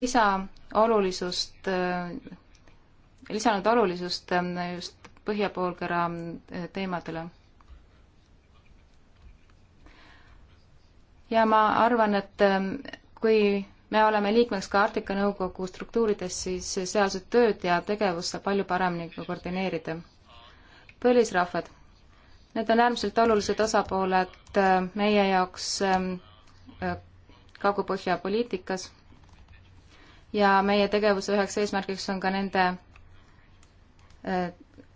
lisa olulisust, äh, lisanud olulisust ähm, just põhjapoolkera äh, teemadele. ja ma arvan, et ähm, kui me oleme liikmeks ka Arktika Nõukogu struktuurides, siis sealset tööd ja tegevust saab palju paremini koordineerida. põlisrahvad, need on äärmiselt olulised osapooled äh, meie jaoks ähm, Kagu-Põhja poliitikas ja meie tegevuse üheks eesmärgiks on ka nende äh,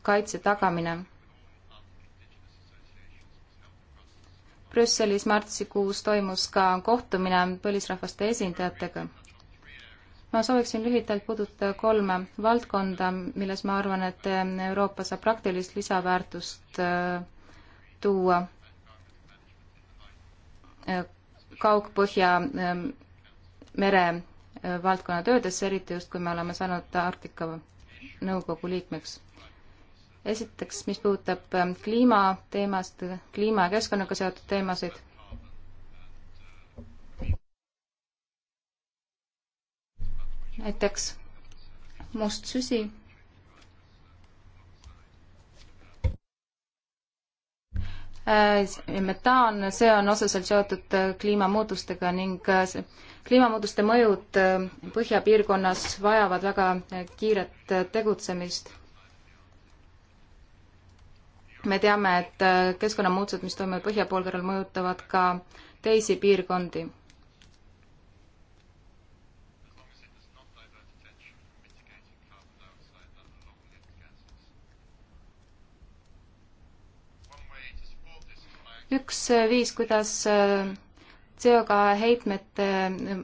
kaitse tagamine. Brüsselis märtsikuus toimus ka kohtumine põlisrahvaste esindajatega. ma sooviksin lühidalt puudutada kolme valdkonda, milles ma arvan, et Euroopa saab praktilist lisaväärtust äh, tuua äh, kaugpõhja mere valdkonna töödesse, eriti just, kui me oleme saanud Arktika Nõukogu liikmeks. esiteks, mis puudutab ähm, kliimateemast, kliima ja keskkonnaga seotud teemasid, näiteks must süsi Äh, metaan, see on osaselt seotud äh, kliimamuutustega ning äh, kliimamuutuste mõjud põhjapiirkonnas vajavad väga kiiret tegutsemist. me teame, et keskkonnamuutused, mis toimuvad põhja poolkeral, mõjutavad ka teisi piirkondi üks viis, kuidas äh, CO2 heitmete äh,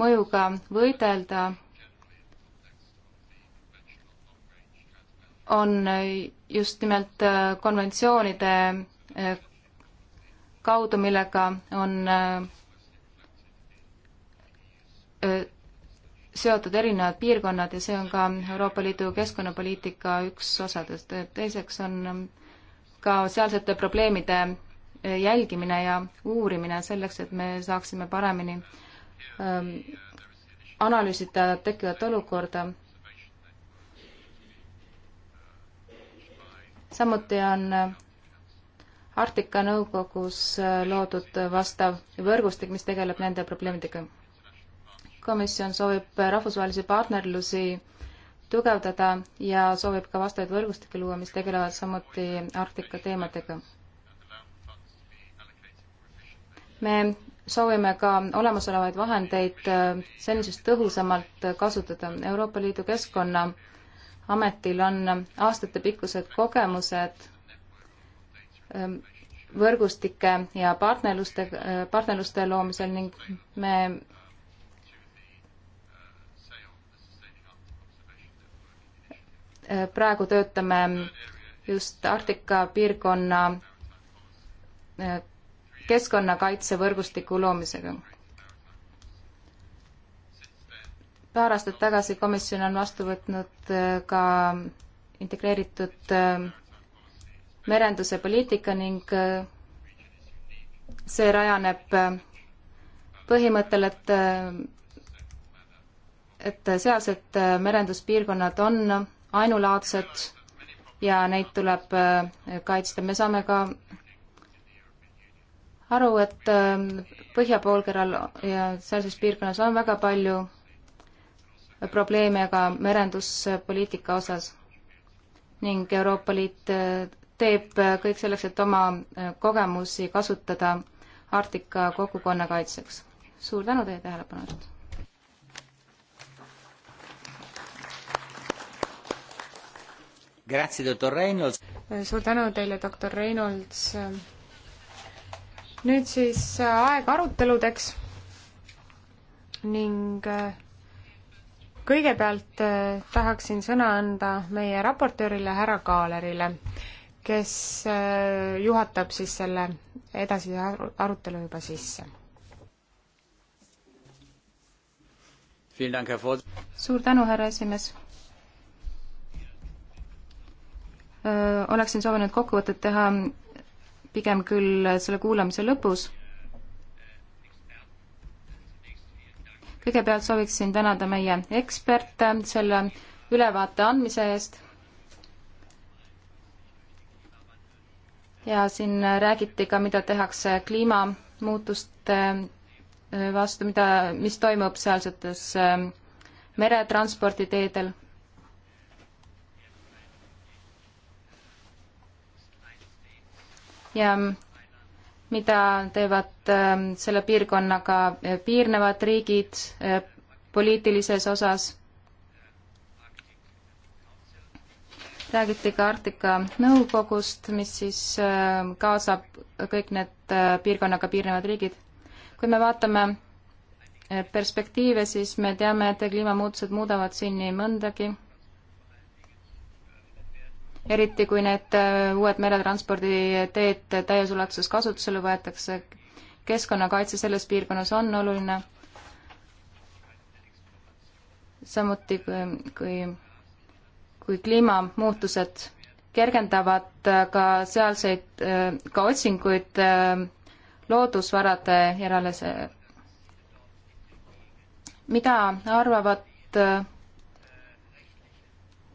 mõjuga võidelda, on äh, just nimelt konventsioonide kaudu, millega on seotud erinevad piirkonnad ja see on ka Euroopa Liidu keskkonnapoliitika üks osadest. teiseks on ka sealsete probleemide jälgimine ja uurimine selleks, et me saaksime paremini ähm, analüüsida tekkivat olukorda. samuti on äh, Arktika Nõukogus äh, loodud vastav võrgustik, mis tegeleb nende probleemidega. komisjon soovib rahvusvahelisi partnerlusi tugevdada ja soovib ka vastavaid võrgustikke luua, mis tegelevad samuti Arktika teemadega. me soovime ka olemasolevaid vahendeid äh, senisest tõhusamalt kasutada. Euroopa Liidu Keskkonnaametil on aastatepikkused kogemused ähm, võrgustike ja partnerluste, äh, partnerluste loomisel ning me praegu töötame just Arktika piirkonna eh, keskkonnakaitsevõrgustiku loomisega. paar aastat tagasi komisjon on vastu võtnud eh, ka integreeritud eh, merenduse poliitika ning see rajaneb põhimõttel, et et sealsed merenduspiirkonnad on ainulaadsed ja neid tuleb äh, kaitsta. me saame ka aru, et äh, põhja poolkeral ja sealses piirkonnas on väga palju probleeme ka merenduspoliitika osas ning Euroopa Liit äh, teeb kõik selleks, et oma kogemusi kasutada Arktika kogukonna kaitseks. suur tänu teie tähelepanu eest! suur tänu teile, doktor Reinolds. nüüd siis äh, aeg aruteludeks ning äh, kõigepealt äh, tahaksin sõna anda meie raportöörile härra Kaalerile, kes juhatab siis selle edasise arutelu juba sisse. suur tänu, härra esimees Äh, oleksin soovinud kokkuvõtet teha pigem küll selle kuulamise lõpus. kõigepealt sooviksin tänada meie eksperte selle ülevaate andmise eest. ja siin räägiti ka, mida tehakse kliimamuutuste äh, vastu, mida, mis toimub sealsetes äh, meretransporditeedel ja mida teevad ähm, selle piirkonnaga piirnevad riigid äh, poliitilises osas. räägiti ka Arktika Nõukogust, mis siis ähm, kaasab kõik need äh, piirkonnaga piirnevad riigid. kui me vaatame äh, perspektiive, siis me teame, et kliimamuutused muudavad siin nii mõndagi eriti kui need äh, uued meretransporditeed täies ulatuses kasutusele võetakse. keskkonnakaitse selles piirkonnas on oluline. samuti kui, kui, kui kliimamuutused kergendavad äh, ka sealseid, äh, ka otsinguid loodusvarade järele. mida arvavad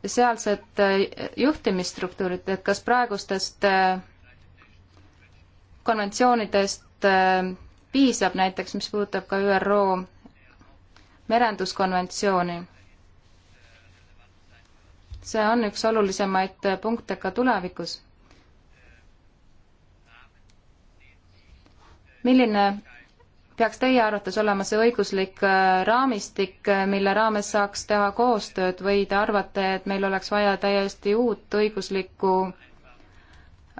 sealset äh, juhtimisstruktuurid, et kas praegustest äh, konventsioonidest äh, piisab näiteks, mis puudutab ka ÜRO merenduskonventsiooni. see on üks olulisemaid punkte ka tulevikus. milline peaks teie arvates olema see õiguslik äh, raamistik, äh, mille raames saaks teha koostööd või te arvate, et meil oleks vaja täiesti uut õiguslikku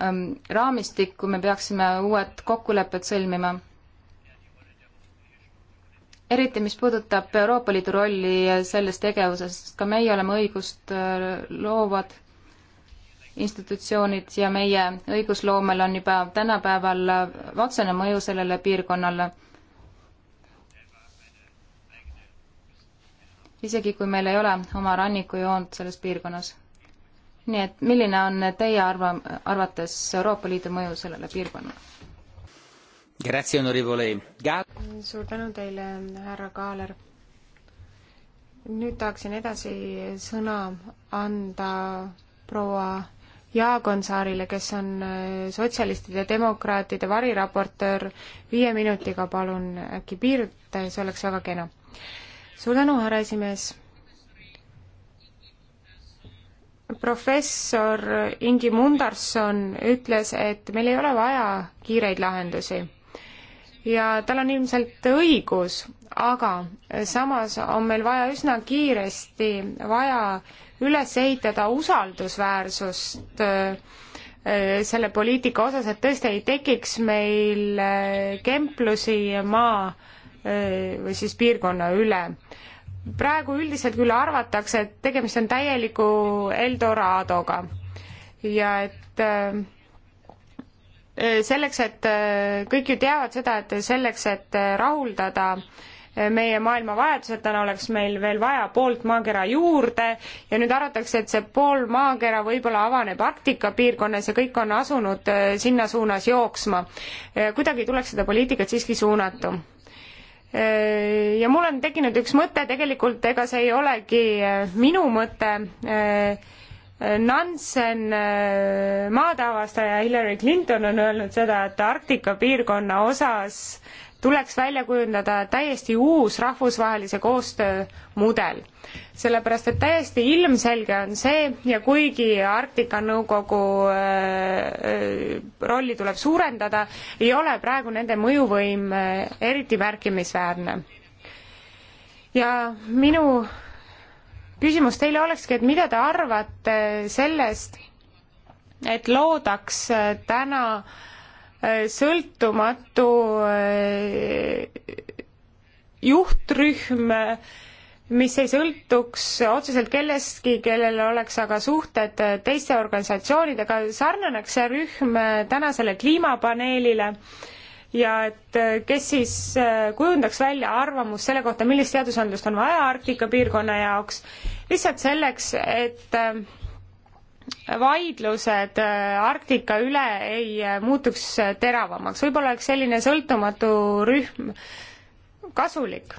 ähm, raamistikku, me peaksime uued kokkulepped sõlmima? eriti, mis puudutab Euroopa Liidu rolli selles tegevuses, ka meie oleme õigust äh, loovad institutsioonid ja meie õigusloomel on juba tänapäeval otsene mõju sellele piirkonnale isegi kui meil ei ole oma rannikujoont selles piirkonnas. nii et milline on teie arva, arvates Euroopa Liidu mõju sellele piirkonnale? suur tänu teile, härra Kaaler. nüüd tahaksin edasi sõna anda proua Jaagonsaarile, kes on äh, sotsialistide ja demokraatide variraportöör, viie minutiga palun äkki piirdute, see oleks väga kena suur tänu, härra esimees. professor Ingi Mundarson ütles, et meil ei ole vaja kiireid lahendusi ja tal on ilmselt õigus, aga samas on meil vaja üsna kiiresti vaja üles ehitada usaldusväärsust äh, selle poliitika osas, et tõesti ei tekiks meil äh, kemplusi maa Äh, või siis piirkonna üle. praegu üldiselt küll arvatakse, et tegemist on täieliku Eldoradoga ja et äh, selleks, et äh, kõik ju teavad seda, et selleks, et rahuldada meie maailma vajadused, täna oleks meil veel vaja poolt maakera juurde ja nüüd arvatakse, et see pool maakera võib-olla avaneb Arktika piirkonnas ja kõik on asunud sinna suunas jooksma. kuidagi tuleks seda poliitikat siiski suunata Äh, ja mul on tekkinud üks mõte, tegelikult ega see ei olegi äh, minu mõte. Äh, Nansen, maadeavastaja Hillary Clinton on öelnud seda, et Arktika piirkonna osas tuleks välja kujundada täiesti uus rahvusvahelise koostöö mudel. sellepärast, et täiesti ilmselge on see ja kuigi Arktika Nõukogu äh, äh, rolli tuleb suurendada, ei ole praegu nende mõjuvõim äh, eriti märkimisväärne. ja minu küsimus teile olekski, et mida te arvate sellest, et loodaks täna äh, Äh, sõltumatu äh, juhtrühm, mis ei sõltuks otseselt kellestki, kellel oleks aga suhted äh, teiste organisatsioonidega, sarnaneks see rühm tänasele kliimapaneelile ja et kes siis kujundaks välja arvamust selle kohta, millist seadusandlust on vaja Arktika piirkonna jaoks, lihtsalt selleks, et vaidlused äh, Arktika üle ei äh, muutuks äh, teravamaks, võib-olla oleks selline sõltumatu rühm kasulik.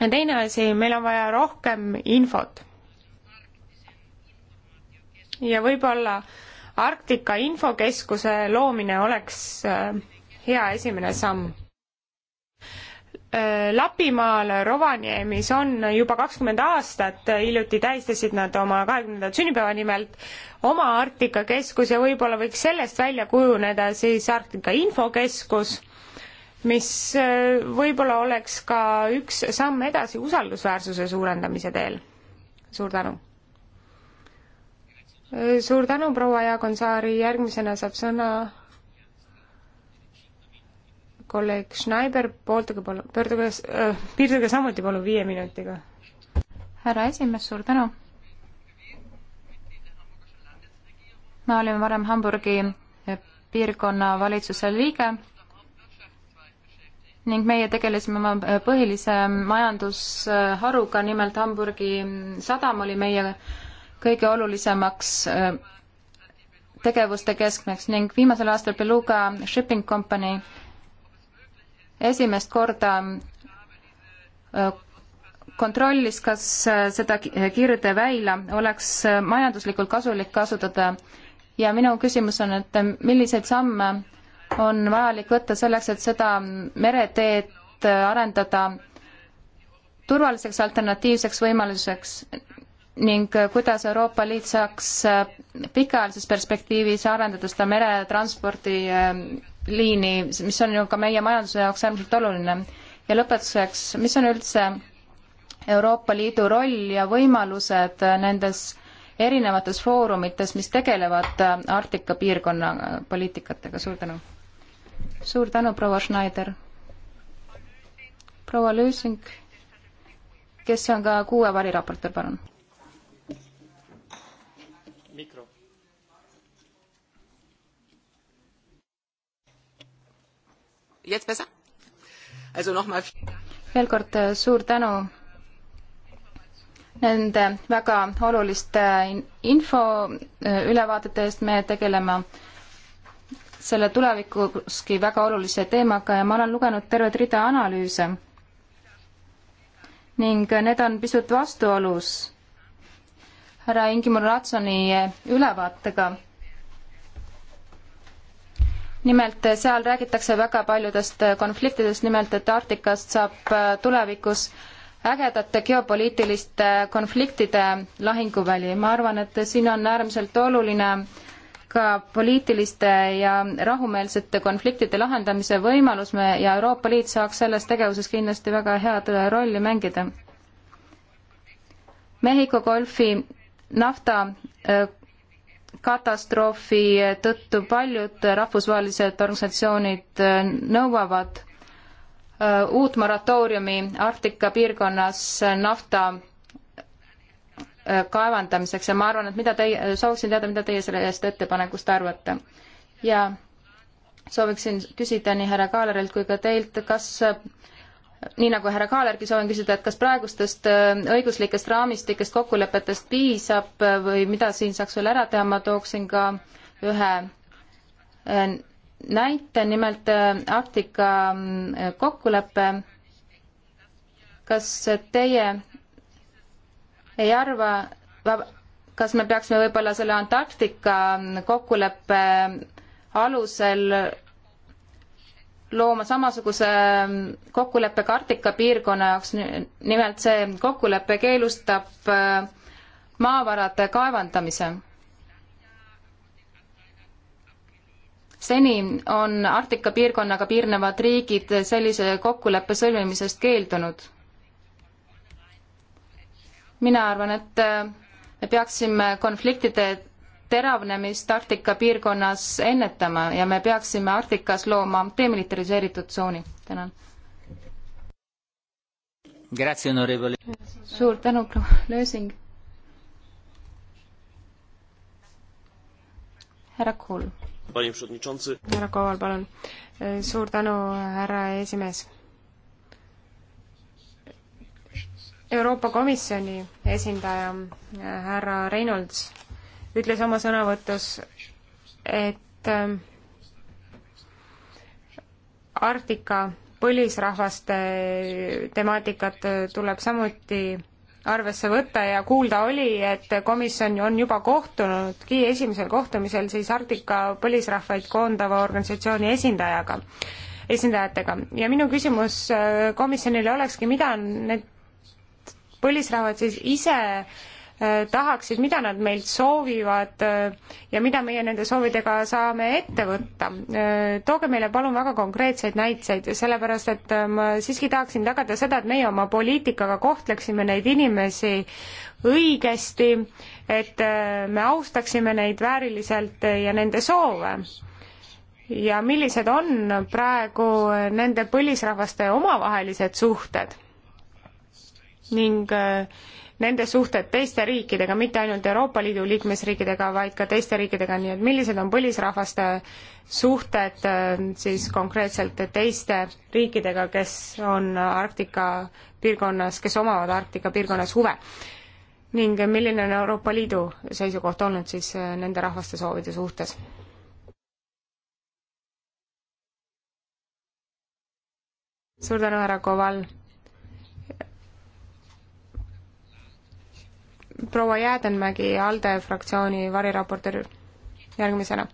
ja teine asi, meil on vaja rohkem infot. ja võib-olla Arktika Infokeskuse loomine oleks hea esimene samm Äh, Lapimaal Rovaniemis on juba kakskümmend aastat, hiljuti tähistasid nad oma kahekümnendat sünnipäeva nimelt, oma Arktika keskus ja võib-olla võiks sellest välja kujuneda siis Arktika infokeskus, mis äh, võib-olla oleks ka üks samm edasi usaldusväärsuse suurendamise teel. suur tänu! Äh, suur tänu, proua Jaagonsaari, järgmisena saab sõna kolleeg Schneider, pooltage palun, pöörduge äh,, piirduge samuti palun viie minutiga. härra esimees, suur tänu. ma olin varem Hamburgi piirkonnavalitsuse liige ning meie tegelesime oma põhilise majandusharuga, nimelt Hamburgi sadam oli meie kõige olulisemaks äh, tegevuste keskmeks ning viimasel aastal Beluga Shipping Company esimest korda äh, kontrollis, kas äh, seda äh, kirdeväila oleks majanduslikult kasulik kasutada ja minu küsimus on, et milliseid samme on vajalik võtta selleks, et seda mereteed arendada turvaliseks alternatiivseks võimaluseks ning kuidas Euroopa Liit saaks pikaajalises perspektiivis arendada seda meretranspordi liini, mis on ju ka meie majanduse jaoks äärmiselt oluline. ja lõpetuseks, mis on üldse Euroopa Liidu roll ja võimalused nendes erinevates foorumites, mis tegelevad äh, Arktika piirkonna äh, poliitikatega, suur tänu. suur tänu, proua Schneider. proua Lüüsing, kes on ka kuue variraportöör, palun jetzt besser? Also nochmal. veel kord äh, suur tänu nende väga oluliste äh, info äh, ülevaadete eest, me tegeleme selle tulevikuski väga olulise teemaga ja ma olen lugenud tervet rida analüüse. ning need on pisut vastuolus härra Ingimar Ratsoni ülevaatega nimelt seal räägitakse väga paljudest konfliktidest, nimelt et Arktikast saab äh, tulevikus ägedate geopoliitiliste konfliktide lahinguväli. ma arvan, et siin on äärmiselt oluline ka poliitiliste ja rahumeelsete konfliktide lahendamise võimalus me ja Euroopa Liit saaks selles tegevuses kindlasti väga head äh, rolli mängida. Mehhiko golfi nafta äh, katastroofi tõttu paljud rahvusvahelised organisatsioonid äh, nõuavad äh, uut moratooriumi Arktika piirkonnas nafta äh, kaevandamiseks ja ma arvan, et mida teie, sooviksin teada, mida teie sellest ettepanekust arvate. ja sooviksin küsida nii härra Kaalerilt kui ka teilt, kas nii nagu härra Kaalergi soovin küsida, et kas praegustest äh, õiguslikest raamistikest, kokkulepetest piisab äh, või mida siin saaks veel ära teha, ma tooksin ka ühe äh, näite, nimelt Arktika mm, kokkulepe. kas teie ei arva, kas me peaksime võib-olla selle Antarktika mm, kokkuleppe alusel looma samasuguse mm, kokkuleppe ka Arktika piirkonna jaoks, nimelt see kokkulepe keelustab mm, maavarade kaevandamise. seni on Arktika piirkonnaga piirnevad riigid sellise kokkuleppe sõlmimisest keeldunud mina arvan, et mm, me peaksime konfliktide teravnemist Arktika piirkonnas ennetama ja me peaksime Arktikas looma demilitariseeritud tsooni. tänan. suur tänu, Lösing. härra Kuul. härra Koval, palun. suur tänu, härra esimees Euroopa Komisjoni esindaja härra Reinolds ütles oma sõnavõtus, et ähm, Arktika põlisrahvaste temaatikat äh, tuleb samuti arvesse võtta ja kuulda oli, et komisjon on juba kohtunudki esimesel kohtumisel siis Arktika põlisrahvaid koondava organisatsiooni esindajaga, esindajatega. ja minu küsimus äh, komisjonile olekski, mida need põlisrahvad siis ise Äh, tahaks, siis mida nad meilt soovivad äh, ja mida meie nende soovidega saame ette võtta. Äh, tooge meile palun väga konkreetseid näitseid, sellepärast et ma siiski tahaksin tagada seda, et meie oma poliitikaga kohtleksime neid inimesi õigesti, et me austaksime neid vääriliselt ja nende soove ja millised on praegu nende põlisrahvaste omavahelised suhted ning nende suhted teiste riikidega, mitte ainult Euroopa Liidu liikmesriikidega, vaid ka teiste riikidega, nii et millised on põlisrahvaste suhted äh, siis konkreetselt teiste riikidega, kes on Arktika piirkonnas, kes omavad Arktika piirkonnas huve? ning milline on Euroopa Liidu seisukoht olnud siis äh, nende rahvaste soovide suhtes? suur tänu, härra Koval proua Jäädenmägi, ALDE fraktsiooni variraportöör järgmisena.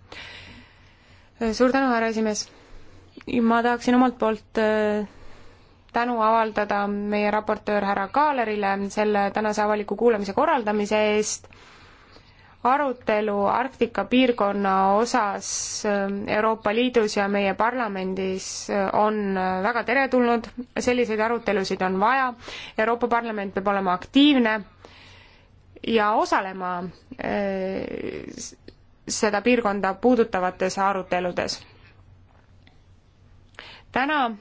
suur tänu, härra esimees! ma tahaksin omalt poolt äh, tänu avaldada meie raportöör härra Kaalerile selle tänase avaliku kuulamise korraldamise eest arutelu Arktika piirkonna osas äh, Euroopa Liidus ja meie parlamendis äh, on väga teretulnud, selliseid arutelusid on vaja, Euroopa Parlament peab olema aktiivne ja osalema eh, seda piirkonda puudutavates aruteludes. täna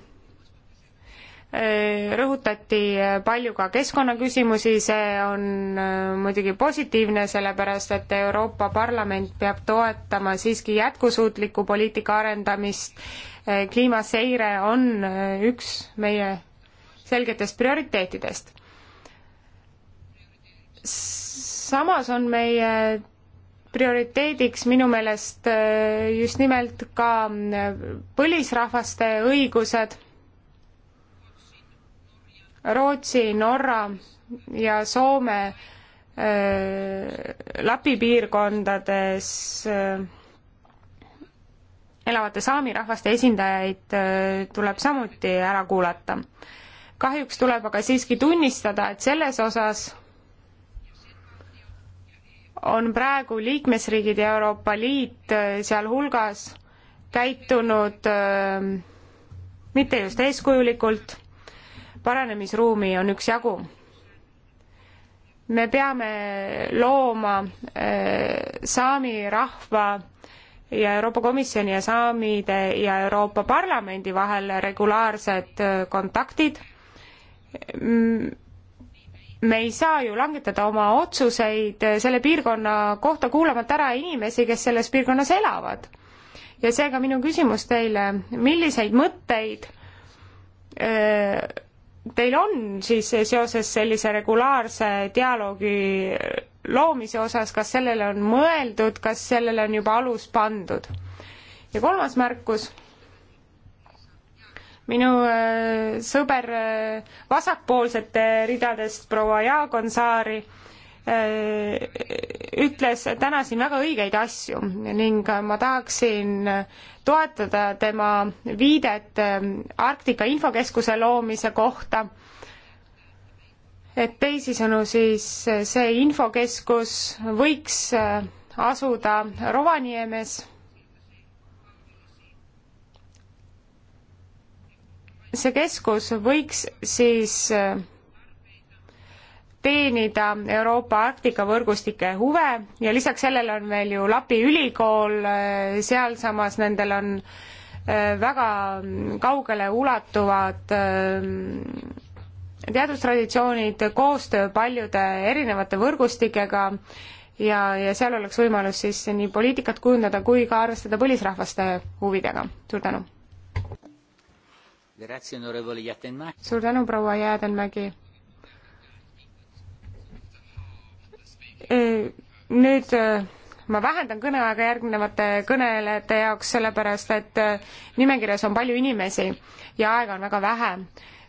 eh, rõhutati palju ka keskkonnaküsimusi, see on eh, muidugi positiivne, sellepärast et Euroopa Parlament peab toetama siiski jätkusuutliku poliitika arendamist. kliimaseire on üks meie selgetest prioriteetidest S samas on meie prioriteediks minu meelest äh, just nimelt ka äh, põlisrahvaste õigused. Rootsi, Norra ja Soome äh, Lapi piirkondades elavate saami rahvaste esindajaid tuleb samuti ära kuulata. kahjuks tuleb aga siiski tunnistada, et selles osas on praegu liikmesriigid ja Euroopa Liit äh, sealhulgas käitunud äh, mitte just eeskujulikult, paranemisruumi on üksjagu. me peame looma äh, saami rahva ja Euroopa Komisjoni ja saamide ja Euroopa Parlamendi vahel regulaarsed kontaktid me ei saa ju langetada oma otsuseid eh, selle piirkonna kohta, kuulamata ära inimesi, kes selles piirkonnas elavad. ja seega minu küsimus teile, milliseid mõtteid öö, eh, teil on siis seoses sellise regulaarse dialoogi eh, loomise osas, kas sellele on mõeldud, kas sellele on juba alus pandud? ja kolmas märkus minu äh, sõber äh, vasakpoolsete ridadest, proua Jaagonsaari, äh, ütles täna siin väga õigeid asju ning ma tahaksin toetada tema viidet Arktika Infokeskuse loomise kohta, et teisisõnu siis see infokeskus võiks asuda Rovaniemes see keskus võiks siis äh, teenida Euroopa Arktika võrgustike huve ja lisaks sellele on veel ju Lapi ülikool, äh, sealsamas nendel on äh, väga kaugele ulatuvad teadustraditsioonid, koostöö paljude erinevate võrgustikega ja, ja seal oleks võimalus siis nii poliitikat kujundada kui ka arvestada põlisrahvaste huvidega. suur tänu! suur tänu, proua Jäädenmägi. Eh, nüüd eh, ma vähendan kõneaega järgnevate kõnelejate jaoks, sellepärast et eh, nimekirjas on palju inimesi ja aega on väga vähe.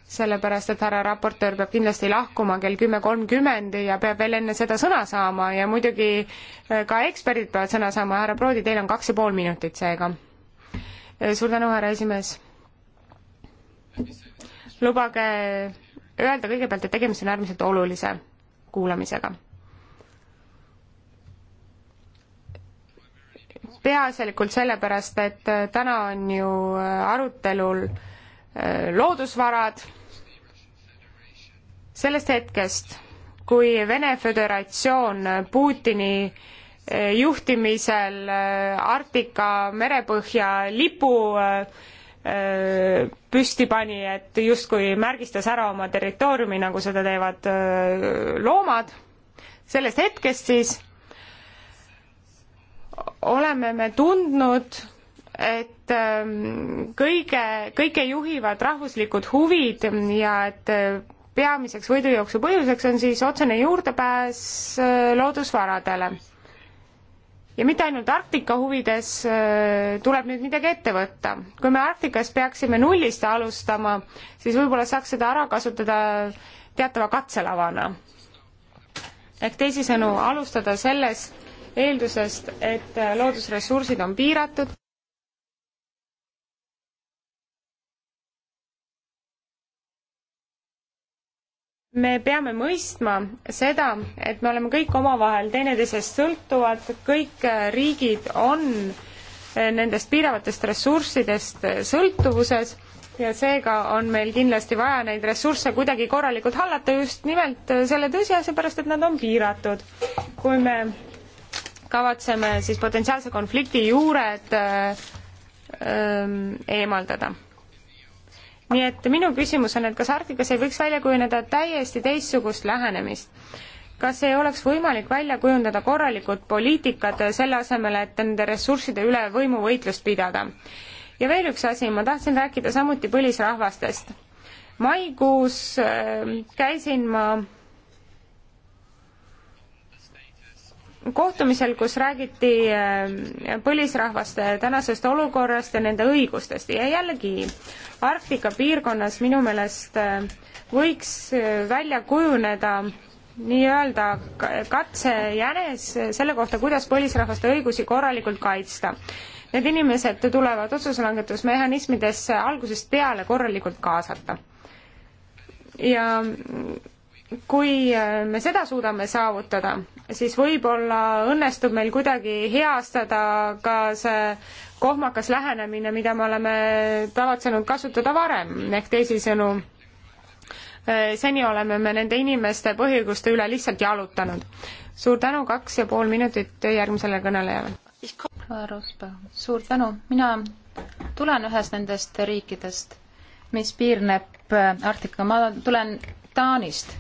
sellepärast, et härra raportöör peab kindlasti lahkuma kell kümme kolmkümmend ja peab veel enne seda sõna saama ja muidugi ka eksperdid peavad sõna saama, härra Proodi, teil on kaks ja pool minutit seega. suur tänu, härra esimees lubage öelda kõigepealt, et tegemist on äärmiselt olulise kuulamisega. peaasjalikult sellepärast, et täna on ju arutelul äh, loodusvarad, sellest hetkest, kui Vene Föderatsioon Putini äh, juhtimisel äh, Arktika merepõhja lipu Äh, püsti pani, et justkui märgistas ära oma territooriumi, nagu seda teevad äh, loomad. sellest hetkest siis oleme me tundnud, et ähm, kõige, kõike juhivad rahvuslikud huvid ja et äh, peamiseks võidujooksu põhjuseks on siis otsene juurdepääs loodusvaradele ja mitte ainult Arktika huvides äh, tuleb nüüd midagi ette võtta. kui me Arktikas peaksime nullist alustama, siis võib-olla saaks seda ära kasutada teatava katselavana. ehk teisisõnu, alustada sellest eeldusest, et äh, loodusressursid on piiratud, me peame mõistma seda, et me oleme kõik omavahel teineteisest sõltuvad, kõik riigid on nendest piiravatest ressurssidest sõltuvuses ja seega on meil kindlasti vaja neid ressursse kuidagi korralikult hallata just nimelt selle tõsiasja pärast, et nad on piiratud. kui me kavatseme siis potentsiaalse konflikti juured öö, äh, ähm, eemaldada nii et minu küsimus on, et kas Arktikas ei võiks välja kujuneda täiesti teistsugust lähenemist? kas ei oleks võimalik välja kujundada korralikud poliitikad selle asemel, et nende ressursside üle võimuvõitlust pidada? ja veel üks asi, ma tahtsin rääkida samuti põlisrahvastest. maikuus äh, käisin ma kohtumisel, kus räägiti äh, põlisrahvaste tänasest olukorrast ja nende õigustest ja jällegi Arktika piirkonnas minu meelest äh, võiks äh, välja kujuneda nii-öelda katsejänes selle kohta, kuidas põlisrahvaste õigusi korralikult kaitsta. Need inimesed tulevad otsuslangetusmehhanismidesse algusest peale korralikult kaasata. ja kui äh, me seda suudame saavutada, siis võib-olla õnnestub meil kuidagi heastada ka see kohmakas lähenemine, mida me oleme tavatsenud kasutada varem, ehk teisisõnu, äh, seni oleme me nende inimeste põhiõiguste üle lihtsalt jalutanud. suur tänu, kaks ja pool minutit järgmisele kõnelejale. suur tänu, mina tulen ühest nendest riikidest, mis piirneb äh, Arktika, ma tulen Taanist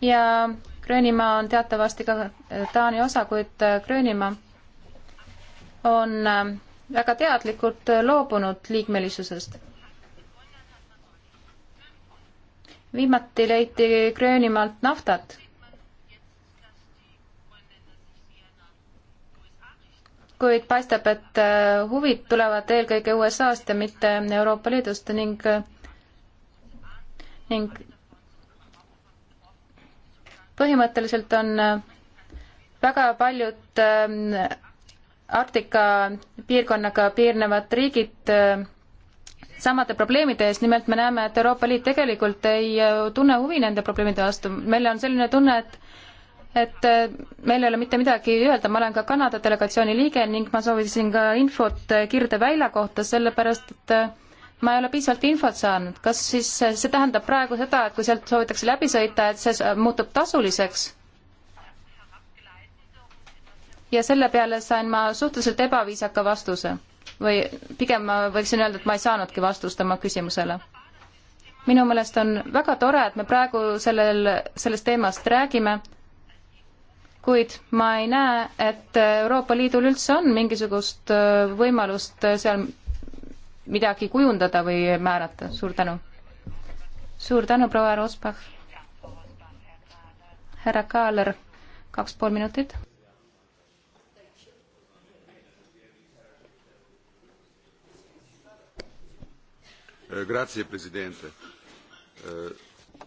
ja Gröönimaa on teatavasti ka äh, Taani osa, kuid äh, Gröönimaa on äh, väga teadlikult loobunud liikmelisusest. viimati leiti Gröönimaalt naftat. kuid paistab, et huvid tulevad eelkõige USA-st ja mitte Euroopa Liidust ning ning põhimõtteliselt on äh, väga paljud äh, Arktika piirkonnaga piirnevad riigid äh, samade probleemide ees, nimelt me näeme, et Euroopa Liit tegelikult ei tunne huvi nende probleemide vastu, meil on selline tunne, et et meil ei ole mitte midagi öelda, ma olen ka Kanada delegatsiooni liige ning ma soovisin ka infot Kirde väila kohta, sellepärast et ma ei ole piisavalt infot saanud, kas siis see tähendab praegu seda, et kui sealt soovitakse läbi sõita, et see muutub tasuliseks? ja selle peale sain ma suhteliselt ebaviisaka vastuse või pigem ma võiksin öelda, et ma ei saanudki vastust oma küsimusele. minu meelest on väga tore, et me praegu sellel, sellest teemast räägime, kuid ma ei näe, et Euroopa Liidul üldse on mingisugust äh, võimalust äh, seal midagi kujundada või määrata. suur tänu. suur tänu, proua Rosbach. härra Kaaler, kaks pool minutit. Grazie, president.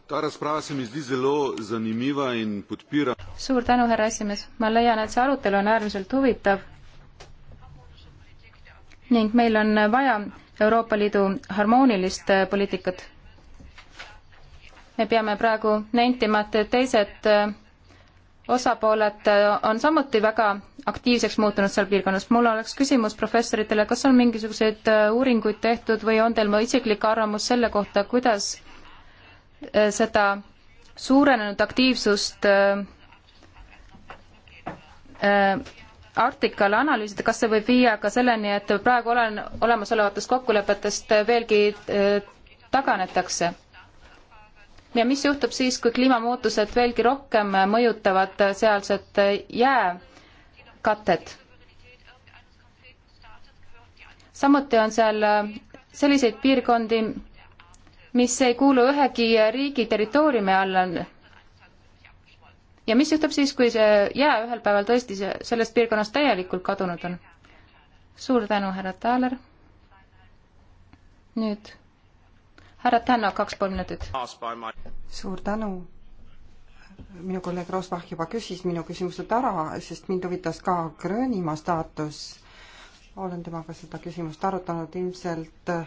Ta razprava se mi zdi zelo zanimiva in podpira. suur tänu, härra esimees. ma leian, et see arutelu on äärmiselt huvitav ning meil on vaja Euroopa Liidu harmoonilist äh, poliitikat. me peame praegu nentima, et teised äh, osapooled äh, on samuti väga aktiivseks muutunud seal piirkonnas. mul oleks küsimus professoritele, kas on mingisuguseid uuringuid tehtud või on teil mu isiklik arvamus selle kohta, kuidas seda suurenenud aktiivsust artikkel analüüsida, kas see võib viia ka selleni, et praegu olen, olemasolevatest kokkulepetest veelgi äh, taganetakse? ja mis juhtub siis, kui kliimamuutused veelgi rohkem mõjutavad sealset äh, jääkatet? samuti on seal äh, selliseid piirkondi, mis ei kuulu ühegi riigi territooriumi alla ja mis juhtub siis, kui see jää ühel päeval tõesti sellest piirkonnast täielikult kadunud on? suur tänu, härra Taaler. nüüd härra Tänno, kaks pool minutit. suur tänu. minu kolleeg Rosbach juba küsis minu küsimused ära, sest mind huvitas ka Gröönimaa staatus. olen temaga seda küsimust arutanud, ilmselt äh,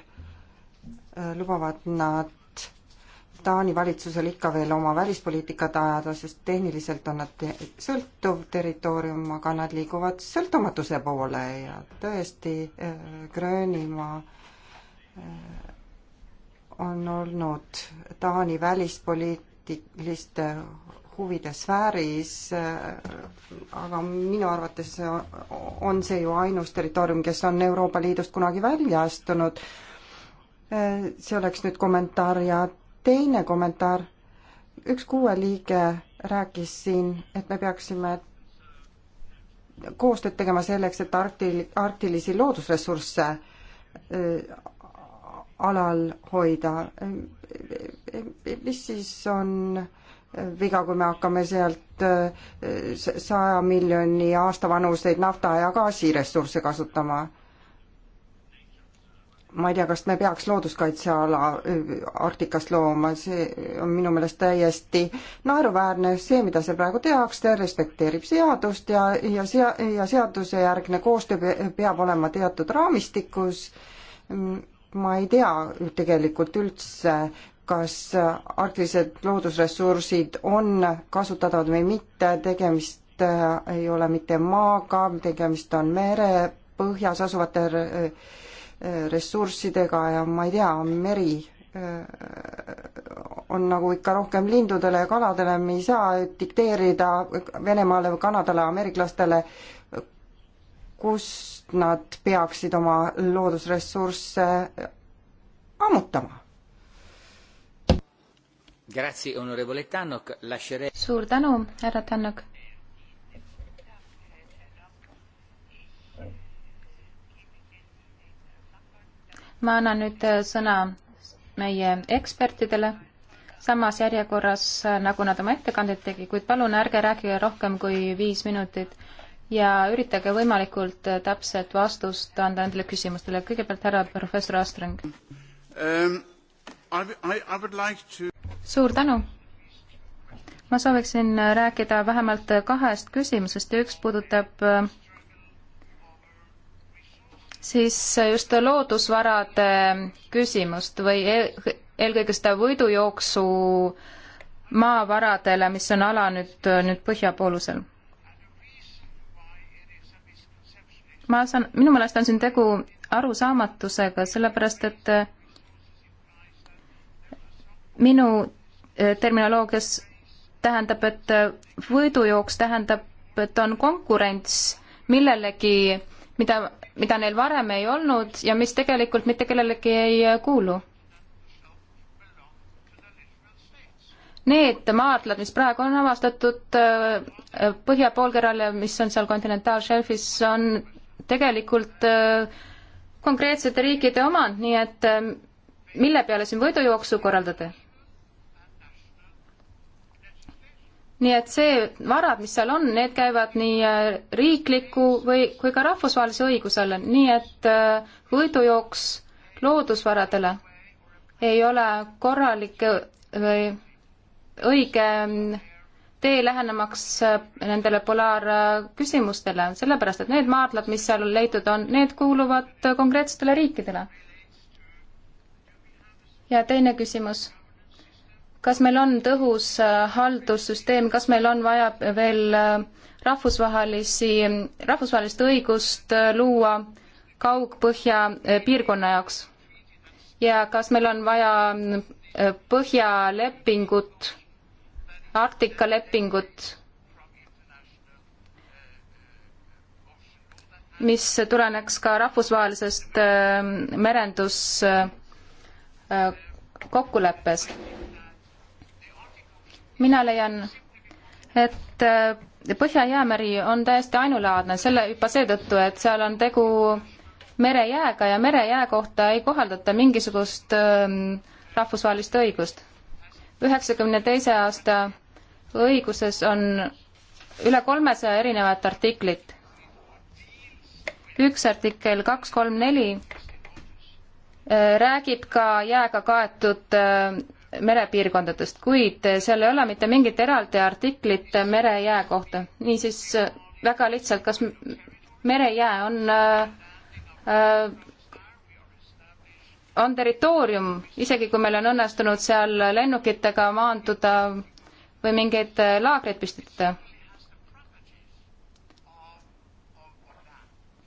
lubavad nad Taani valitsusel ikka veel oma välispoliitikat ajada, sest tehniliselt on nad sõltuv territoorium, aga nad liiguvad sõltumatuse poole ja tõesti äh, Gröönimaa äh, on olnud Taani välispoliitiliste huvide sfääris, äh, aga minu arvates on see ju ainus territoorium, kes on Euroopa Liidust kunagi välja astunud see oleks nüüd kommentaar ja teine kommentaar, üks kuue liige rääkis siin, et me peaksime koostööd tegema selleks, et arktil-, arktilisi loodusressursse alal hoida. mis siis on viga, kui me hakkame sealt saja miljoni aasta vanuseid nafta ja gaasiressursse kasutama? ma ei tea, kas me peaks looduskaitseala äh, Arktikast looma, see on minu meelest täiesti naeruväärne, see, mida seal praegu tehakse, respekteerib seadust ja, ja sea-, ja seadusejärgne koostöö peab olema teatud raamistikus, ma ei tea tegelikult üldse, kas arktilised loodusressursid on kasutatavad või mitte, tegemist äh, ei ole mitte maaga, tegemist on mere põhjas asuvate äh, ressurssidega ja ma ei tea, meri on nagu ikka rohkem lindudele ja kaladele, me ei saa dikteerida Venemaale või Kanadale, ameeriklastele, kust nad peaksid oma loodusressursse ammutama. suur tänu, härra Tannok. ma annan nüüd äh, sõna meie ekspertidele samas järjekorras, äh, nagu nad oma ettekandeid tegi, kuid palun ärge rääkige rohkem kui viis minutit ja üritage võimalikult äh, täpset vastust anda nendele küsimustele. kõigepealt härra professor Astrang um,. Like to... suur tänu! ma sooviksin rääkida vähemalt kahest küsimusest ja üks puudutab siis just loodusvarade küsimust või e-, eelkõige seda võidujooksu maavaradele, mis on ala nüüd, nüüd põhjapoolusel. ma saan, minu meelest on siin tegu arusaamatusega, sellepärast et minu e, terminoloogias tähendab, et võidujooks tähendab, et on konkurents millelegi, mida mida neil varem ei olnud ja mis tegelikult mitte kellelegi ei äh, kuulu. Need maardlad, mis praegu on avastatud äh, äh, põhja poolkeral ja mis on seal kontinentaalšelfis, on tegelikult konkreetsete riikide omand, nii et mille peale siin võidujooksu korraldada? nii et see varad, mis seal on, need käivad nii äh, riikliku või, kui ka rahvusvahelise õiguse alla, nii et äh, võidujooks loodusvaradele ei ole korralik äh, või õige mm, tee lähenemaks nendele polaarküsimustele, sellepärast et need maardlad, mis seal leitud on, need kuuluvad konkreetsetele riikidele. ja teine küsimus kas meil on tõhus äh, haldussüsteem, kas meil on vaja veel äh, rahvusvahelisi, rahvusvahelist õigust äh, luua Kaug-Põhja piirkonna jaoks? ja kas meil on vaja Põhjalepingut, Arktika lepingut, mis tuleneks ka rahvusvahelisest merendus kokkuleppest? mina leian, et äh, Põhja-Jäämeri on täiesti ainulaadne selle juba seetõttu, et seal on tegu merejääga ja merejää kohta ei kohaldata mingisugust ähm, rahvusvahelist õigust. üheksakümne teise aasta õiguses on üle kolmesaja erinevat artiklit. üks artikkel kaks, kolm, neli äh, räägib ka jääga kaetud äh, merepiirkondadest, kuid seal ei ole mitte mingit eraldi artiklit merejää kohta. niisiis väga lihtsalt, kas merejää on äh, äh, on territoorium, isegi kui meil on õnnestunud seal lennukitega maanduda või mingeid laagreid püstitada.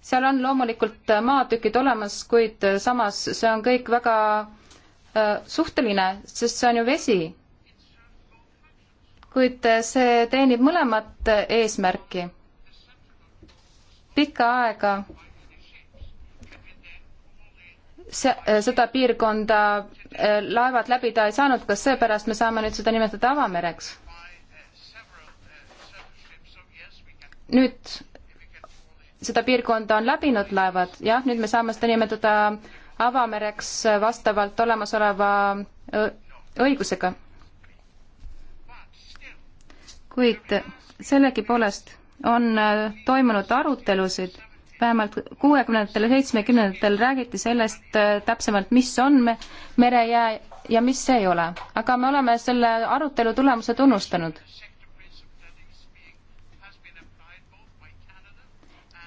seal on loomulikult maatükid olemas, kuid samas see on kõik väga Äh, suhteline, sest see on ju vesi. kuid äh, see teenib mõlemat äh, eesmärki. pikka aega se-, seda piirkonda laevad läbida ei saanud, kas seepärast me saame nüüd seda nimetada avamereks? nüüd seda piirkonda on läbinud laevad, jah, nüüd me saame seda nimetada äh, avamereks vastavalt olemasoleva õigusega. kuid sellegipoolest on toimunud arutelusid, vähemalt kuuekümnendatel ja seitsmekümnendatel räägiti sellest täpsemalt, mis on me, merejää ja mis ei ole, aga me oleme selle arutelu tulemuse tunnustanud.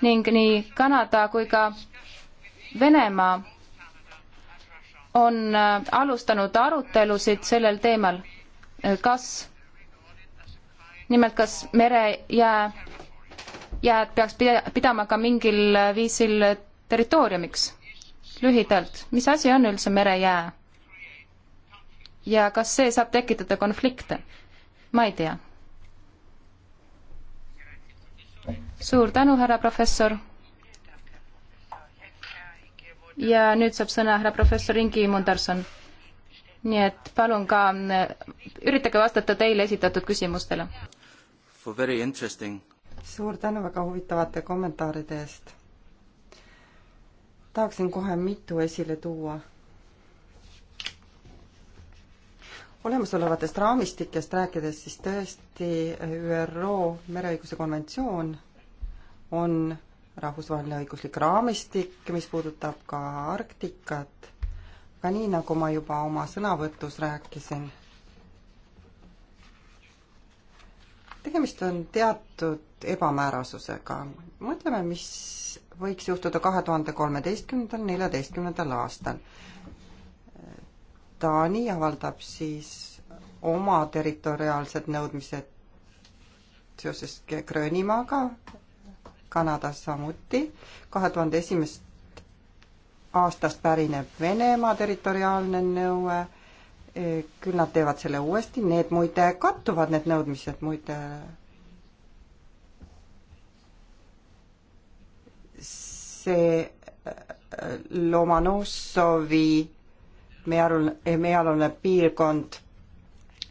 ning nii Kanada kui ka Venemaa on äh, alustanud arutelusid sellel teemal, kas, nimelt kas merejää, jääd peaks pidama ka mingil viisil territooriumiks. lühidalt, mis asi on üldse merejää? ja kas see saab tekitada konflikte? ma ei tea. suur tänu, härra professor ja nüüd saab sõna härra professor Ingi Mundarson. nii et palun ka, üritage vastata teile esitatud küsimustele. suur tänu väga huvitavate kommentaaride eest. tahaksin kohe mitu esile tuua. olemasolevatest raamistikest rääkides, siis tõesti ÜRO mereõiguse konventsioon on rahvusvaheline õiguslik raamistik, mis puudutab ka Arktikat. aga nii, nagu ma juba oma sõnavõtus rääkisin, tegemist on teatud ebamäärasusega. mõtleme, mis võiks juhtuda kahe tuhande kolmeteistkümnendal, neljateistkümnendal aastal. Taani avaldab siis oma territoriaalsed nõudmised seoses Gröönimaaga Kanadas samuti. kahe tuhande esimest aastast pärineb Venemaa territoriaalne nõue, küll nad teevad selle uuesti, need muide kattuvad, need nõudmised muide see äh, Lomonossovi meealune, eh, meealune piirkond,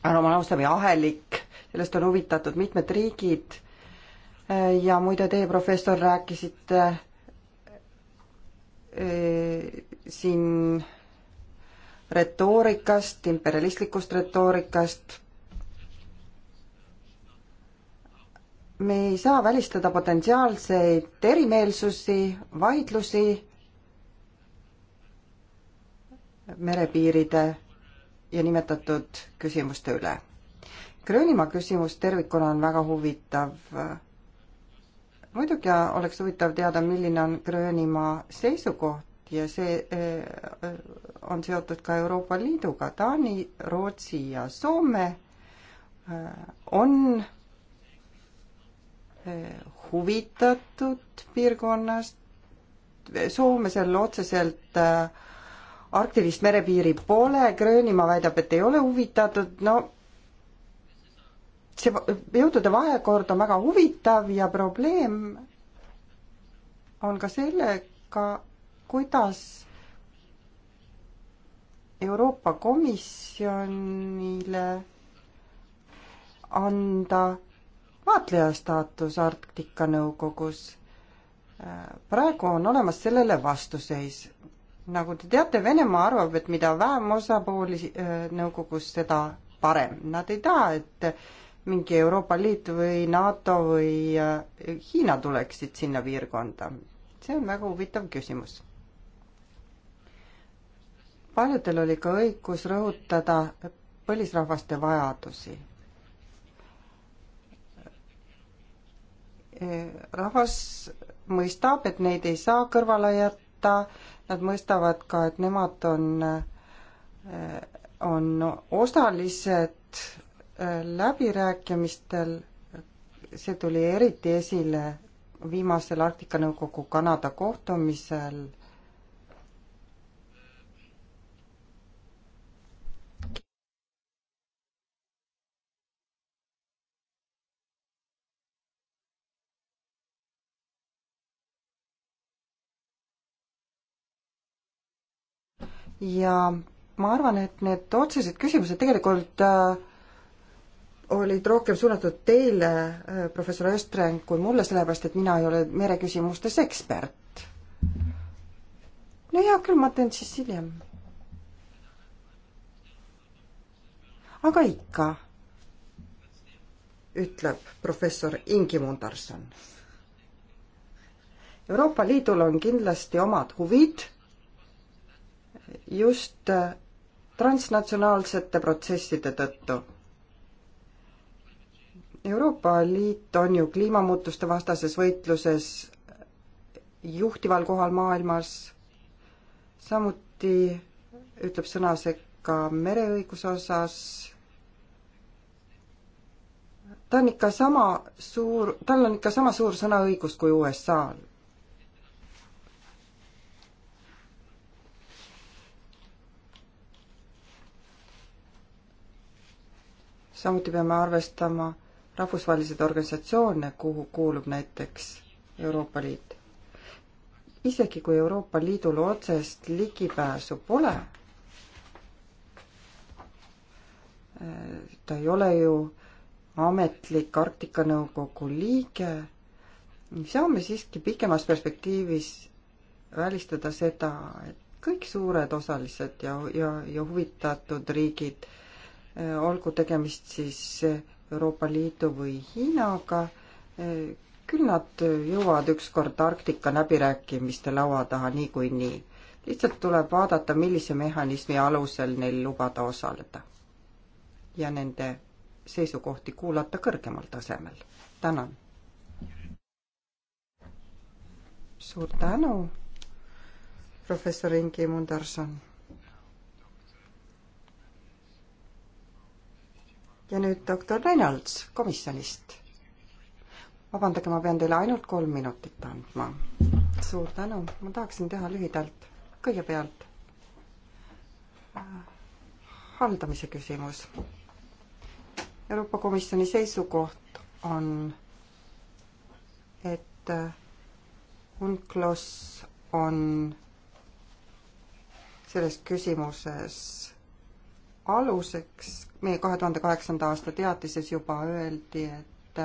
Lomonossovi ahelik, sellest on huvitatud mitmed riigid ja muide, teie professor rääkisite e, siin retoorikast, imperialistlikust retoorikast. me ei saa välistada potentsiaalseid erimeelsusi, vaidlusi merepiiride ja nimetatud küsimuste üle. Gröönimaa küsimus tervikuna on väga huvitav muidugi oleks huvitav teada, milline on Gröönimaa seisukoht ja see eh, on seotud ka Euroopa Liiduga. Taani, Rootsi ja Soome eh, on eh, huvitatud piirkonnast. soomlasel otseselt arktilist merepiiri pole, Gröönimaa väidab, et ei ole huvitatud, no see jõudude vahekord on väga huvitav ja probleem on ka sellega, kuidas Euroopa Komisjonile anda vaatleja staatus Arktika Nõukogus. praegu on olemas sellele vastuseis. nagu te teate, Venemaa arvab, et mida vähem osapooli äh, nõukogus, seda parem. Nad ei taha, et mingi Euroopa Liit või NATO või äh, Hiina tuleksid sinna piirkonda? see on väga huvitav küsimus. paljudel oli ka õigus rõhutada põlisrahvaste vajadusi. Äh, rahvas mõistab, et neid ei saa kõrvale jätta, nad mõistavad ka, et nemad on, äh, on osalised läbirääkimistel, see tuli eriti esile viimasel Arktika Nõukogu Kanada kohtumisel, ja ma arvan, et need otsesed küsimused tegelikult äh, olid rohkem suunatud teile, äh, professor Östreng, kui mulle, sellepärast et mina ei ole mereküsimustes ekspert. no hea küll, ma teen siis hiljem. aga ikka, ütleb professor Ingi Mundarson. Euroopa Liidul on kindlasti omad huvid just äh, transnatsionaalsete protsesside tõttu Euroopa Liit on ju kliimamuutuste vastases võitluses juhtival kohal maailmas, samuti ütleb sõna sekka mereõiguse osas, ta on ikka sama suur, tal on ikka sama suur sõnaõigus kui USA-l samuti peame arvestama rahvusvahelised organisatsioone, kuhu kuulub näiteks Euroopa Liit. isegi kui Euroopa Liidul otsest ligipääsu pole, äh, ta ei ole ju ametlik Arktika Nõukogu liige, saame siiski pikemas perspektiivis välistada seda, et kõik suured osalised ja, ja, ja huvitatud riigid, äh, olgu tegemist siis äh, Euroopa Liidu või Hiinaga, küll nad jõuavad ükskord Arktika läbirääkimiste laua taha niikuinii. Nii. lihtsalt tuleb vaadata, millise mehhanismi alusel neil lubada osaleda. ja nende seisukohti kuulata kõrgemal tasemel. tänan. suur tänu, professor Ingi Mundarson ja nüüd doktor Reinalds komisjonist. vabandage, ma pean teile ainult kolm minutit andma. suur tänu, ma tahaksin teha lühidalt. kõigepealt äh, haldamise küsimus. Euroopa Komisjoni seisukoht on, et äh, UNCLOS on selles küsimuses aluseks meie kahe tuhande kaheksanda aasta teatises juba öeldi, et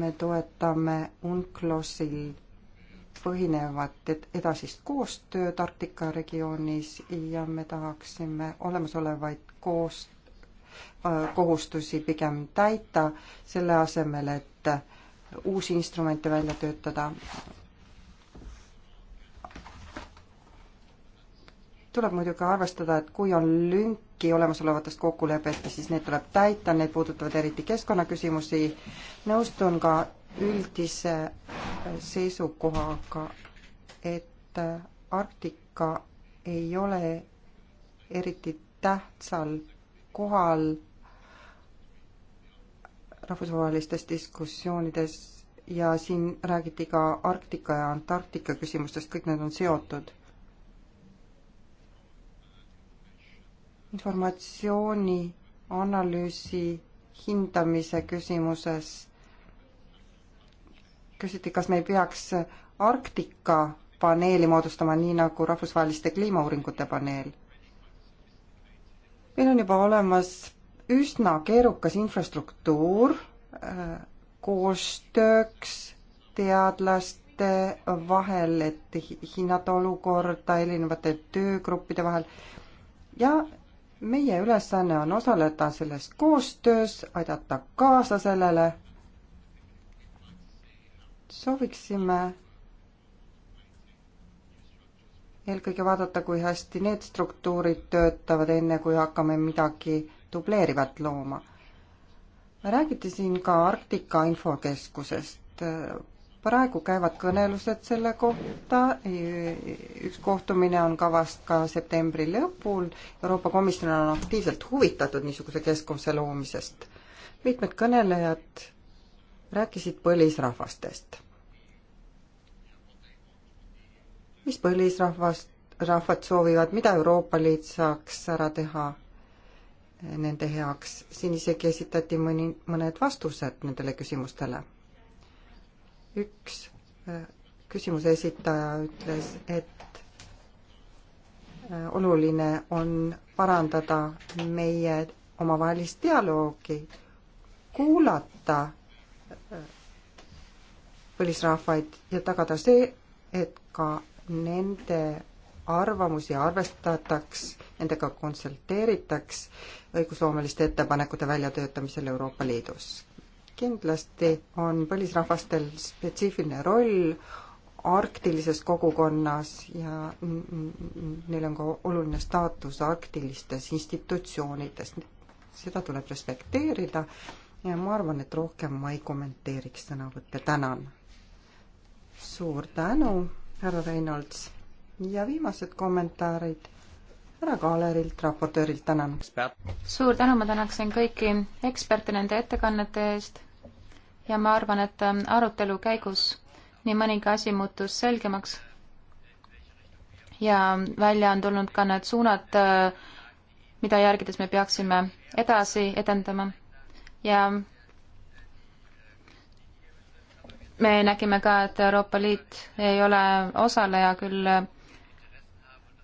me toetame UNCLOS-il põhinevat edasist koostööd Arktika regioonis ja me tahaksime olemasolevaid koos, kohustusi pigem täita, selle asemel, et uusi instrumente välja töötada. tuleb muidugi arvestada, et kui on lünk kõiki olemasolevatest kokkulepetest, siis need tuleb täita, need puudutavad eriti keskkonnaküsimusi. nõustun ka üldise seisukohaga, et Arktika ei ole eriti tähtsal kohal rahvusvahelistes diskussioonides ja siin räägiti ka Arktika ja Antarktika küsimustest, kõik need on seotud informatsiooni analüüsi hindamise küsimuses. küsiti, kas me ei peaks Arktika paneeli moodustama, nii nagu rahvusvaheliste kliimauuringute paneel. meil on juba olemas üsna keerukas infrastruktuur äh, koostööks teadlaste vahel, et hinnata olukorda erinevate töögruppide vahel ja meie ülesanne on osaleda selles koostöös, aidata kaasa sellele. sooviksime eelkõige vaadata, kui hästi need struktuurid töötavad, enne kui hakkame midagi dubleerivat looma. räägiti siin ka Arktika Infokeskusest praegu käivad kõnelused selle kohta, üks kohtumine on kavas ka septembri lõpul, Euroopa Komisjon on aktiivselt huvitatud niisuguse keskuse loomisest. mitmed kõnelejad rääkisid põlisrahvastest. mis põlisrahvast, rahvad soovivad, mida Euroopa Liit saaks ära teha nende heaks, siin isegi esitati mõni, mõned vastused nendele küsimustele üks äh, küsimuse esitaja ütles, et äh, oluline on parandada meie omavahelist dialoogi, kuulata äh, põlisrahvaid ja tagada see, et ka nende arvamusi arvestataks, nendega konsulteeritaks õigusloomeliste ettepanekute väljatöötamisel Euroopa Liidus kindlasti on põlisrahvastel spetsiifiline roll arktilises kogukonnas ja neil on ka oluline staatus arktilistes institutsioonides. seda tuleb respekteerida ja ma arvan, et rohkem ma ei kommenteeriks sõnavõtte, tänan. suur tänu, härra Reinolds ja viimased kommentaarid härra Kaalerilt, raportöörilt tänan. suur tänu, ma tänaksin kõiki eksperte nende ettekannete eest ja ma arvan, et ähm, arutelu käigus nii mõnigi asi muutus selgemaks ja välja on tulnud ka need suunad, äh, mida järgides me peaksime edasi edendama ja me nägime ka, et Euroopa Liit ei ole osaleja küll äh,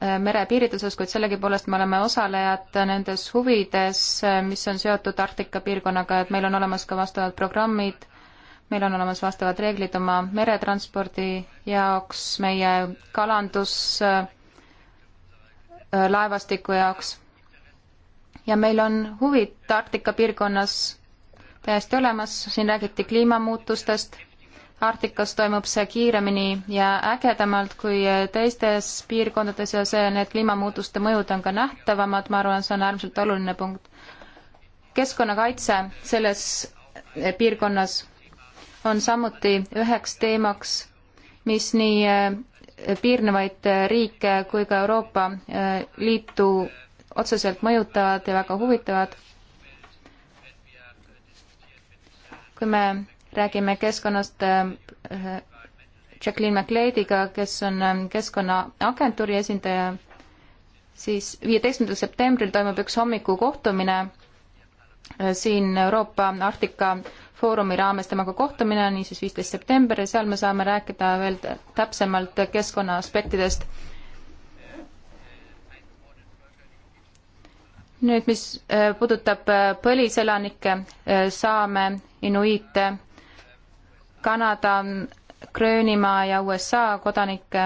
Äh, merepiirides, kuid sellegipoolest me oleme osalejad nendes huvides, äh, mis on seotud Arktika piirkonnaga, et meil on olemas ka vastavad programmid, meil on olemas vastavad reeglid oma meretranspordi jaoks, meie kalanduslaevastiku äh, jaoks. ja meil on huvid Arktika piirkonnas täiesti olemas, siin räägiti kliimamuutustest Arktikas toimub see kiiremini ja ägedamalt kui teistes piirkondades ja see, need kliimamuutuste mõjud on ka nähtavamad, ma arvan, see on äärmiselt oluline punkt. keskkonnakaitse selles eh, piirkonnas on samuti üheks teemaks, mis nii eh, piirnevaid riike kui ka Euroopa eh, Liitu otseselt mõjutavad ja väga huvitavad. kui me räägime keskkonnast äh, Jacqueline McLeodiga, kes on ähm, Keskkonnaagentuuri esindaja, siis viieteistkümnendal septembril toimub üks hommikukohtumine äh, siin Euroopa Arktika Foorumi raames temaga kohtumine on niisiis viisteist september ja seal me saame rääkida veel täpsemalt keskkonna aspektidest. nüüd, mis äh, puudutab põliselanikke, saame, inuiite Kanada, Gröönimaa ja USA kodanikke,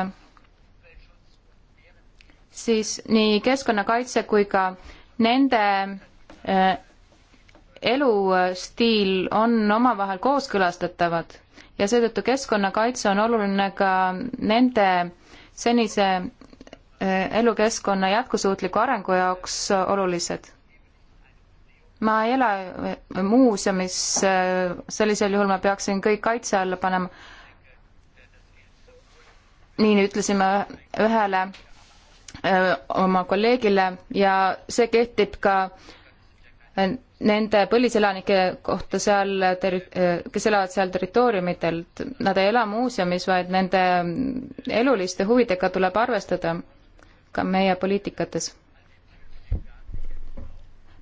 siis nii keskkonnakaitse kui ka nende eh, elustiil on omavahel kooskõlastatavad ja seetõttu keskkonnakaitse on oluline ka nende senise eh, elukeskkonna jätkusuutliku arengu jaoks olulised ma ei ela äh, muuseumis, äh, sellisel juhul ma peaksin kõik kaitse alla panema. nii ütlesime ühele äh, oma kolleegile ja see kehtib ka nende põliselanike kohta seal, kes elavad seal territooriumitel, nad ei ela muuseumis, vaid nende mm, eluliste huvidega tuleb arvestada ka meie poliitikates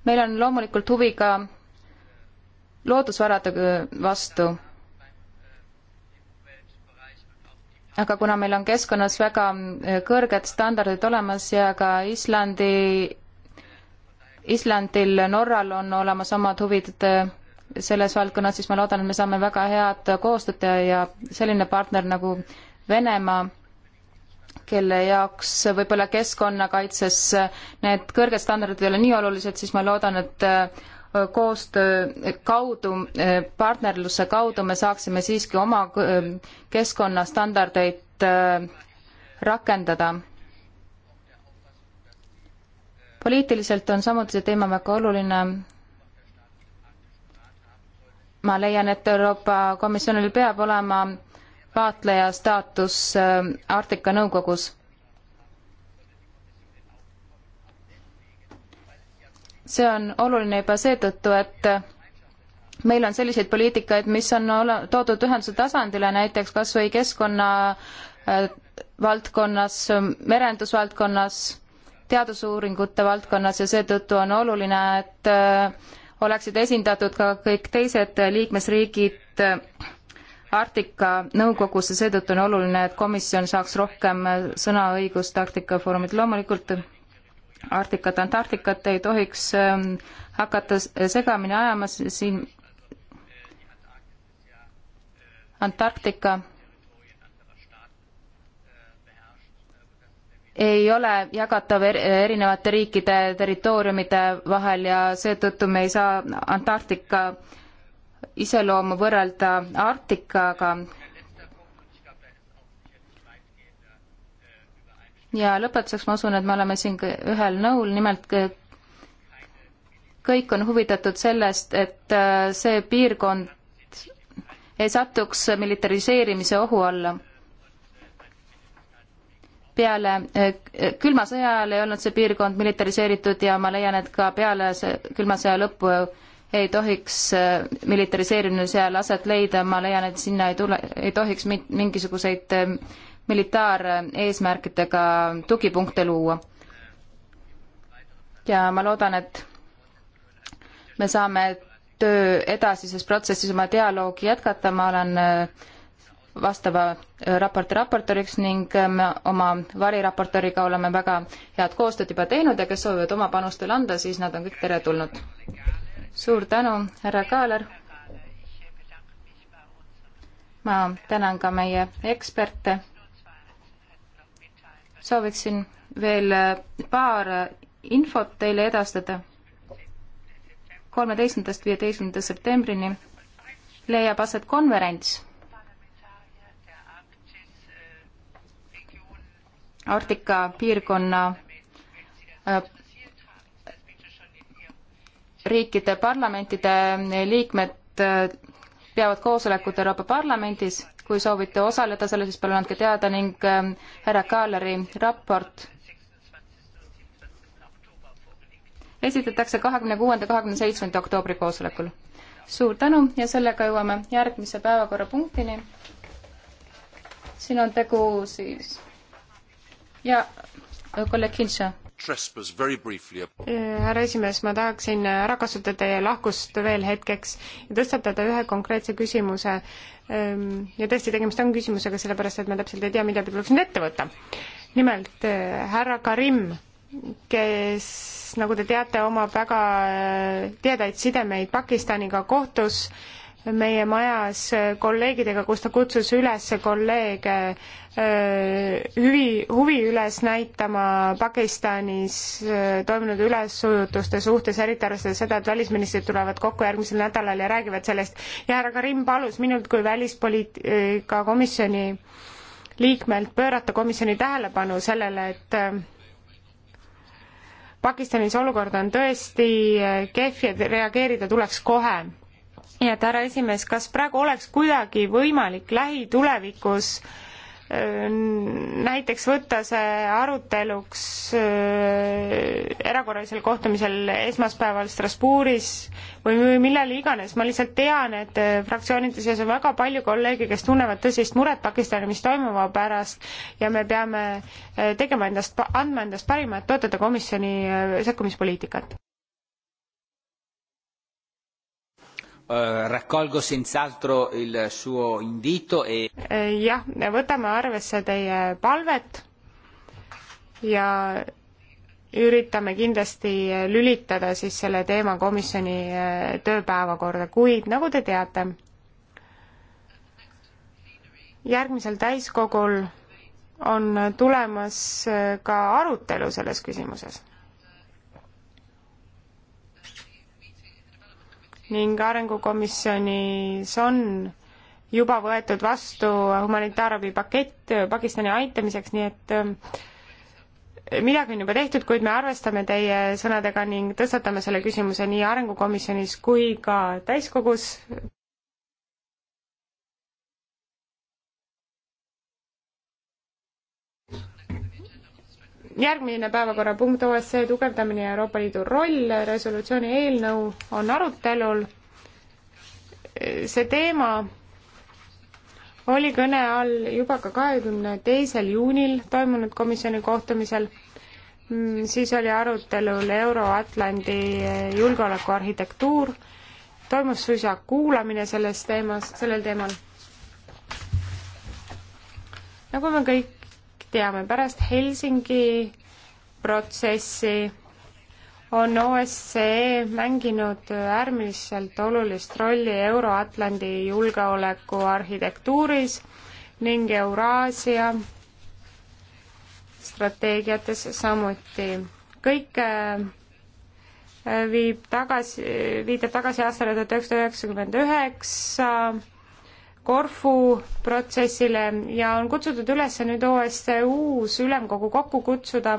meil on loomulikult huvi ka loodusvarade vastu. aga kuna meil on keskkonnas väga eh, kõrged standardid olemas ja ka Islandi, Islandil, Norral on olemas omad huvid eh, selles valdkonnas, siis ma loodan, et me saame väga head koostööd ja selline partner nagu Venemaa kelle jaoks võib-olla keskkonnakaitses need kõrged standardid ei ole nii olulised, siis ma loodan, et äh, koostöö kaudu, äh, partnerluse kaudu me saaksime siiski oma äh, keskkonnastandardeid rakendada. poliitiliselt on samuti see teema väga oluline. ma leian, et Euroopa Komisjonil peab olema vaatleja staatus ähm, Arktika Nõukogus. see on oluline juba seetõttu, et meil on selliseid poliitikaid, mis on toodud ühenduse tasandile, näiteks kas või keskkonna äh, valdkonnas, merendusvaldkonnas, teadusuuringute valdkonnas ja seetõttu on oluline, et äh, oleksid esindatud ka kõik teised liikmesriigid äh, Arktika nõukogusse, seetõttu on oluline, et komisjon saaks rohkem sõnaõigust Arktika Foorumilt. loomulikult Arktikat, Antarktikat ei tohiks ähm, hakata segamini ajama, siin Antarktika ei ole jagatav erinevate riikide territooriumide vahel ja seetõttu me ei saa Antarktika äh, iseloomu võrrelda Arktikaga. ja lõpetuseks ma usun, et me oleme siin ühel nõul, nimelt kõik on huvitatud sellest, et äh, see piirkond ei satuks militariseerimise ohu alla. peale äh, külma sõja ajal ei olnud see piirkond militariseeritud ja ma leian, et ka peale külma sõja lõppu ei tohiks äh, militariseerimine seal aset leida, ma leian, et sinna ei tule, ei tohiks mingisuguseid äh, militaareesmärkidega tugipunkte luua. ja ma loodan, et me saame töö edasises protsessis oma dialoogi jätkata, ma olen äh, vastava raporti raportoriks ning me oma variraportoriga oleme väga head koostööd juba teinud ja kes soovivad oma panust veel anda, siis nad on kõik teretulnud suur tänu, härra Kaaler. ma tänan ka meie eksperte. sooviksin veel paar infot teile edastada. kolmeteistkümnendast viieteistkümnenda septembrini leiab aset konverents Arktika piirkonna äh, riikide parlamentide liikmed äh, peavad koosolekut Euroopa Parlamendis, kui soovite osaleda selles, siis palun andke teada ning ähm, härra Kaaleri raport esitatakse kahekümne kuuenda, kahekümne seitsmenda oktoobri koosolekul. suur tänu ja sellega jõuame järgmise päevakorrapunktini. siin on tegu siis ja kolleeg Hintša Äh, härra esimees, ma tahaksin äh, ära kasutada teie lahkust veel hetkeks ja tõstatada ühe konkreetse küsimuse. Ähm, ja tõesti, tegemist on küsimusega, sellepärast et ma täpselt ei tea, mida tuleks nüüd ette võtta. nimelt äh, härra Karim, kes, nagu te teate, omab väga tihedaid sidemeid Pakistaniga, kohtus äh, meie majas kolleegidega, kus ta kutsus üles kolleege hüvi, huvi üles näitama Pakistanis toimunud ülesujutuste suhtes, eriti arvestades seda, et välisministrid tulevad kokku järgmisel nädalal ja räägivad sellest. ja härra Karim palus minult kui välispoliitika komisjoni liikmelt pöörata komisjoni tähelepanu sellele, et Pakistanis olukord on tõesti kehv ja reageerida tuleks kohe nii et härra esimees, kas praegu oleks kuidagi võimalik lähitulevikus näiteks võtta see aruteluks erakorralisel kohtumisel esmaspäeval Strasbourgis või millal iganes, ma lihtsalt tean, et fraktsioonide seas on väga palju kolleege, kes tunnevad tõsist muret Pakistanis toimuva pärast ja me peame tegema endast, andma endast parima, et toetada komisjoni sekkumispoliitikat. Eh, raccolgo senz'altro il suo invito e eh, jah, võtame arvesse teie palvet ja üritame kindlasti lülitada siis selle teema komisjoni eh, tööpäevakorda, kuid nagu te teate, järgmisel täiskogul on tulemas ka arutelu selles küsimuses ning Arengukomisjonis on juba võetud vastu humanitaarabipakett Pakistani aitamiseks, nii et ähm, midagi on juba tehtud, kuid me arvestame teie sõnadega ning tõstatame selle küsimuse nii Arengukomisjonis kui ka täiskogus. järgmine päevakorrapunkt OSCE tugevdamine ja Euroopa Liidu roll, resolutsiooni eelnõu on arutelul. see teema oli kõne all juba ka kahekümne teisel juunil toimunud komisjoni kohtumisel, siis oli arutelul Euro-Atlandi julgeolekuarhitektuur, toimus suisa kuulamine selles teemas, sellel teemal. nagu me kõik teame, pärast Helsingi protsessi on OSCE mänginud äärmiselt olulist rolli Euro-Atlandi julgeoleku arhitektuuris ning Euraasia strateegiates samuti. kõik äh, viib tagasi, viitab tagasi aastale tuhat üheksasada üheksakümmend üheksa Korfu protsessile ja on kutsutud üles nüüd OSCE uus ülemkogu kokku kutsuda,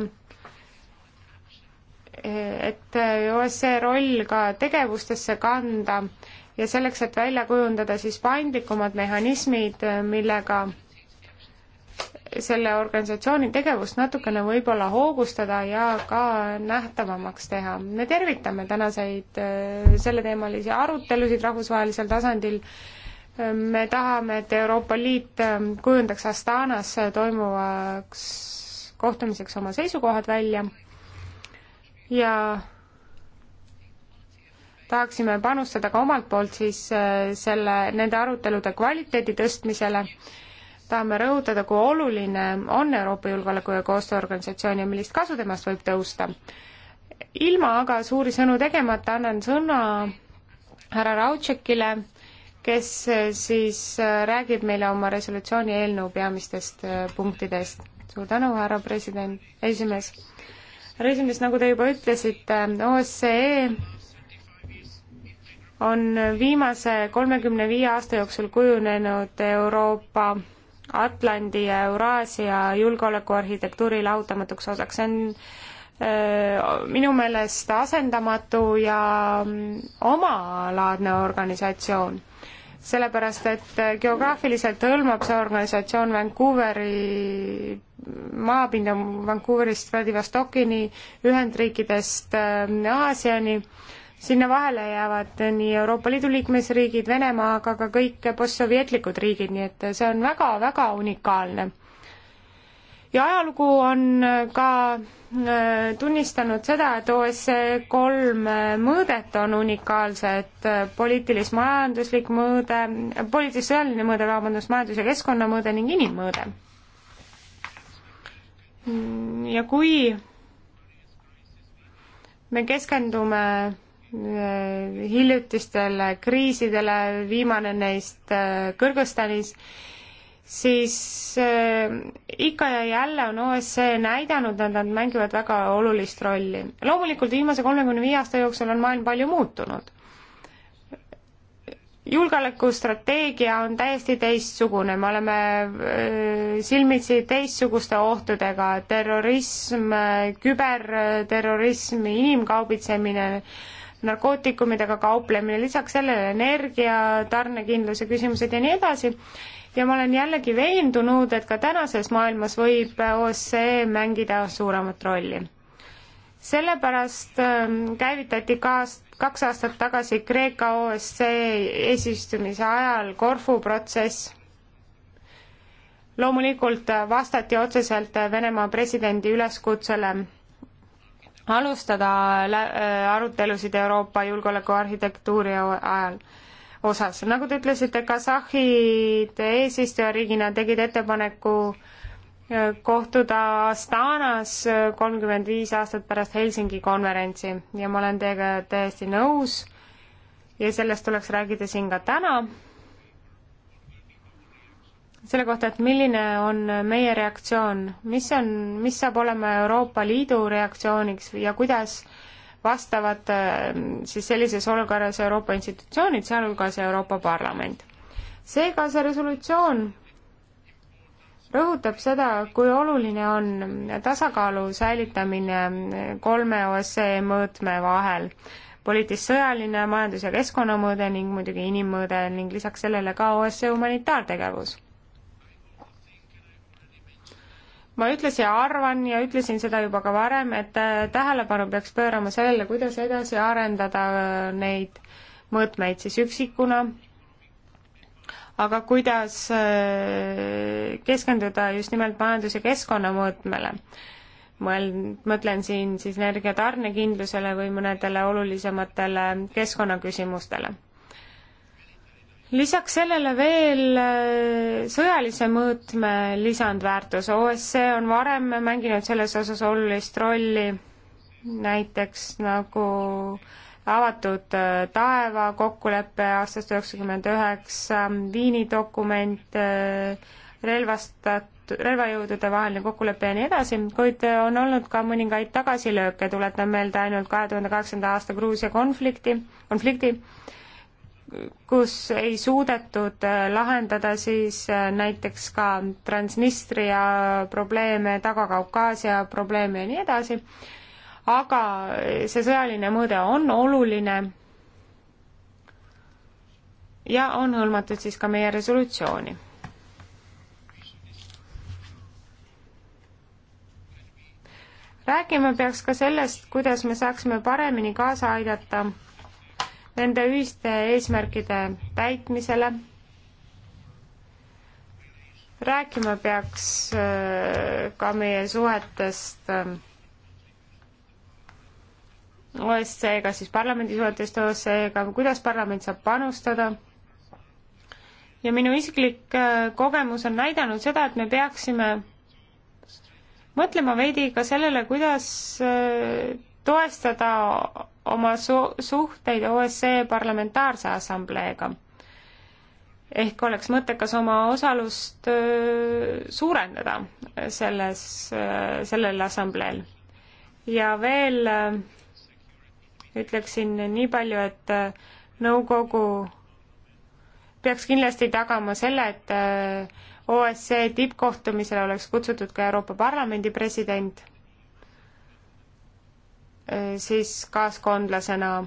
et OSCE roll ka tegevustesse kanda ja selleks, et välja kujundada siis paindlikumad mehhanismid, millega selle organisatsiooni tegevust natukene võib-olla hoogustada ja ka nähtavamaks teha. me tervitame tänaseid äh, selleteemalisi arutelusid rahvusvahelisel tasandil me tahame, et Euroopa Liit ähm, kujundaks Astanas äh, toimuvaks kohtumiseks oma seisukohad välja ja tahaksime panustada ka omalt poolt siis äh, selle, nende arutelude kvaliteedi tõstmisele. tahame rõhutada, kui oluline on Euroopa Julgeoleku- ja Koostööorganisatsioon ja millist kasu temast võib tõusta. ilma aga suuri sõnu tegemata annan sõna härra Raudšekile kes eh, siis eh, räägib meile oma resolutsiooni eelnõu peamistest eh, punktidest. suur tänu, härra president, esimees. härra esimees, nagu te juba ütlesite, OSCE on viimase kolmekümne viie aasta jooksul kujunenud Euroopa Atlandi ja Euraasia julgeolekuarhitektuuri lahutamatuks osaks, see on minu meelest asendamatu ja mm, omalaadne organisatsioon sellepärast et geograafiliselt hõlmab see organisatsioon Vancouveri maapinda Vancouverist Vladivostokini, Ühendriikidest ähm, Aasiani, sinna vahele jäävad nii Euroopa Liidu liikmesriigid, Venemaa, aga ka kõik postsovjetlikud riigid, nii et see on väga-väga unikaalne ja ajalugu on äh, ka äh, tunnistanud seda, et OSCE kolm äh, mõõdet on unikaalsed, poliitilis-majanduslik mõõde, poliitilis-sõjaline mõõde, vabandust, majandus- ja keskkonnamõõde ning inimmõõde. Mm, ja kui me keskendume hiljutistele kriisidele, viimane neist Kõrgõzstanis, siis äh, ikka ja jälle on OSCE näidanud, et nad mängivad väga olulist rolli. loomulikult viimase kolmekümne viie aasta jooksul on maailm palju muutunud. julgeolekustrateegia on täiesti teistsugune, me oleme äh, silmitsi teistsuguste ohtudega, terrorism, äh, küberterrorism, inimkaubitsemine, narkootikumidega kauplemine, lisaks sellele energia, tarnekindluse küsimused ja nii edasi ja ma olen jällegi veendunud, et ka tänases maailmas võib OSCE mängida suuremat rolli. sellepärast ähm, käivitati ka kaks aastat tagasi Kreeka OSCE eesistumise ajal Korfu protsess. loomulikult vastati otseselt Venemaa presidendi üleskutsele alustada äh, arutelusid Euroopa julgeolekuarhitektuuri ajal osas. nagu te ütlesite, Kasahhid eesistujariigina tegid ettepaneku äh, kohtuda Astanas äh, kolmkümmend viis aastat pärast Helsingi konverentsi ja ma olen teiega täiesti nõus ja sellest tuleks rääkida siin ka täna. selle kohta, et milline on meie reaktsioon, mis on, mis saab olema Euroopa Liidu reaktsiooniks ja kuidas äh, vastavad äh, siis sellises olukorras Euroopa institutsioonid, sealhulgas Euroopa Parlament. seega see resolutsioon rõhutab seda, kui oluline on tasakaalu säilitamine kolme OSCE mõõtme vahel, poliitis-sõjaline, majandus- ja keskkonnamõõde ning muidugi inimmõõde ning lisaks sellele ka OSCE humanitaartegevus. ma ütlesin ja arvan ja ütlesin seda juba ka varem, et äh, tähelepanu peaks pöörama sellele, kuidas edasi arendada äh, neid mõõtmeid siis üksikuna, aga kuidas äh, keskenduda just nimelt majandus- ja keskkonnamõõtmele. mõel-, mõtlen siin siis energia tarnekindlusele või mõnedele olulisematele keskkonnaküsimustele lisaks sellele veel äh, sõjalise mõõtme lisandväärtus. OSCE on varem mänginud selles osas olulist rolli, näiteks nagu avatud äh, taeva kokkulepe aastast üheksakümmend üheksa, Viini dokument, äh, relvastat-, relvajõudude vaheline kokkulepe ja nii edasi, kuid on olnud ka mõningaid tagasilööke, tuletan meelde ainult kahe tuhande kaheksanda aasta Gruusia konflikti, konflikti, konflikti kus ei suudetud äh, lahendada siis äh, näiteks ka Transnistria probleeme, Taga-Kaukaasia probleeme ja nii edasi, aga äh, see sõjaline mõõde on oluline ja on hõlmatud siis ka meie resolutsiooni. räägime peaks ka sellest, kuidas me saaksime paremini kaasa aidata nende ühiste eesmärkide täitmisele. rääkima peaks äh, ka meie suhetest äh, OSCE-ga, siis parlamendi suhetest OSCE-ga, kuidas parlament saab panustada. ja minu isiklik äh, kogemus on näidanud seda, et me peaksime mõtlema veidi ka sellele, kuidas toestada oma su-, suhteid OSCE Parlamentaarse Assambleega. ehk oleks mõttekas oma osalust suurendada selles, sellel assambleel. ja veel ütleksin nii palju, et nõukogu peaks kindlasti tagama selle, et OSCE tippkohtumisele oleks kutsutud ka Euroopa Parlamendi president Äh, siis kaaskondlasena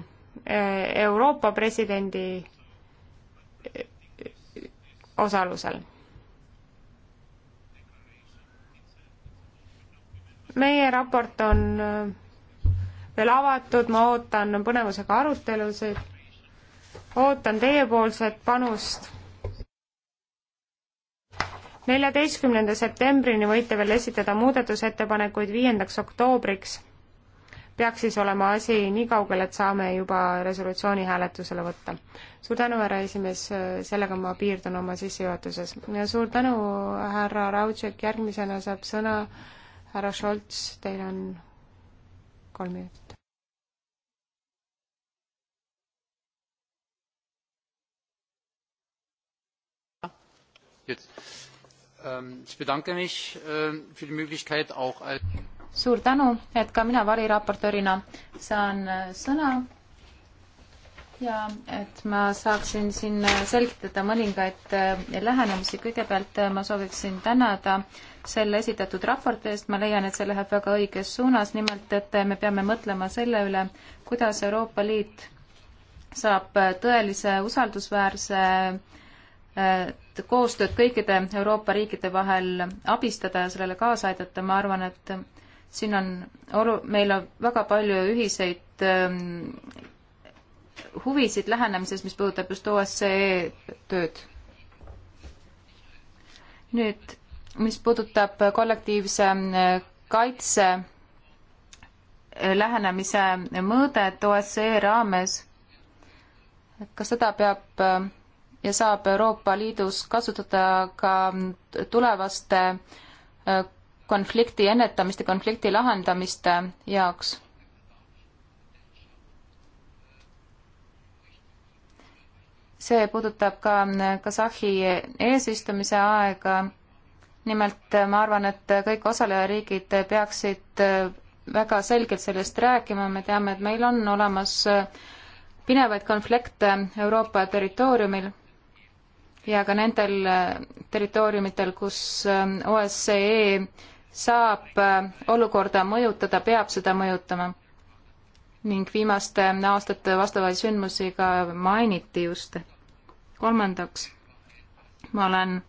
äh, Euroopa presidendi äh, osalusel. meie raport on veel avatud, ma ootan põnevusega arutelusid, ootan teiepoolset panust. neljateistkümnenda septembrini võite veel esitada muudatusettepanekuid viiendaks oktoobriks peaks siis olema asi nii kaugel, et saame juba resolutsiooni hääletusele võtta. suur tänu, härra esimees, sellega ma piirdun oma sissejuhatuses. suur tänu, härra Raudšek, järgmisena saab sõna härra Scholz, teil on kolm minutit. Ähm, ich bedanke mich ähm, für die möglichkeit auch als suur tänu, et ka mina variraportöörina saan äh, sõna ja et ma saaksin siin äh, selgitada mõningaid äh, lähenemisi. kõigepealt ma sooviksin tänada selle esitatud raporti eest, ma leian, et see läheb väga õiges suunas, nimelt et me peame mõtlema selle üle, kuidas Euroopa Liit saab tõelise usaldusväärse koostööd kõikide Euroopa riikide vahel abistada ja sellele kaasa aidata, ma arvan, et siin on oru-, meil on väga palju ühiseid ähm, huvisid lähenemises, mis puudutab just OSCE tööd. nüüd, mis puudutab kollektiivse ähm, kaitse äh, lähenemise mõõdet OSCE raames, et kas seda peab äh, ja saab Euroopa Liidus kasutada ka mm, tulevaste äh, konflikti ennetamist ja konflikti lahendamiste äh, jaoks. see puudutab ka äh, Kasahhi eesistumise aega. nimelt äh, ma arvan, et kõik osalejariigid peaksid väga selgelt sellest rääkima, me teame, et meil on olemas pinevaid konflikte Euroopa territooriumil ja ka nendel territooriumitel, kus OSCE saab äh, olukorda mõjutada, peab seda mõjutama. ning viimaste aastate vastavaid sündmusi ka mainiti just. kolmandaks, ma olen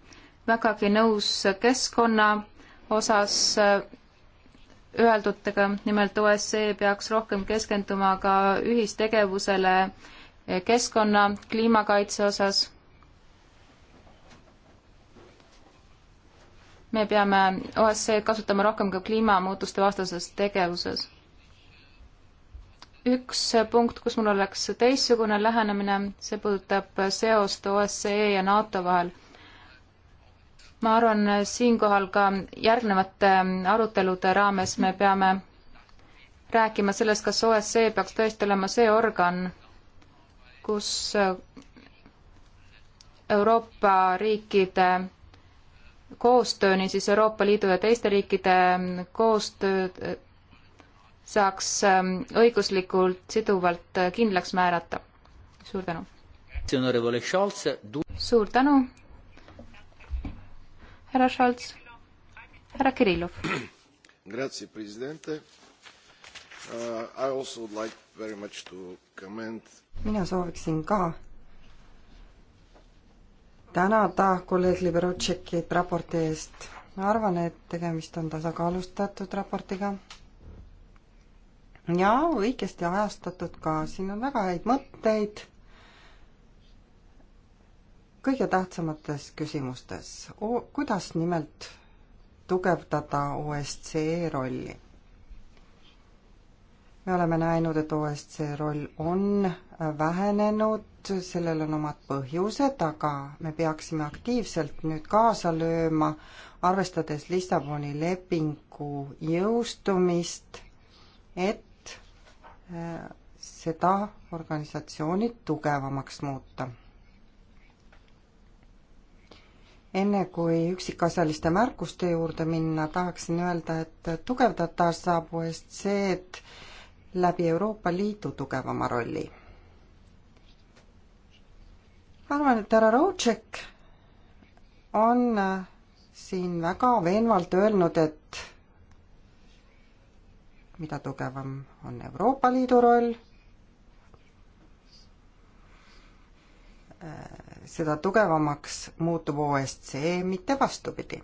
vägagi nõus keskkonna osas äh, öeldutega, nimelt OSCE peaks rohkem keskenduma ka ühistegevusele äh, keskkonna, kliimakaitse osas me peame OSCE-d kasutama rohkem ka kliimamuutuste vastases tegevuses. üks punkt, kus mul oleks teistsugune lähenemine, see puudutab seost OSCE ja NATO vahel. ma arvan, siinkohal ka järgnevate arutelude raames me peame rääkima sellest, kas OSCE peaks tõesti olema see organ, kus Euroopa riikide koostöö, niisiis Euroopa Liidu ja teiste riikide mm, koostöö äh, saaks ähm, õiguslikult siduvalt äh, kindlaks määrata. suur tänu. suur tänu. härra Scholz, härra Kirillov. Grazie, president uh,. I also would like very much to comment. mina sooviksin ka tänada kolleeg Liberotšekit raporti eest. ma arvan, et tegemist on tasakaalustatud raportiga. ja õigesti ajastatud ka, siin on väga häid mõtteid kõige tähtsamates küsimustes. kuidas nimelt tugevdada OSCE rolli? me oleme näinud, et OSCE roll on vähenenud sellel on omad põhjused, aga me peaksime aktiivselt nüüd kaasa lööma, arvestades Lissaboni lepingu jõustumist, et äh, seda organisatsiooni tugevamaks muuta. enne kui üksikasjaliste märkuste juurde minna, tahaksin öelda, et tugevdada saab OSCE-d läbi Euroopa Liidu tugevama rolli arvan, et härra Rootšek on äh, siin väga veenvalt öelnud, et mida tugevam on Euroopa Liidu roll, äh, seda tugevamaks muutub OSCE, mitte vastupidi.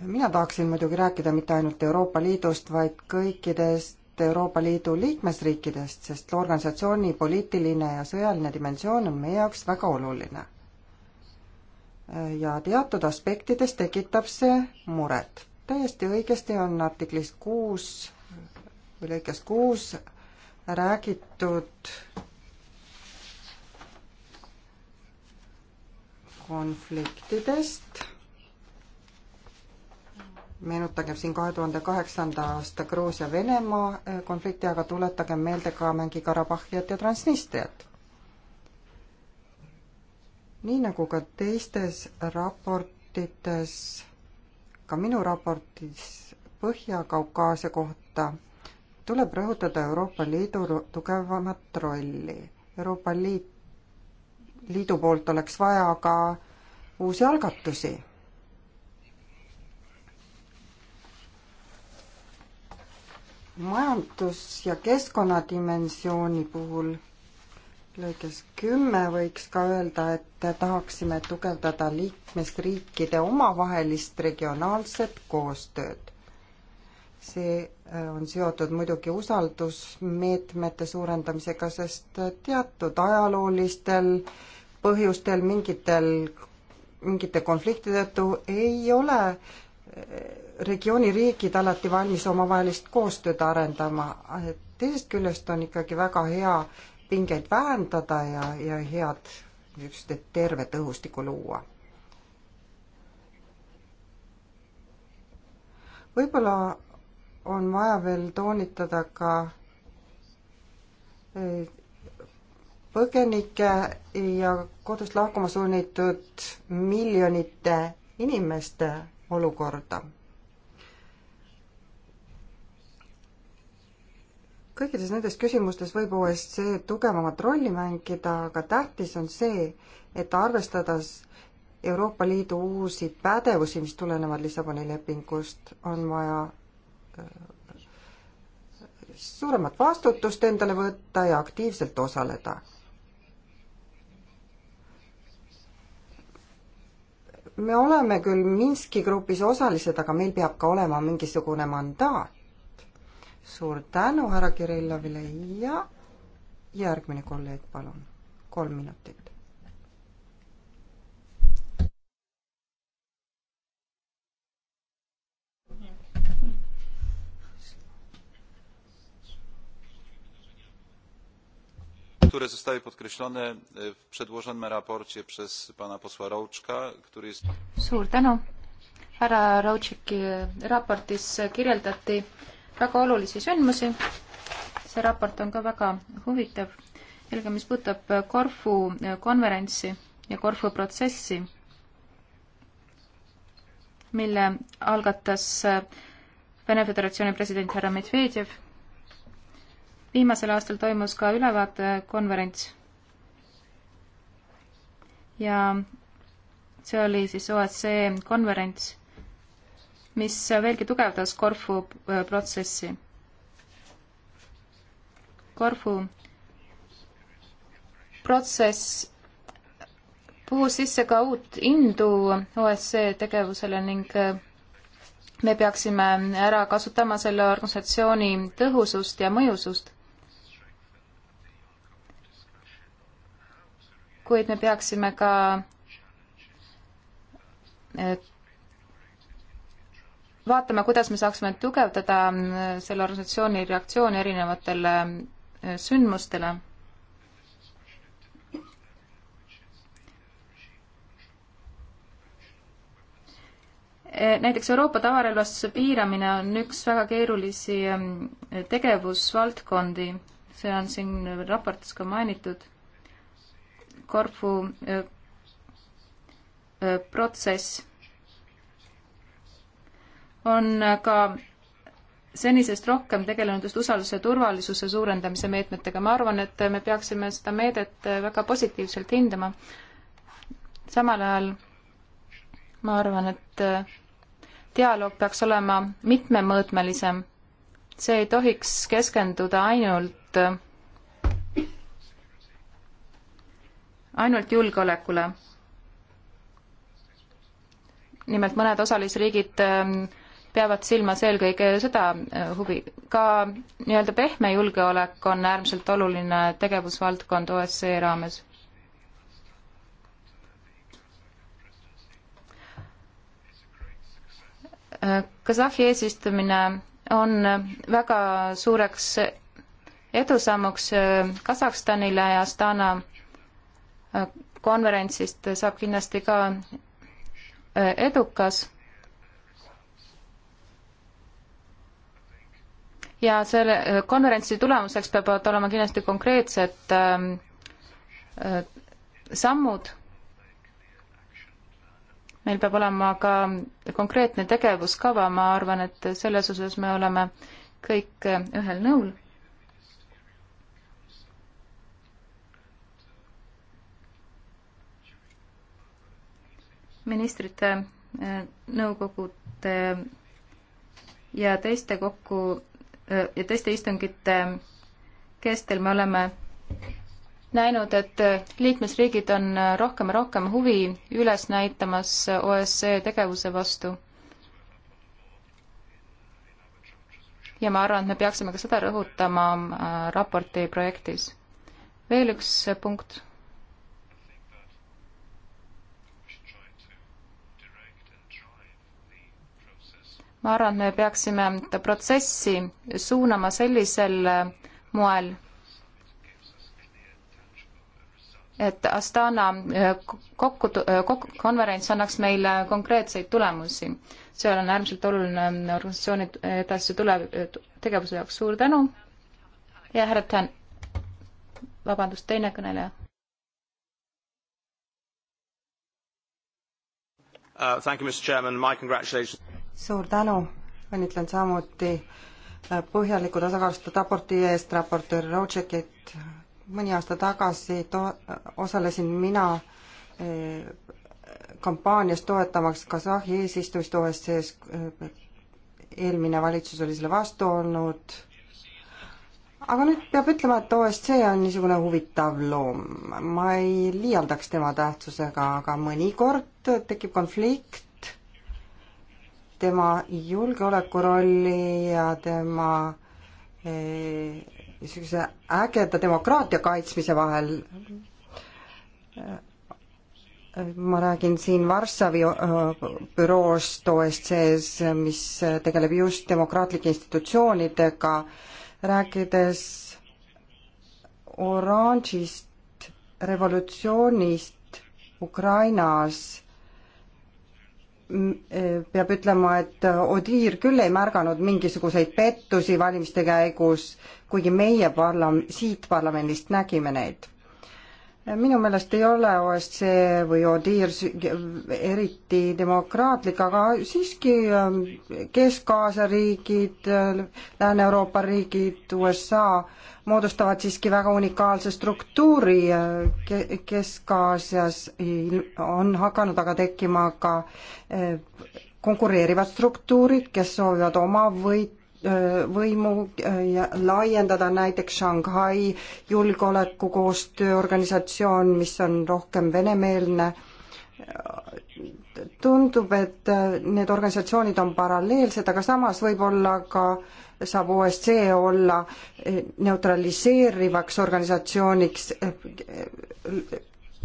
mina tahaksin muidugi rääkida mitte ainult Euroopa Liidust, vaid kõikidest Euroopa Liidu liikmesriikidest, sest organisatsiooni poliitiline ja sõjaline dimensioon on meie jaoks väga oluline. ja teatud aspektides tekitab see muret. täiesti õigesti on artiklist kuus või lõikest kuus räägitud konfliktidest meenutagem siin kahe tuhande kaheksanda aasta Gruusia-Venemaa eh, konflikti, aga tuletagem meelde ka Mängi-Karabahhiat ja Transnistriat. nii nagu ka teistes raportites, ka minu raportis Põhja-Kaukaasia kohta, tuleb rõhutada Euroopa Liidu tugevamat rolli. Euroopa Liit, Liidu poolt oleks vaja ka uusi algatusi majandus- ja keskkonnadimensiooni puhul lõikes kümme võiks ka öelda, et tahaksime tugevdada liikmesriikide omavahelist regionaalset koostööd. see äh, on seotud muidugi usaldusmeetmete suurendamisega, sest teatud ajaloolistel põhjustel, mingitel, mingite konflikti tõttu ei ole regiooni riigid alati valmis omavahelist koostööd arendama, teisest küljest on ikkagi väga hea pingeid vähendada ja, ja head niisugust tervet õhustikku luua. võib-olla on vaja veel toonitada ka eh, põgenike ja kodust lahkuma sunnitud miljonite inimeste olukorda. kõikides nendes küsimustes võib OSCE tugevamat rolli mängida, aga tähtis on see, et arvestades Euroopa Liidu uusi pädevusi, mis tulenevad Lissaboni lepingust, on vaja äh, suuremat vastutust endale võtta ja aktiivselt osaleda me oleme küll Minski grupis osalised, aga meil peab ka olema mingisugune mandaat. suur tänu härra Kirillovile ja järgmine kolleeg, palun, kolm minutit. które zostały podkreślone e, w przedłożonym raporcie przez pana posła Rołczka, który jest... Suur tänu. Härra Rołtšeki raportis kirjeldati väga olulisi sündmusi. See raport on ka väga huvitav. Eelkõige, mis puudutab Korfu konverentsi ja Korfu protsessi, mille algatas Vene Föderatsiooni president härra Medvedjev viimasel aastal toimus ka ülevaatekonverents ja see oli siis OSCE konverents, mis veelgi tugevdas Corfu äh, protsessi. Corfu protsess puhus sisse ka uut indu OSCE tegevusele ning äh, me peaksime ära kasutama selle organisatsiooni tõhusust ja mõjusust kuid me peaksime ka vaatama, kuidas me saaksime tugevdada äh, selle organisatsiooni reaktsiooni erinevatele äh, sündmustele. Äh, näiteks Euroopa tavarelvastuse piiramine on üks väga keerulisi ähm, tegevusvaldkondi, see on siin raportis ka mainitud Korfu protsess on ka senisest rohkem tegelenud just usalduse ja turvalisuse suurendamise meetmetega. ma arvan, et me peaksime seda meedet väga positiivselt hindama. samal ajal ma arvan, et äh, dialoog peaks olema mitmemõõtmelisem. see ei tohiks keskenduda ainult äh, ainult julgeolekule. nimelt mõned osalisriigid ähm, peavad silmas eelkõige seda äh, huvi. ka nii-öelda pehme julgeolek on äärmiselt oluline tegevusvaldkond OSCE raames. Äh, Kasahhi eesistumine on väga suureks edusammuks äh, Kasahstanile ja Astana konverentsist saab kindlasti ka äh, edukas. ja selle äh, konverentsi tulemuseks peavad olema kindlasti konkreetsed ähm, äh, sammud. meil peab olema ka konkreetne tegevuskava, ma arvan, et selles osas me oleme kõik ühel nõul ministrite eh, nõukogude ja teiste kokku eh, ja teiste istungite kestel me oleme näinud, et liikmesriigid on rohkem ja rohkem huvi üles näitamas OSCE tegevuse vastu. ja ma arvan, et me peaksime ka seda rõhutama äh, raporti projektis. veel üks punkt ma arvan, et me peaksime protsessi suunama sellisel äh, moel, et Astana äh, kokku, äh, kokku, konverents annaks meile konkreetseid tulemusi. see on äärmiselt oluline organisatsiooni edasi tulev, tegevuse jaoks, suur tänu ja härra Tän-, vabandust, teine kõneleja uh,. Thank you, Mr Chairman, my congratulations suur tänu, õnnitlen samuti äh, põhjaliku tasakaalustatud raporti eest raportöör Rootšekit. mõni aasta tagasi to-, osalesin mina äh, kampaanias toetamaks Kasahhi eesistumist OSCE-s, e äh, eelmine valitsus oli selle vastu olnud, aga nüüd peab ütlema, et OSCE on niisugune huvitav loom. ma ei liialdaks tema tähtsusega, aga mõnikord tekib konflikt tema julgeolekurolli ja tema eh, niisuguse ägeda demokraatia kaitsmise vahel. ma räägin siin Varssavi eh, büroost OSCE-s, mis tegeleb just demokraatlike institutsioonidega, rääkides oranžist revolutsioonist Ukrainas peab ütlema, et Odiir küll ei märganud mingisuguseid pettusi valimiste käigus, kuigi meie parlam-, siit parlamendist nägime neid minu meelest ei ole OSCE või ODIR eriti demokraatlik, aga siiski ähm, Kesk-Aasia riigid, äh, Lääne-Euroopa riigid, USA moodustavad siiski väga unikaalse struktuuri äh, Kesk-Aasias on hakanud aga tekkima ka äh, konkureerivad struktuurid, kes soovivad oma võit võimu äh, ja laiendada näiteks Shanghai julgeolekukoostöö organisatsioon, mis on rohkem venemeelne. tundub, et äh, need organisatsioonid on paralleelsed, aga samas võib-olla ka saab OSCE olla äh, neutraliseerivaks organisatsiooniks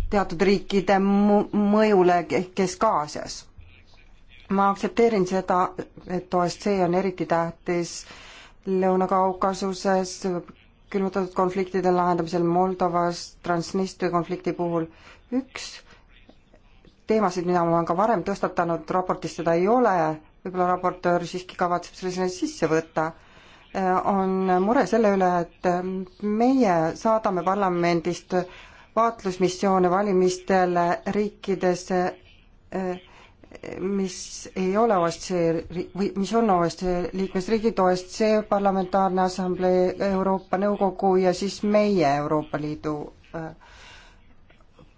teatud riikide mõjule, kes ka Aasias ma aktsepteerin seda, et OSCE on eriti tähtis Lõuna-Kaukasuses, külmutatud konfliktide lahendamisel Moldovas, Transnistria konflikti puhul. üks teemasid, mida ma olen ka varem tõstatanud, raportis seda ei ole, võib-olla raportöör siiski kavatseb selle sinna sisse võtta, on mure selle üle, et meie saadame parlamendist vaatlusmissioone valimistele riikidesse, eh, mis ei ole OSCE või mis on OSCE liikmesriigid, OSCE Parlamentaarne Assamblee, Euroopa Nõukogu ja siis meie Euroopa Liidu äh,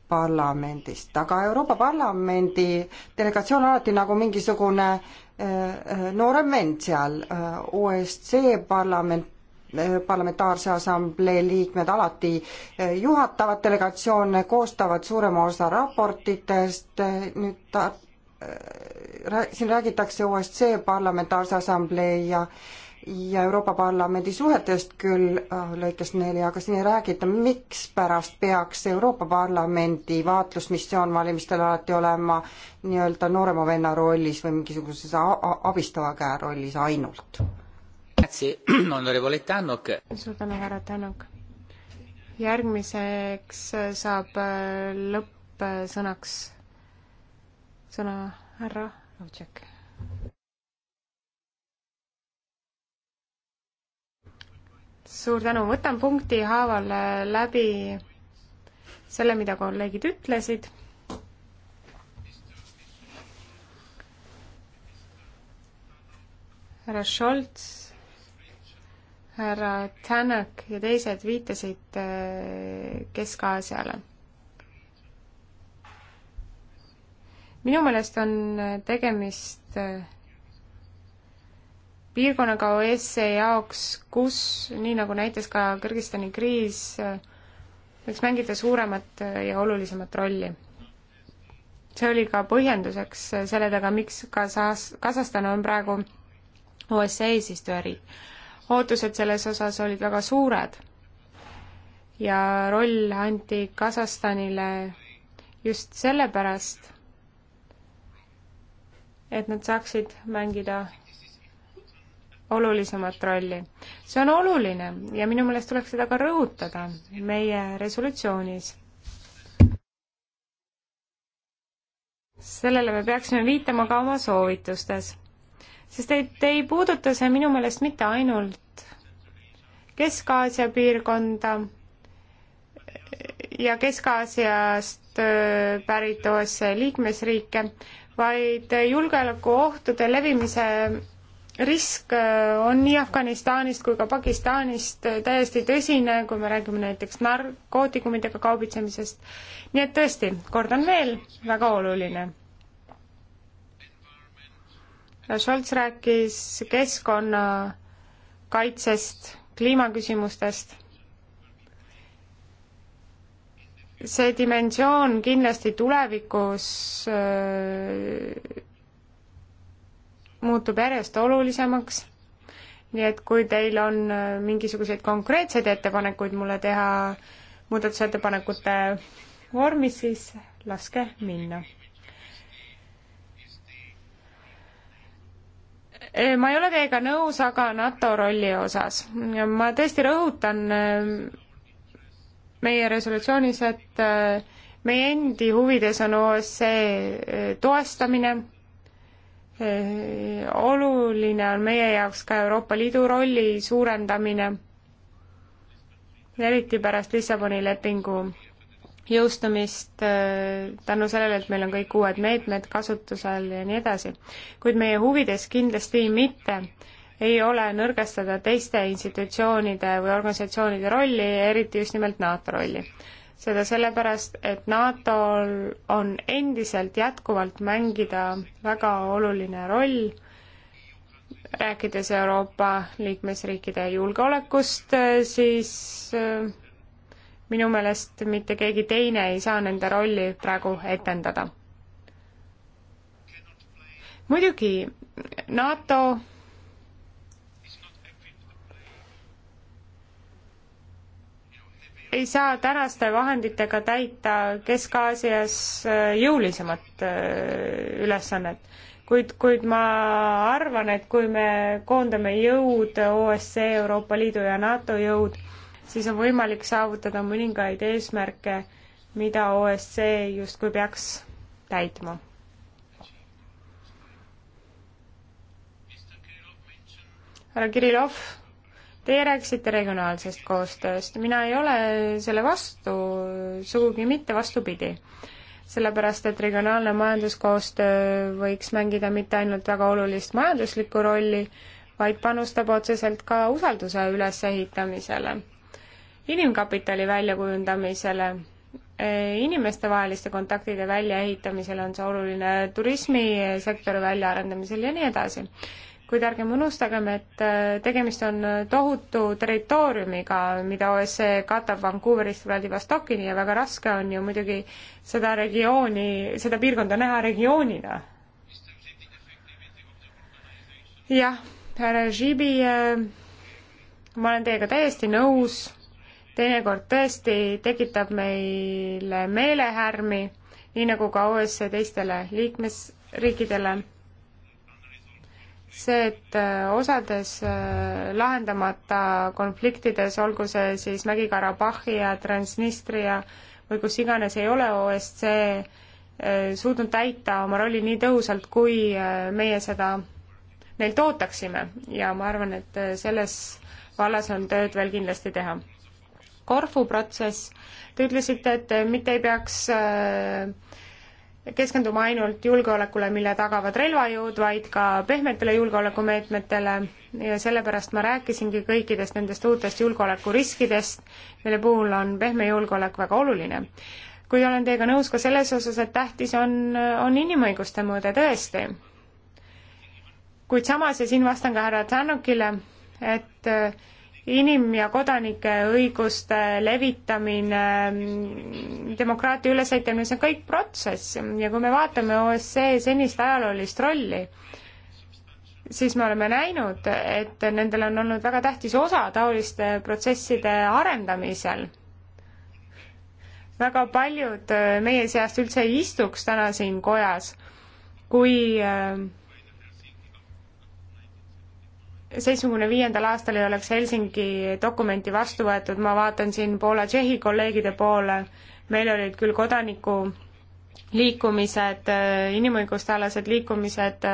parlamendist, aga Euroopa Parlamendi delegatsioon on alati nagu mingisugune äh, noorem vend seal, äh, OSCE parlament, parlamentaarse assamblee liikmed alati juhatavad delegatsioone, koostavad suurema osa raportitest, nüüd siin räägitakse OSCE Parlamentaarse Assamblee ja ja Euroopa Parlamendi suhetest küll äh, lõikes neli, aga siin ei räägita, mikspärast peaks Euroopa Parlamendi vaatlusmissioon valimistel alati olema nii-öelda noorema venna rollis või mingisuguses abistava käe rollis ainult. suur tänu, härra Tänuk. järgmiseks saab äh, lõppsõnaks sõna härra Lautšek. suur tänu, võtan punkti haaval läbi selle, mida kolleegid ütlesid härra Scholz, härra Tänak ja teised viitasid eh, Kesk-Aasiale minu meelest on tegemist äh, piirkonnaga OSCE jaoks, kus, nii nagu näitas ka Kõrgõzstani kriis, äh, võiks mängida suuremat äh, ja olulisemat rolli. see oli ka põhjenduseks selle taga, miks Kasas-, Kasahstan on praegu OSCE eesistujariik. ootused selles osas olid väga suured ja roll anti Kasahstanile just sellepärast et nad saaksid mängida olulisemat rolli. see on oluline ja minu meelest tuleks seda ka rõhutada meie resolutsioonis. sellele me peaksime viitama ka oma soovitustes, sest et ei puuduta see minu meelest mitte ainult Kesk-Aasia piirkonda ja Kesk-Aasiast äh, pärit OSCE liikmesriike, vaid julgeolekuohtude levimise risk äh, on nii Afganistanist kui ka Pakistanist äh, täiesti tõsine, kui me räägime näiteks narkootikumidega kaubitsemisest. nii et tõesti, kordan veel, väga oluline. Äh, Scholz rääkis keskkonnakaitsest, kliimaküsimustest see dimensioon kindlasti tulevikus äh, muutub järjest olulisemaks, nii et kui teil on äh, mingisuguseid konkreetseid ettepanekuid mulle teha muudatusettepanekute vormis, siis laske minna. Äh, ma ei ole teiega nõus, aga NATO rolli osas. ma tõesti rõhutan meie resolutsioonis, et äh, meie endi huvides on OSCE äh, toestamine, äh, oluline on meie jaoks ka Euroopa Liidu rolli suurendamine, eriti pärast Lissaboni lepingu jõustumist tänu sellele, et meil on kõik uued meetmed kasutusel ja nii edasi. kuid meie huvides kindlasti mitte ei ole nõrgestada teiste institutsioonide või organisatsioonide rolli, eriti just nimelt NATO rolli. seda sellepärast, et NATO-l on endiselt jätkuvalt mängida väga oluline roll, rääkides Euroopa liikmesriikide julgeolekust, siis äh, minu meelest mitte keegi teine ei saa nende rolli praegu etendada. muidugi NATO ei saa tänaste vahenditega täita Kesk-Aasias äh, jõulisemat äh, ülesannet. kuid, kuid ma arvan, et kui me koondame jõud, OSCE, Euroopa Liidu ja NATO jõud, siis on võimalik saavutada mõningaid eesmärke, mida OSCE justkui peaks täitma. härra Kirillov Teie rääkisite regionaalsest koostööst, mina ei ole selle vastu, sugugi mitte vastupidi. sellepärast, et regionaalne majanduskoostöö võiks mängida mitte ainult väga olulist majanduslikku rolli, vaid panustab otseselt ka usalduse ülesehitamisele, inimkapitali väljakujundamisele, e, inimestevaheliste kontaktide väljaehitamisel on see oluline, turismisektori väljaarendamisel ja nii edasi kuid ärgem unustagem, et äh, tegemist on äh, tohutu territooriumiga, mida OSCE katab Vancouverist Vladivostokini ja väga raske on ju muidugi seda regiooni, seda piirkonda näha regioonina. jah, härra Žibi, äh, ma olen teiega täiesti nõus, teinekord tõesti tekitab meile meelehärmi, nii nagu ka OSCE teistele liikmesriikidele see, et äh, osades äh, lahendamata konfliktides, olgu see siis Mägi-Karabahhi ja Transnistria või kus iganes, ei ole OSCE äh, suutnud täita oma rolli nii tõhusalt, kui meie seda neilt ootaksime ja ma arvan, et selles vallas on tööd veel kindlasti teha. Korfu protsess, te ütlesite, et mitte ei peaks äh, keskenduma ainult julgeolekule, mille tagavad relvajõud, vaid ka pehmetele julgeolekumeetmetele ja sellepärast ma rääkisingi kõikidest nendest uutest julgeolekuriskidest, mille puhul on pehme julgeolek väga oluline. kuid olen teiega nõus ka selles osas, et tähtis on, on inimõiguste mõõde tõesti. kuid samas, ja siin vastan ka härra Tsanukile, et äh, inim- ja kodanike õiguste levitamine, demokraatia ülesehitamine, see on kõik protsess ja kui me vaatame OSCE senist ajaloolist rolli, siis me oleme näinud, et nendel on olnud väga tähtis osa taoliste protsesside arendamisel. väga paljud äh, meie seast üldse ei istuks täna siin kojas, kui äh, seitsmekümne viiendal aastal ei oleks Helsingi dokumenti vastu võetud, ma vaatan siin Poola-Tšehhi kolleegide poole, meil olid küll kodaniku liikumised, inimõiguste alased liikumised,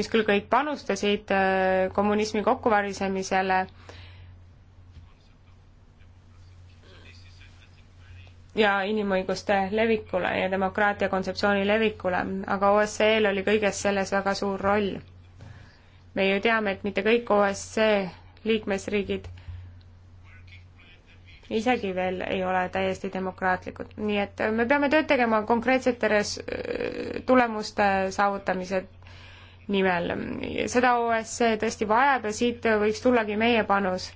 mis küll kõik panustasid äh, kommunismi kokkuvarisemisele, ja inimõiguste levikule ja demokraatia kontseptsiooni levikule, aga OSCE-l oli kõiges selles väga suur roll me ju teame, et mitte kõik OSCE liikmesriigid isegi veel ei ole täiesti demokraatlikud. nii et me peame tööd tegema konkreetsete res-, tulemuste saavutamise nimel. seda OSCE tõesti vajab ja siit võiks tullagi meie panus.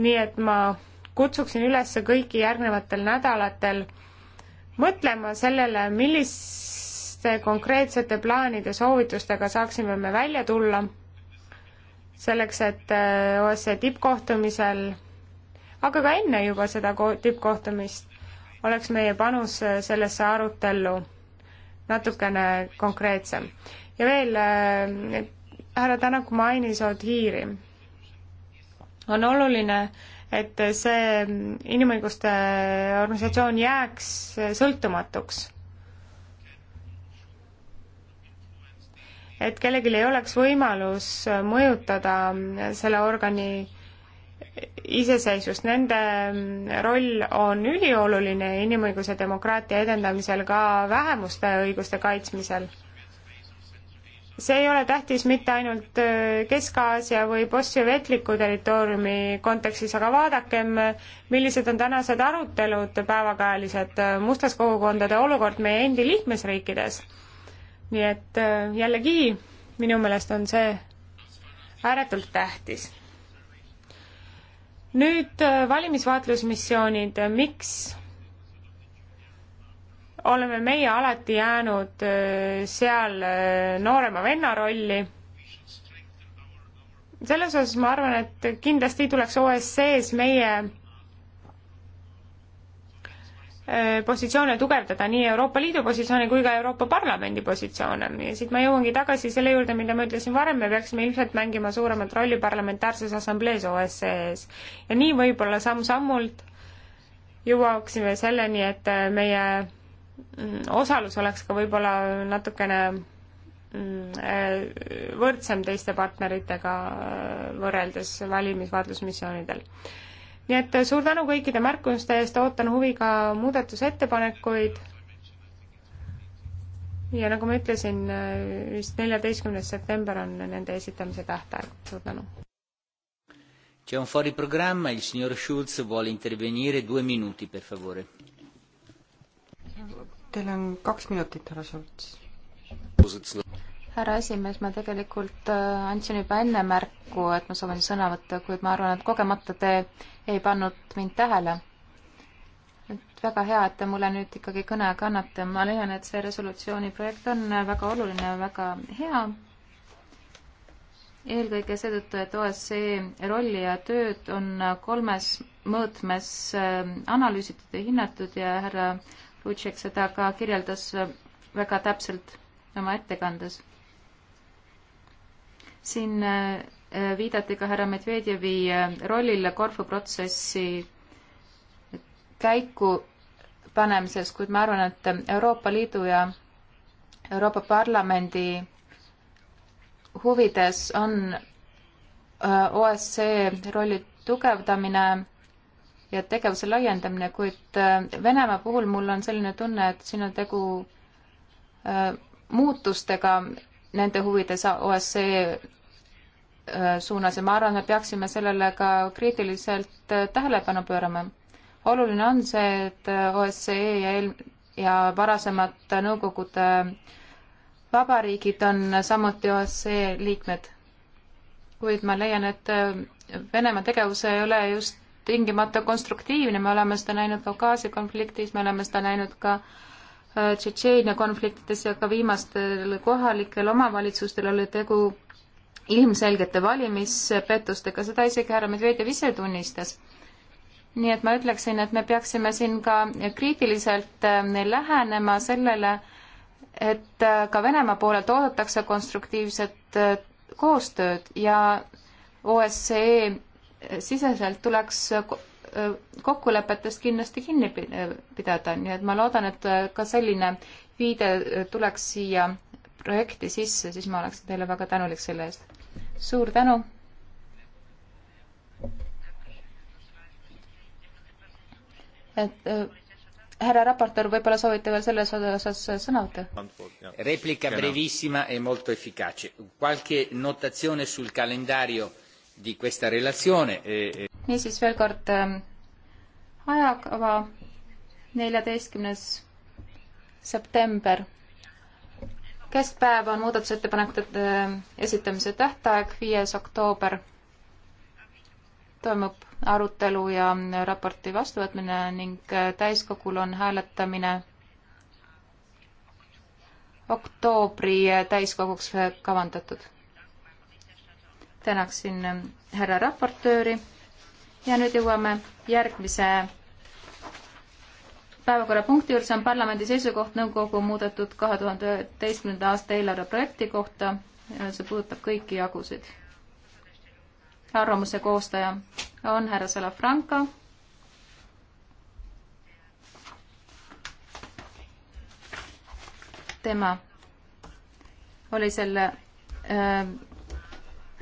nii et ma kutsuksin üles kõiki järgnevatel nädalatel mõtlema sellele, milliste konkreetsete plaanide soovitustega saaksime me välja tulla selleks, et äh, OSCE tippkohtumisel, aga ka enne juba seda tippkohtumist oleks meie panus äh, sellesse arutellu natukene konkreetsem. ja veel äh, härra Tänak mainis Odhiiri. on oluline, et see inimõiguste organisatsioon jääks sõltumatuks et kellelgi ei oleks võimalus mõjutada selle organi iseseisvust, nende roll on ülioluline inimõiguse demokraatia edendamisel, ka vähemuste õiguste kaitsmisel. see ei ole tähtis mitte ainult Kesk-Aasia või Postsovetliku territooriumi kontekstis, aga vaadakem, millised on tänased arutelud, päevakajalised mustas kogukondade olukord meie endi liikmesriikides nii et äh, jällegi, minu meelest on see ääretult tähtis. nüüd äh, valimisvaatlusmissioonid, miks oleme meie alati jäänud äh, seal noorema venna rolli? selles osas ma arvan, et kindlasti tuleks OSCE-s meie Äh, positsioone tugevdada, nii Euroopa Liidu positsioone kui ka Euroopa Parlamendi positsioone. ja siit ma jõuangi tagasi selle juurde, mida ma ütlesin varem, me peaksime ilmselt mängima suuremat rolli parlamentaarses assamblees OSCE-s. E ja nii võib-olla samm-sammult jõuaksime selleni, et äh, meie mm, osalus oleks ka võib-olla natukene mm, äh, võrdsem teiste partneritega võrreldes valimisvaatlusmissioonidel nii et suur tänu kõikide märkuste eest, ootan huviga muudatusettepanekuid. ja nagu ma ütlesin, vist neljateistkümnes september on nende esitamise tähtaeg, suur tänu. C'è un fuori programma, il signor Schulz vuole intervenire due minuti per favore. Teil on kaks minutit, härra Schulz. härra esimees, ma tegelikult äh, andsin juba enne märku, et ma soovin sõna võtta, kuid ma arvan, et kogemata te ei pannud mind tähele. et väga hea, et te mulle nüüd ikkagi kõne kannate, ma leian, et see resolutsiooni projekt on väga oluline, väga hea. eelkõige seetõttu, et OSCE rolli ja tööd on kolmes mõõtmes ähm, analüüsitud ja hinnatud ja härra Lutšek seda ka kirjeldas väga täpselt oma ettekandes. siin äh, viidati ka härra Medvedjevi äh, rollile Korfu protsessi käiku panemises, kuid ma arvan, et Euroopa Liidu ja Euroopa Parlamendi huvides on äh, OSCE rolli tugevdamine ja tegevuse laiendamine, kuid äh, Venemaa puhul mul on selline tunne, et siin on tegu muutustega nende huvides OSCE Äh, suunas ja ma arvan, et peaksime sellele ka kriitiliselt äh, tähelepanu pöörama. oluline on see, et äh, OSCE ja eel- ja varasemad Nõukogude vabariigid on samuti OSCE liikmed. kuid ma leian, et Venemaa tegevus ei ole just tingimata konstruktiivne, me oleme seda näinud Kaukaasia konfliktis, me oleme seda näinud ka Tšetšeenia konfliktides ja ka viimastel kohalikel omavalitsustel oli tegu ilmselgete valimispettustega, seda isegi härra Medvedjev ise tunnistas. nii et ma ütleksin, et me peaksime siin ka kriitiliselt eh, lähenema sellele, et eh, ka Venemaa poolelt oodatakse konstruktiivset eh, koostööd ja OSCE siseselt tuleks kokkulepetest kindlasti kinni pidada, nii et ma loodan, et ka selline viide tuleks siia projekti sisse, siis ma oleksin teile väga tänulik selle eest suur tänu. et äh, härra raportöör, võib-olla soovite veel selles osas sõna võtta? Replica brevissima e molto efficace. Qualche notazione sul calendario di questa relazione e.... niisiis veel kord äh, ajakava neljateistkümnes september keskpäev on muudatusettepanekute äh, esitamise tähtaeg, viies oktoober toimub arutelu ja äh, raporti vastuvõtmine ning äh, täiskogul on hääletamine oktoobri täiskoguks kavandatud. tänaksin härra raportööri ja nüüd jõuame järgmise päevakorrapunkti juures on parlamendi seisukoht nõukogu muudetud kahe tuhande üheteistkümnenda aasta eelarve projekti kohta. see puudutab kõiki jagusid. arvamuse koostaja on härra Salafranca. tema oli selle äh,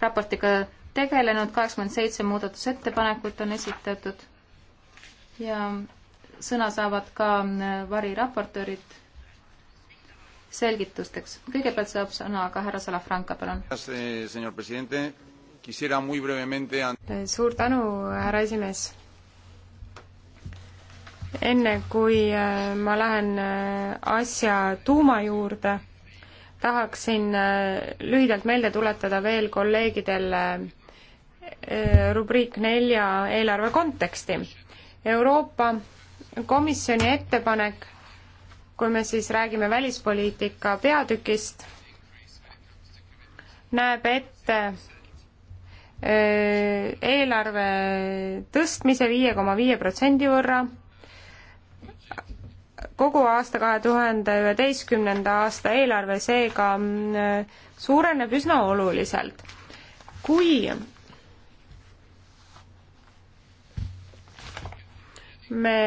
raportiga tegelenud, kaheksakümmend seitse muudatusettepanekut on esitatud ja sõna saavad ka äh, variraportöörid selgitusteks. kõigepealt saab sõna ka härra Salafranca, palun. Eh, eh, suur tänu, härra esimees. enne kui äh, ma lähen äh, asja tuuma juurde, tahaksin lühidalt meelde tuletada veel kolleegidele rubriik nelja eelarve konteksti. Euroopa komisjoni ettepanek, kui me siis räägime välispoliitika peatükist, näeb ette eelarve tõstmise viie koma viie protsendi võrra, kogu aasta kahe tuhande üheteistkümnenda aasta eelarve seega suureneb üsna oluliselt. kui me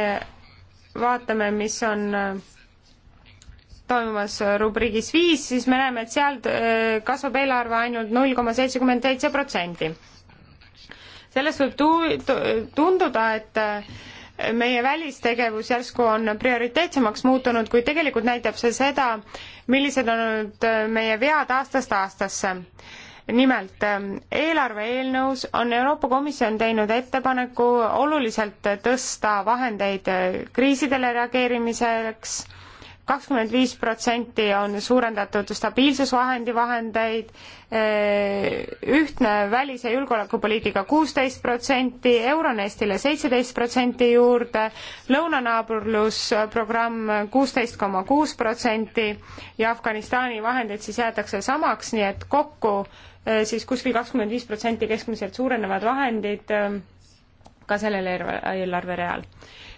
vaatame, mis on äh, toimumas rubriigis viis, siis me näeme, et seal äh, kasvab eelarve ainult null koma seitsekümmend seitse protsenti. sellest võib tu-, tunduda, et äh, meie välistegevus järsku on prioriteetsemaks muutunud, kuid tegelikult näitab see seda, millised on olnud meie vead aastast aastasse nimelt ähm, eelarve eelnõus on Euroopa Komisjon teinud ettepaneku oluliselt tõsta vahendeid äh, kriisidele reageerimiseks kakskümmend viis protsenti on suurendatud stabiilsusvahendi vahendeid, eh, ühtne välis- ja julgeolekupoliitika kuusteist protsenti, Euronestile seitseteist protsenti juurde, lõunanaabrusprogramm kuusteist koma kuus protsenti ja Afganistani vahendeid siis jäetakse samaks, nii et kokku eh, siis kuskil kakskümmend viis protsenti keskmiselt suurenevad vahendid eh, ka sellel eelarvereal. Eelarve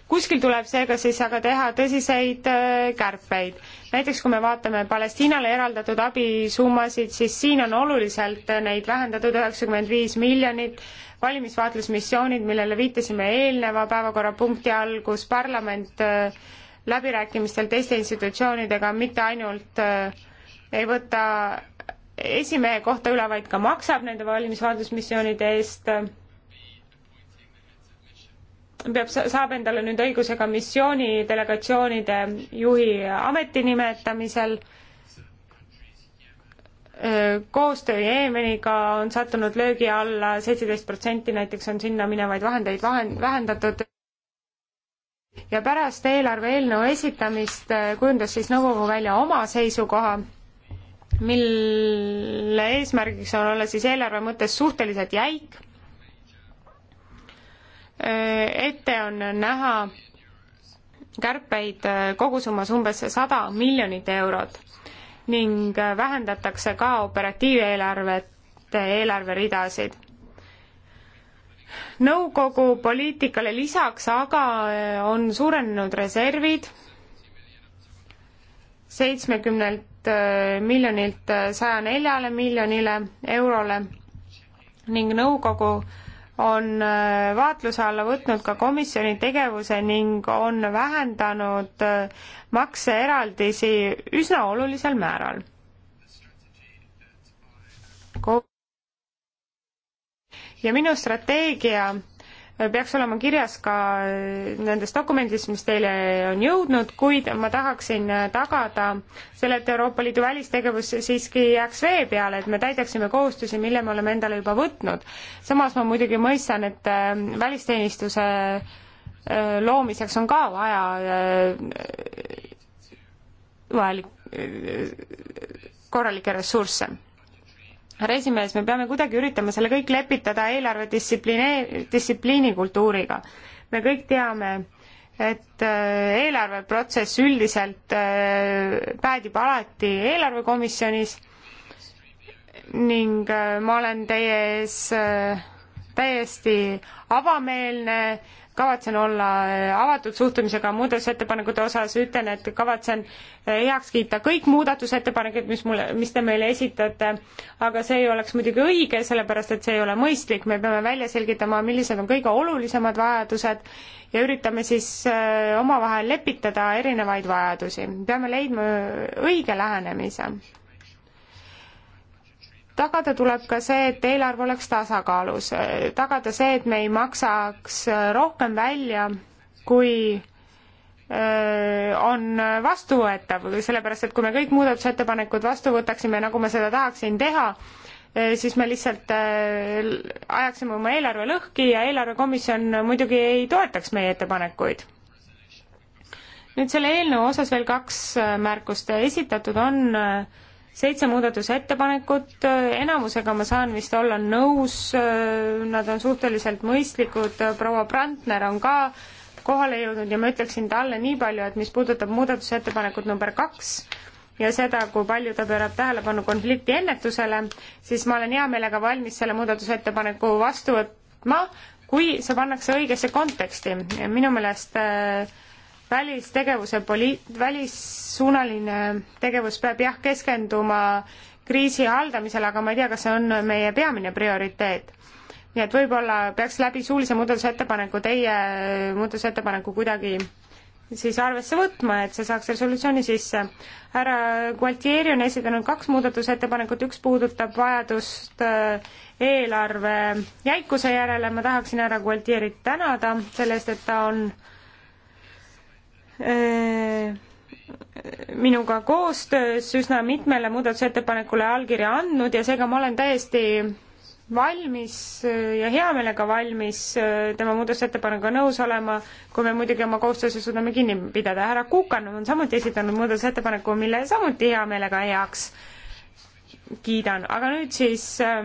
kuskil tuleb seega siis aga teha tõsiseid äh, kärpeid. näiteks kui me vaatame Palestiinale eraldatud abisummasid, siis siin on oluliselt äh, neid vähendatud üheksakümmend viis miljonit, valimisvaatlusmissioonid, millele viitasime eelneva päevakorrapunkti all, kus parlament äh, läbirääkimistel teiste institutsioonidega mitte ainult ei võta esimehe kohta üle, vaid ka maksab nende valimisvaatlusmissioonide eest peab, saab endale nüüd õiguse ka missioonidelegatsioonide juhi ameti nimetamisel. koostöö Jeemeniga on sattunud löögi alla, seitseteist protsenti näiteks on sinna minevaid vahendeid vahend-, vähendatud ja pärast eelarve eelnõu esitamist kujundas siis nõukogu välja oma seisukoha, mille eesmärgiks on olla siis eelarve mõttes suhteliselt jäik Äh, ette on näha kärpeid äh, kogusummas umbes sada miljonit eurot ning äh, vähendatakse ka operatiiveelarvete eelarveridasid. nõukogu poliitikale lisaks aga on suurenenud reservid seitsmekümnelt miljonilt saja neljale miljonile eurole ning nõukogu on äh, vaatluse alla võtnud ka komisjoni tegevuse ning on vähendanud äh, makseeraldisi üsna olulisel määral Ko. ja minu strateegia peaks olema kirjas ka äh, nendes dokumentides, mis teile on jõudnud, kuid ma tahaksin äh, tagada selle, et Euroopa Liidu välistegevus siiski jääks vee peale, et me täidaksime kohustusi, mille me oleme endale juba võtnud. samas ma muidugi mõistan, et äh, välisteenistuse loomiseks on ka vaja vajalik, korralikke ressursse härra esimees, me peame kuidagi üritama selle kõik lepitada eelarvedistsipliine, distsipliinikultuuriga. me kõik teame, et äh, eelarveprotsess üldiselt äh, päädib alati eelarvekomisjonis ning äh, ma olen teie ees täiesti avameelne, kavatsen olla äh, avatud suhtumisega muudatusettepanekute osas, ütlen, et kavatsen äh, heaks kiita kõik muudatusettepanekud, mis mulle, mis te meile esitate, aga see ei oleks muidugi õige, sellepärast et see ei ole mõistlik, me peame välja selgitama, millised on kõige olulisemad vajadused ja üritame siis äh, omavahel lepitada erinevaid vajadusi. peame leidma õige lähenemise tagada tuleb ka see, et eelarve oleks tasakaalus, tagada see, et me ei maksaks rohkem välja, kui on vastuvõetav, sellepärast et kui me kõik muudatusettepanekud vastu võtaksime, nagu ma seda tahaksin teha, siis me lihtsalt ajaksime oma eelarve lõhki ja eelarvekomisjon muidugi ei toetaks meie ettepanekuid. nüüd selle eelnõu osas veel kaks äh, märkust, esitatud on äh, seitse muudatusettepanekut, äh, enamusega ma saan vist olla nõus, äh, nad on suhteliselt mõistlikud, äh, proua Brandner on ka kohale jõudnud ja ma ütleksin talle nii palju, et mis puudutab muudatusettepanekut number kaks, ja seda, kui palju ta pöörab tähelepanu konflikti ennetusele, siis ma olen hea meelega valmis selle muudatusettepaneku vastu võtma, kui see pannakse õigesse konteksti. minu meelest äh, välistegevuse poli-, välissuunaline tegevus peab jah, keskenduma kriisi haldamisele, aga ma ei tea, kas see on meie peamine prioriteet. nii et võib-olla peaks läbi suulise muudatusettepaneku teie muudatusettepaneku kuidagi siis arvesse võtma, et see saaks resolutsiooni sisse. härra Gualtieri on esitanud kaks muudatusettepanekut, üks puudutab vajadust äh, eelarve jäikuse järele, ma tahaksin härra Gualtierit tänada selle eest, et ta on äh, Äh, minuga koostöös üsna mitmele muudatusettepanekule allkirja andnud ja seega ma olen täiesti valmis äh, ja hea meelega valmis äh, tema muudatusettepanekuga nõus olema, kui me muidugi oma kohustuse suudame kinni pidada. härra Kukan on samuti esitanud muudatusettepaneku, mille samuti hea meelega heaks kiidan, aga nüüd siis äh,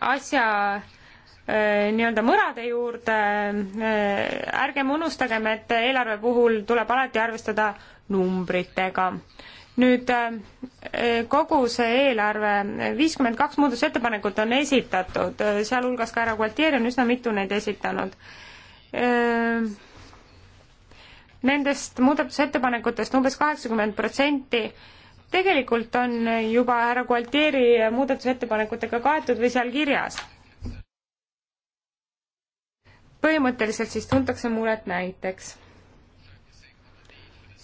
asja Äh, nii-öelda mõrade juurde, äh, ärgem unustagem, et eelarve puhul tuleb alati arvestada numbritega. nüüd äh, kogu see eelarve, viiskümmend kaks muudatusettepanekut on esitatud, sealhulgas ka härra Gualtieri on üsna mitu neid esitanud. Nendest muudatusettepanekutest umbes kaheksakümmend protsenti tegelikult on juba härra Gualtieri muudatusettepanekutega kaetud või seal kirjas põhimõtteliselt siis tuntakse muret näiteks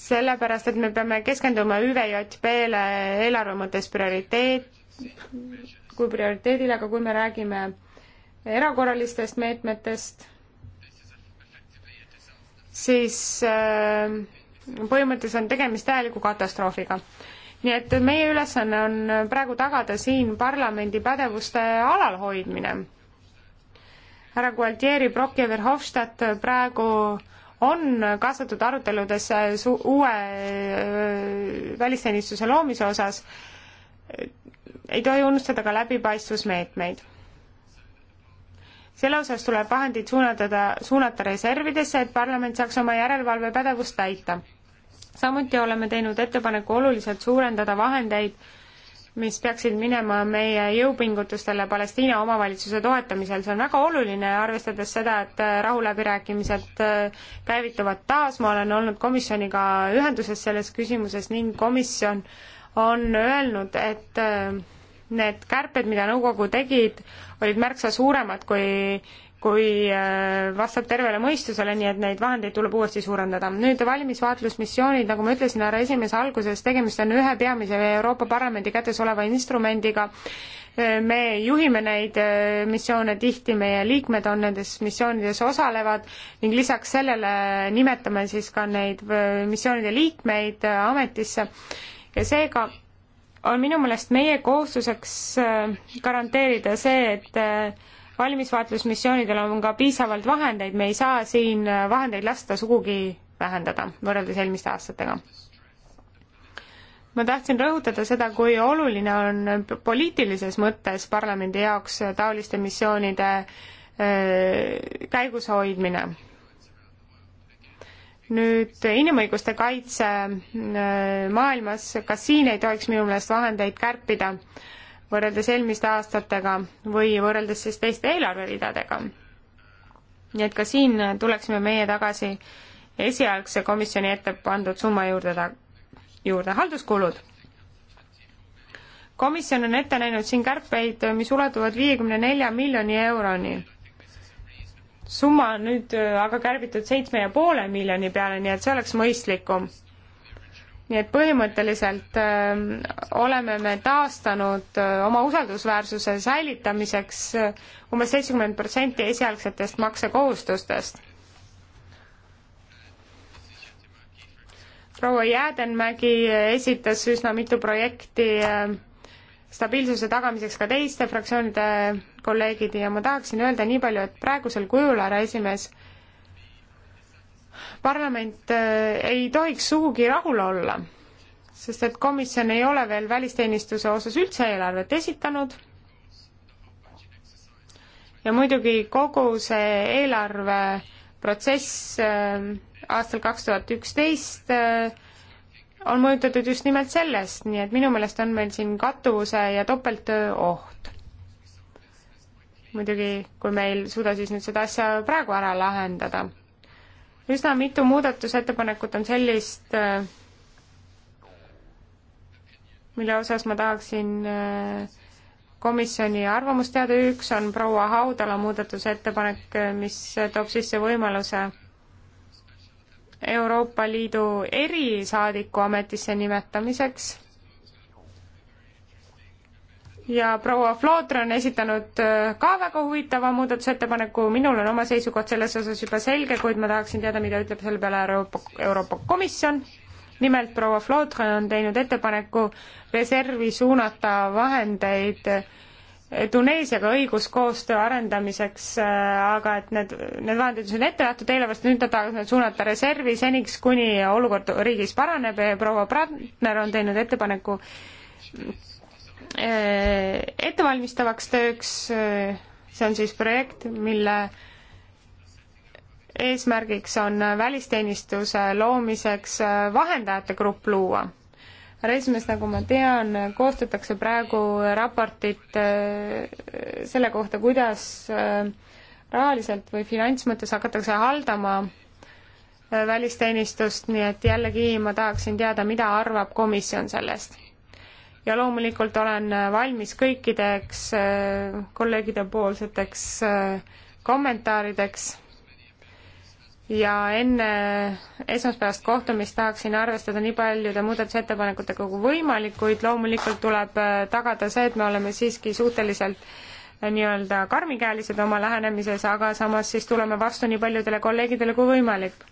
sellepärast, et me peame keskenduma ÜVJP-le eelarve mõttes prioriteet, kui prioriteedile, aga kui me räägime erakorralistest meetmetest, siis äh, põhimõtteliselt on tegemist täieliku katastroofiga. nii et meie ülesanne on praegu tagada siin parlamendi pädevuste alalhoidmine härra Gualtieri, Brock ja Verhofstadt praegu on kaasatud aruteludesse su-, uue välisteenistuse loomise osas, ei tohi unustada ka läbipaistvusmeetmeid. selle osas tuleb vahendid suunatada, suunata reservidesse, et parlament saaks oma järelevalvepädevust täita. samuti oleme teinud ettepaneku oluliselt suurendada vahendeid mis peaksid minema meie jõupingutustele Palestiina omavalitsuse toetamisel, see on väga oluline, arvestades seda, et äh, rahuläbirääkimised äh, käivituvad taas, ma olen olnud komisjoniga ühenduses selles küsimuses ning komisjon on öelnud, et äh, need kärped, mida nõukogu tegid, olid märksa suuremad kui kui äh, vastab tervele mõistusele, nii et neid vahendeid tuleb uuesti suurendada. nüüd valimisvaatlusmissioonid, nagu ma ütlesin härra esimees alguses, tegemist on ühe peamise Euroopa Parlamendi kätes oleva instrumendiga, äh, me juhime neid äh, missioone tihti, meie liikmed on nendes missioonides osalevad ning lisaks sellele nimetame siis ka neid missioonide liikmeid ametisse ja seega on minu meelest meie kohustuseks garanteerida see, et valmisvaatlusmissioonidel on ka piisavalt vahendeid, me ei saa siin vahendeid lasta sugugi vähendada võrreldes eelmiste aastatega. ma tahtsin rõhutada seda, kui oluline on poliitilises mõttes parlamendi jaoks taoliste missioonide käigus hoidmine. nüüd inimõiguste kaitse maailmas, ka siin ei tohiks minu meelest vahendeid kärpida võrreldes eelmiste aastatega või võrreldes siis teiste eelarveridadega. nii et ka siin tuleksime meie tagasi esialgse komisjoni ette pandud summa juurde ta-, juurde halduskulud. komisjon on ette näinud siin kärpeid, mis ulatuvad viiekümne nelja miljoni euroni summa on nüüd aga kärbitud seitsme ja poole miljoni peale, nii et see oleks mõistlikum nii et põhimõtteliselt öö, äh, oleme me taastanud öö, äh, oma usaldusväärsuse säilitamiseks öö, äh, umbes seitsekümmend protsenti esialgsetest maksekohustustest. proua Jäädenmägi esitas üsna mitu projekti öö, stabiilsuse tagamiseks ka teiste fraktsioonide kolleegid ja ma tahaksin öelda nii palju, et praegusel kujul, härra esimees, parlament äh, ei tohiks sugugi rahul olla, sest et komisjon ei ole veel välisteenistuse osas üldse eelarvet esitanud ja muidugi kogu see eelarveprotsess äh, aastal kaks tuhat üksteist äh, on mõjutatud just nimelt sellest, nii et minu meelest on meil siin kattuvuse ja topelttöö oht. muidugi, kui me ei suuda siis nüüd seda asja praegu ära lahendada üsna mitu muudatusettepanekut on sellist, äh, mille osas ma tahaksin äh, komisjoni arvamust teada, üks on proua Haudala muudatusettepanek, äh, mis toob sisse võimaluse Euroopa Liidu erisaadiku ametisse nimetamiseks ja proua Flootre on esitanud äh, ka väga huvitava muudatusettepaneku, minul on oma seisukoht selles osas juba selge, kuid ma tahaksin teada, mida ütleb selle peale Euroopa, Euroopa Komisjon. nimelt proua Flootre on teinud ettepaneku reservi suunata vahendeid äh, Tuneesiaga õiguskoostöö arendamiseks, äh, aga et need, need vahendid on ette nähtud eelarvest, nüüd ta tahaks need suunata reservi seniks, kuni olukord riigis paraneb ja proua Brandner on teinud ettepaneku Äh, ettevalmistavaks tööks, äh, see on siis projekt, mille eesmärgiks on välisteenistuse loomiseks äh, vahendajate grupp luua. härra esimees, nagu ma tean, koostatakse praegu raportit selle kohta, kuidas rahaliselt või finantsmõttes hakatakse haldama välisteenistust, nii et jällegi ma tahaksin teada, mida arvab komisjon sellest ja loomulikult olen valmis kõikideks äh, kolleegide poolseteks äh, kommentaarideks ja enne esmaspäevast kohtumist tahaksin arvestada nii paljude muudatusettepanekutega kui võimalik, kuid loomulikult tuleb äh, tagada see, et me oleme siiski suhteliselt nii-öelda karmikäelised oma lähenemises, aga samas siis tuleme vastu nii paljudele kolleegidele kui võimalik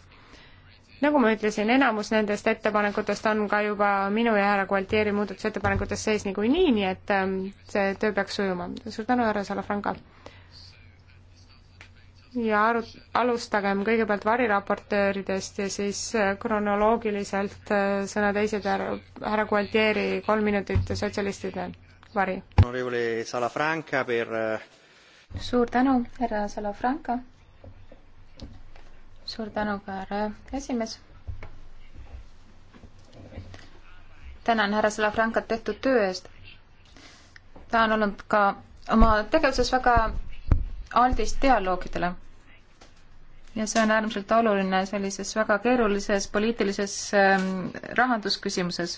nagu ma ütlesin, enamus nendest ettepanekutest on ka juba minu ja härra Gualtieri muudatusettepanekutes sees niikuinii, nii et ähm, see töö peaks sujuma. suur tänu, härra Salafranca! ja aru-, alustagem kõigepealt variraportööridest ja siis äh, kronoloogiliselt äh, sõna teised härra, härra Gualtieri, kolm minutit sotsialistide vari. Äh, suur tänu, härra Salafranca! suur tänu ka, härra esimees. tänan härra Salafrankat tehtud töö eest. ta on olnud ka oma tegevuses väga aldis dialoogidele. ja see on äärmiselt oluline sellises väga keerulises poliitilises ähm, rahandusküsimuses.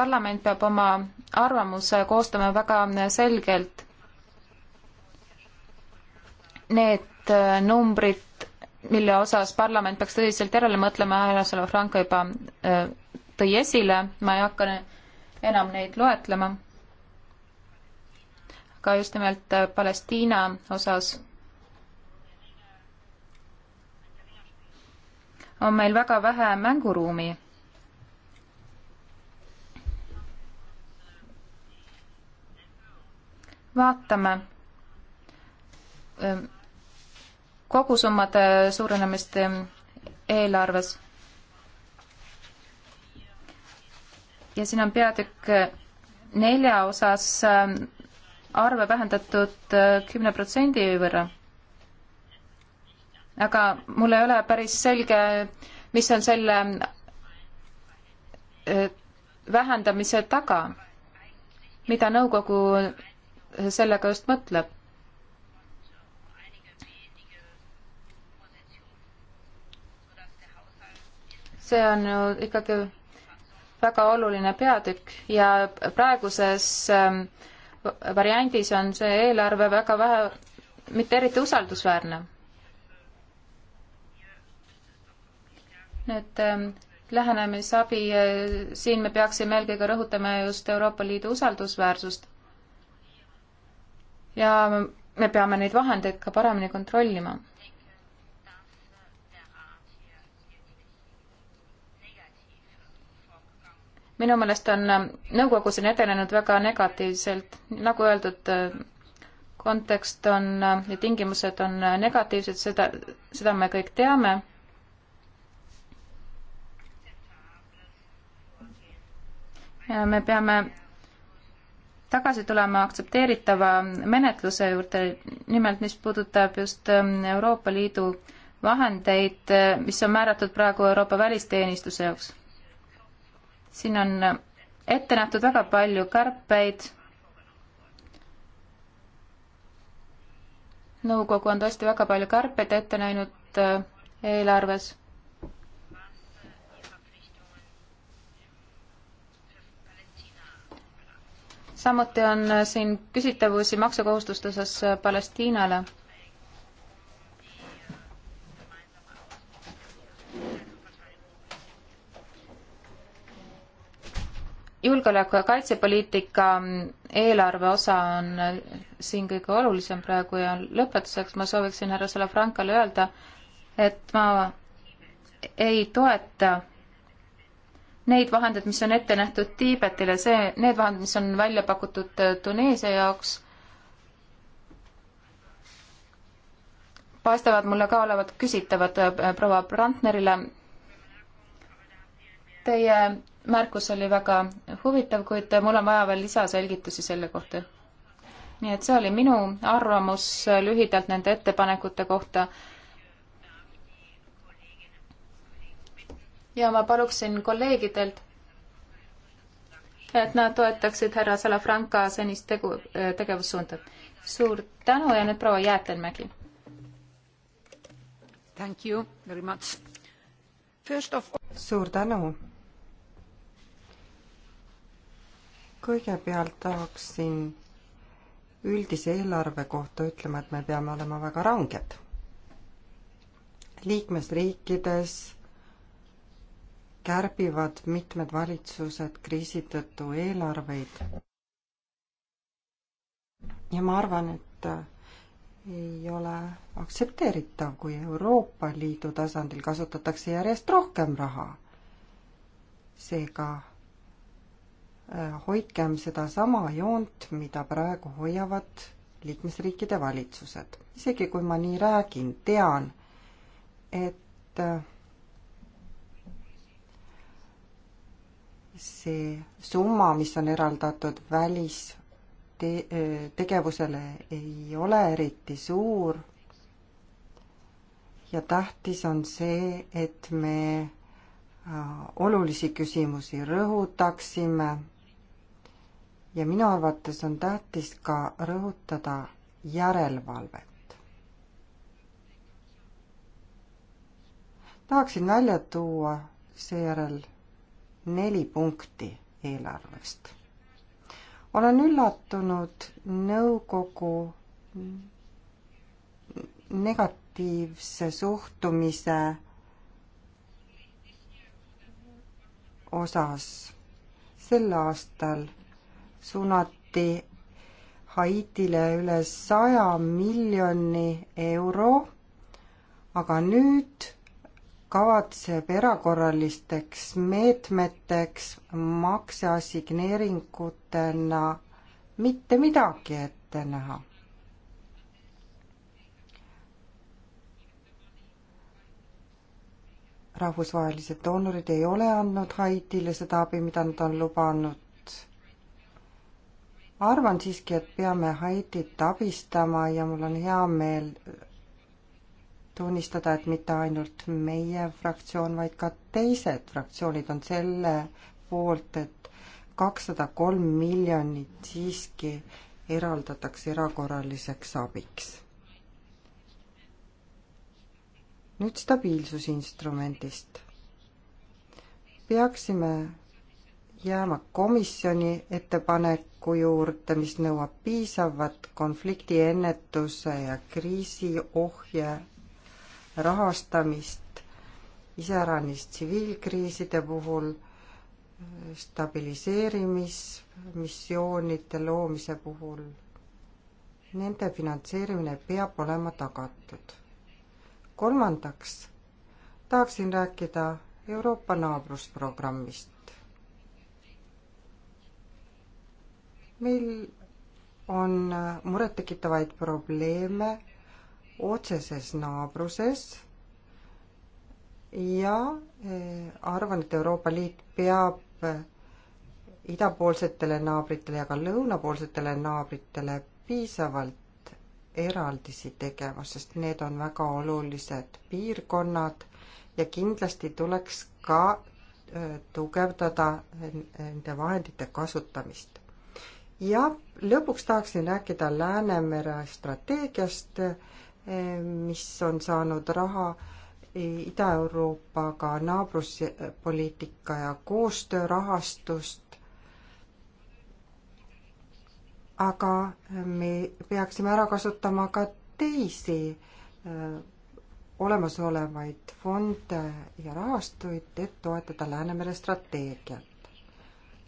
parlament peab oma arvamuse koostama väga selgelt need äh, numbrid, mille osas parlament peaks tõsiselt järele mõtlema, härra Salafranco juba äh, tõi esile, ma ei hakka enam neid loetlema. aga just nimelt äh, Palestiina osas on meil väga vähe mänguruumi vaatame, kogusummade suurenemist eelarves. ja siin on peatükk nelja osas ähm, arve vähendatud äh, kümne protsendi võrra. aga mul ei ole päris selge, mis on selle äh, vähendamise taga, mida nõukogu sellega just mõtleb see on ju ikkagi väga oluline peatükk ja praeguses ähm, variandis on see eelarve väga vähe, mitte eriti usaldusväärne. nüüd ähm, lähenemisabi, äh, siin me peaksime eelkõige rõhutama just Euroopa Liidu usaldusväärsust. ja me peame neid vahendeid ka paremini kontrollima minu meelest on äh, nõukogu siin edenenud väga negatiivselt, nagu öeldud, äh, kontekst on äh, ja tingimused on negatiivsed, seda, seda me kõik teame. ja me peame tagasi tulema aktsepteeritava menetluse juurde, nimelt mis puudutab just ähm, Euroopa Liidu vahendeid, mis on määratud praegu Euroopa välisteenistuse jaoks siin on ette nähtud väga palju kärpeid. nõukogu on tõesti väga palju kärpeid ette näinud äh, eelarves. samuti on äh, siin küsitavusi maksukohustuste osas äh, Palestiinale julgeoleku- ja kaitsepoliitika eelarve osa on siin kõige olulisem praegu ja lõpetuseks ma sooviksin härra Salafrankale öelda, et ma ei toeta neid vahendeid, mis on ette nähtud Tiibetile, see, need vahendid, mis on välja pakutud Tuneesia jaoks, paistavad mulle ka olevat küsitavad äh, proua Brandnerile. Teie märkus oli väga huvitav, kuid mul on vaja veel lisaselgitusi selle kohta. nii et see oli minu arvamus lühidalt nende ettepanekute kohta. ja ma paluksin kolleegidelt, et nad toetaksid härra Salafranca senist tegu, tegevussuunda. suur tänu ja nüüd proua Jäätelmägi. All... suur tänu kõigepealt tahaksin üldise eelarve kohta ütlema, et me peame olema väga ranged. liikmesriikides kärbivad mitmed valitsused kriisi tõttu eelarveid. ja ma arvan, et äh, ei ole aktsepteeritav, kui Euroopa Liidu tasandil kasutatakse järjest rohkem raha. seega Äh, hoidkem sedasama joont, mida praegu hoiavad liikmesriikide valitsused. isegi kui ma nii räägin, tean, et äh, see summa, mis on eraldatud välis te-, äh, tegevusele, ei ole eriti suur ja tähtis on see, et me olulisi küsimusi rõhutaksime ja minu arvates on tähtis ka rõhutada järelevalvet. tahaksin välja tuua seejärel neli punkti eelarvest. olen üllatunud nõukogu negatiivse suhtumise osas sel aastal suunati Haitile üle saja miljoni euro, aga nüüd kavatseb erakorralisteks meetmeteks makseassigneeringutena mitte midagi ette näha. rahvusvahelised doonorid ei ole andnud Haitile seda abi, mida nad on lubanud arvan siiski, et peame Haitit abistama ja mul on hea meel tunnistada, et mitte ainult meie fraktsioon, vaid ka teised fraktsioonid on selle poolt, et kakssada kolm miljonit siiski eraldatakse erakorraliseks abiks. nüüd stabiilsusinstrumendist. peaksime jääma komisjoni ettepanek tuleviku juurde, mis nõuab piisavat konfliktiennetuse ja kriisiohje rahastamist, iseäranis tsiviilkriiside puhul, eh, stabiliseerimismissioonide loomise puhul. Nende finantseerimine peab olema tagatud. kolmandaks tahaksin rääkida Euroopa naabrusprogrammist. meil on äh, murettekitavaid probleeme otseses naabruses ja äh, arvan, et Euroopa Liit peab äh, idapoolsetele naabritele ja ka lõunapoolsetele naabritele piisavalt eraldisi tegema, sest need on väga olulised piirkonnad ja kindlasti tuleks ka tugevdada nende vahendite kasutamist ja lõpuks tahaksin rääkida Läänemere strateegiast, eh, mis on saanud raha Ida-Euroopaga naabruspoliitika ja koostöö rahastust. aga me peaksime ära kasutama ka teisi eh, olemasolevaid fonde ja rahastuid, et toetada Läänemere strateegiat.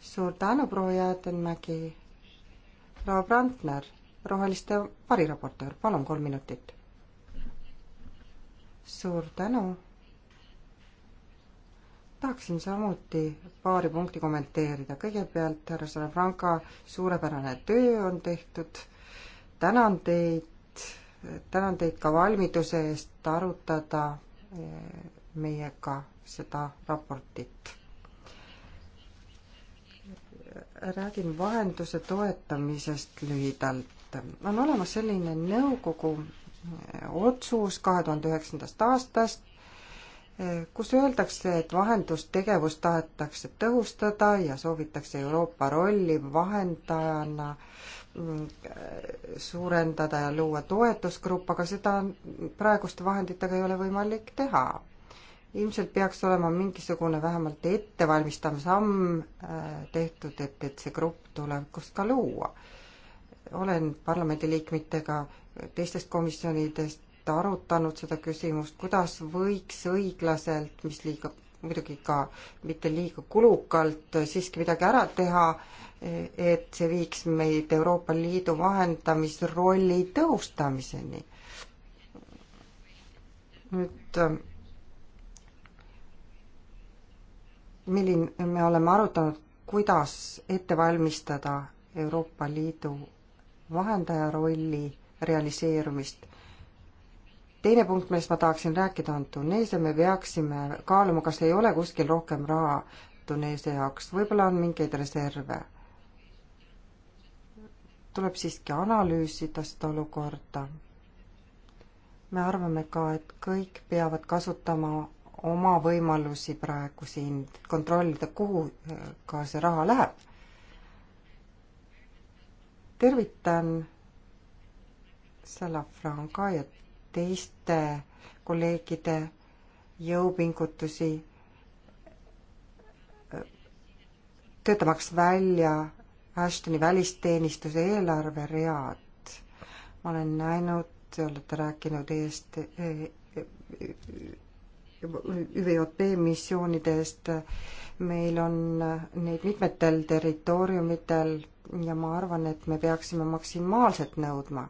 suur tänu, proua Jäätenmägi proua Brandner, roheliste variraportöör, palun kolm minutit. suur tänu. tahaksin samuti paari punkti kommenteerida. kõigepealt härra Salafranca, suurepärane töö on tehtud. tänan teid, tänan teid ka valmiduse eest arutada eh, meiega seda raportit räägin vahenduse toetamisest lühidalt. on olemas selline nõukogu otsus kahe tuhande üheksandast aastast, kus öeldakse, et vahendustegevust tahetakse tõhustada ja soovitakse Euroopa rolli vahendajana suurendada ja luua toetusgrupp, aga seda praeguste vahenditega ei ole võimalik teha ilmselt peaks olema mingisugune vähemalt ettevalmistav samm äh, tehtud, et, et see grupp tulevikus ka luua. olen parlamendiliikmetega teistest komisjonidest arutanud seda küsimust, kuidas võiks õiglaselt, mis liiga, muidugi ka mitte liiga kulukalt, siiski midagi ära teha, et see viiks meid Euroopa Liidu vahendamisrolli tõhustamiseni. nüüd äh, milline, me oleme arutanud, kuidas ette valmistada Euroopa Liidu vahendaja rolli realiseerumist. teine punkt, millest ma tahaksin rääkida, on Tuneesia, me peaksime kaaluma, kas ei ole kuskil rohkem raha Tuneesia jaoks, võib-olla on mingeid reserve. tuleb siiski analüüsida seda olukorda. me arvame ka, et kõik peavad kasutama oma võimalusi praegu siin kontrollida, kuhu äh, ka see raha läheb. tervitan Salafranca ja teiste kolleegide jõupingutusi äh, töötamaks välja Ashtoni välisteenistuse eelarveread. ma olen näinud, te olete rääkinud eest e, e, e, ÜVJP missioonidest. meil on neid mitmetel territooriumitel ja ma arvan, et me peaksime maksimaalselt nõudma.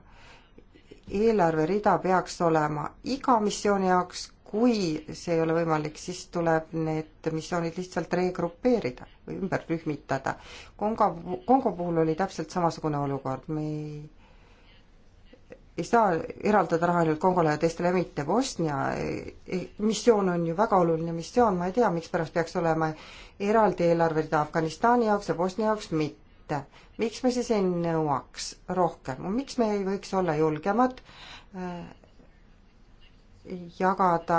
eelarverida peaks olema iga missiooni jaoks, kui see ei ole võimalik, siis tuleb need missioonid lihtsalt regrupeerida või ümber rühmitada. Kongo, Kongo puhul oli täpselt samasugune olukord, me ei ei saa eraldada raha ainult Kongole ja teistele mitte. Bosnia eh, missioon on ju väga oluline missioon, ma ei tea, mikspärast peaks olema eraldi eelarverida Afganistani jaoks ja Bosnia jaoks mitte. miks me siis ei nõuaks rohkem, miks me ei võiks olla julgemad eh, jagada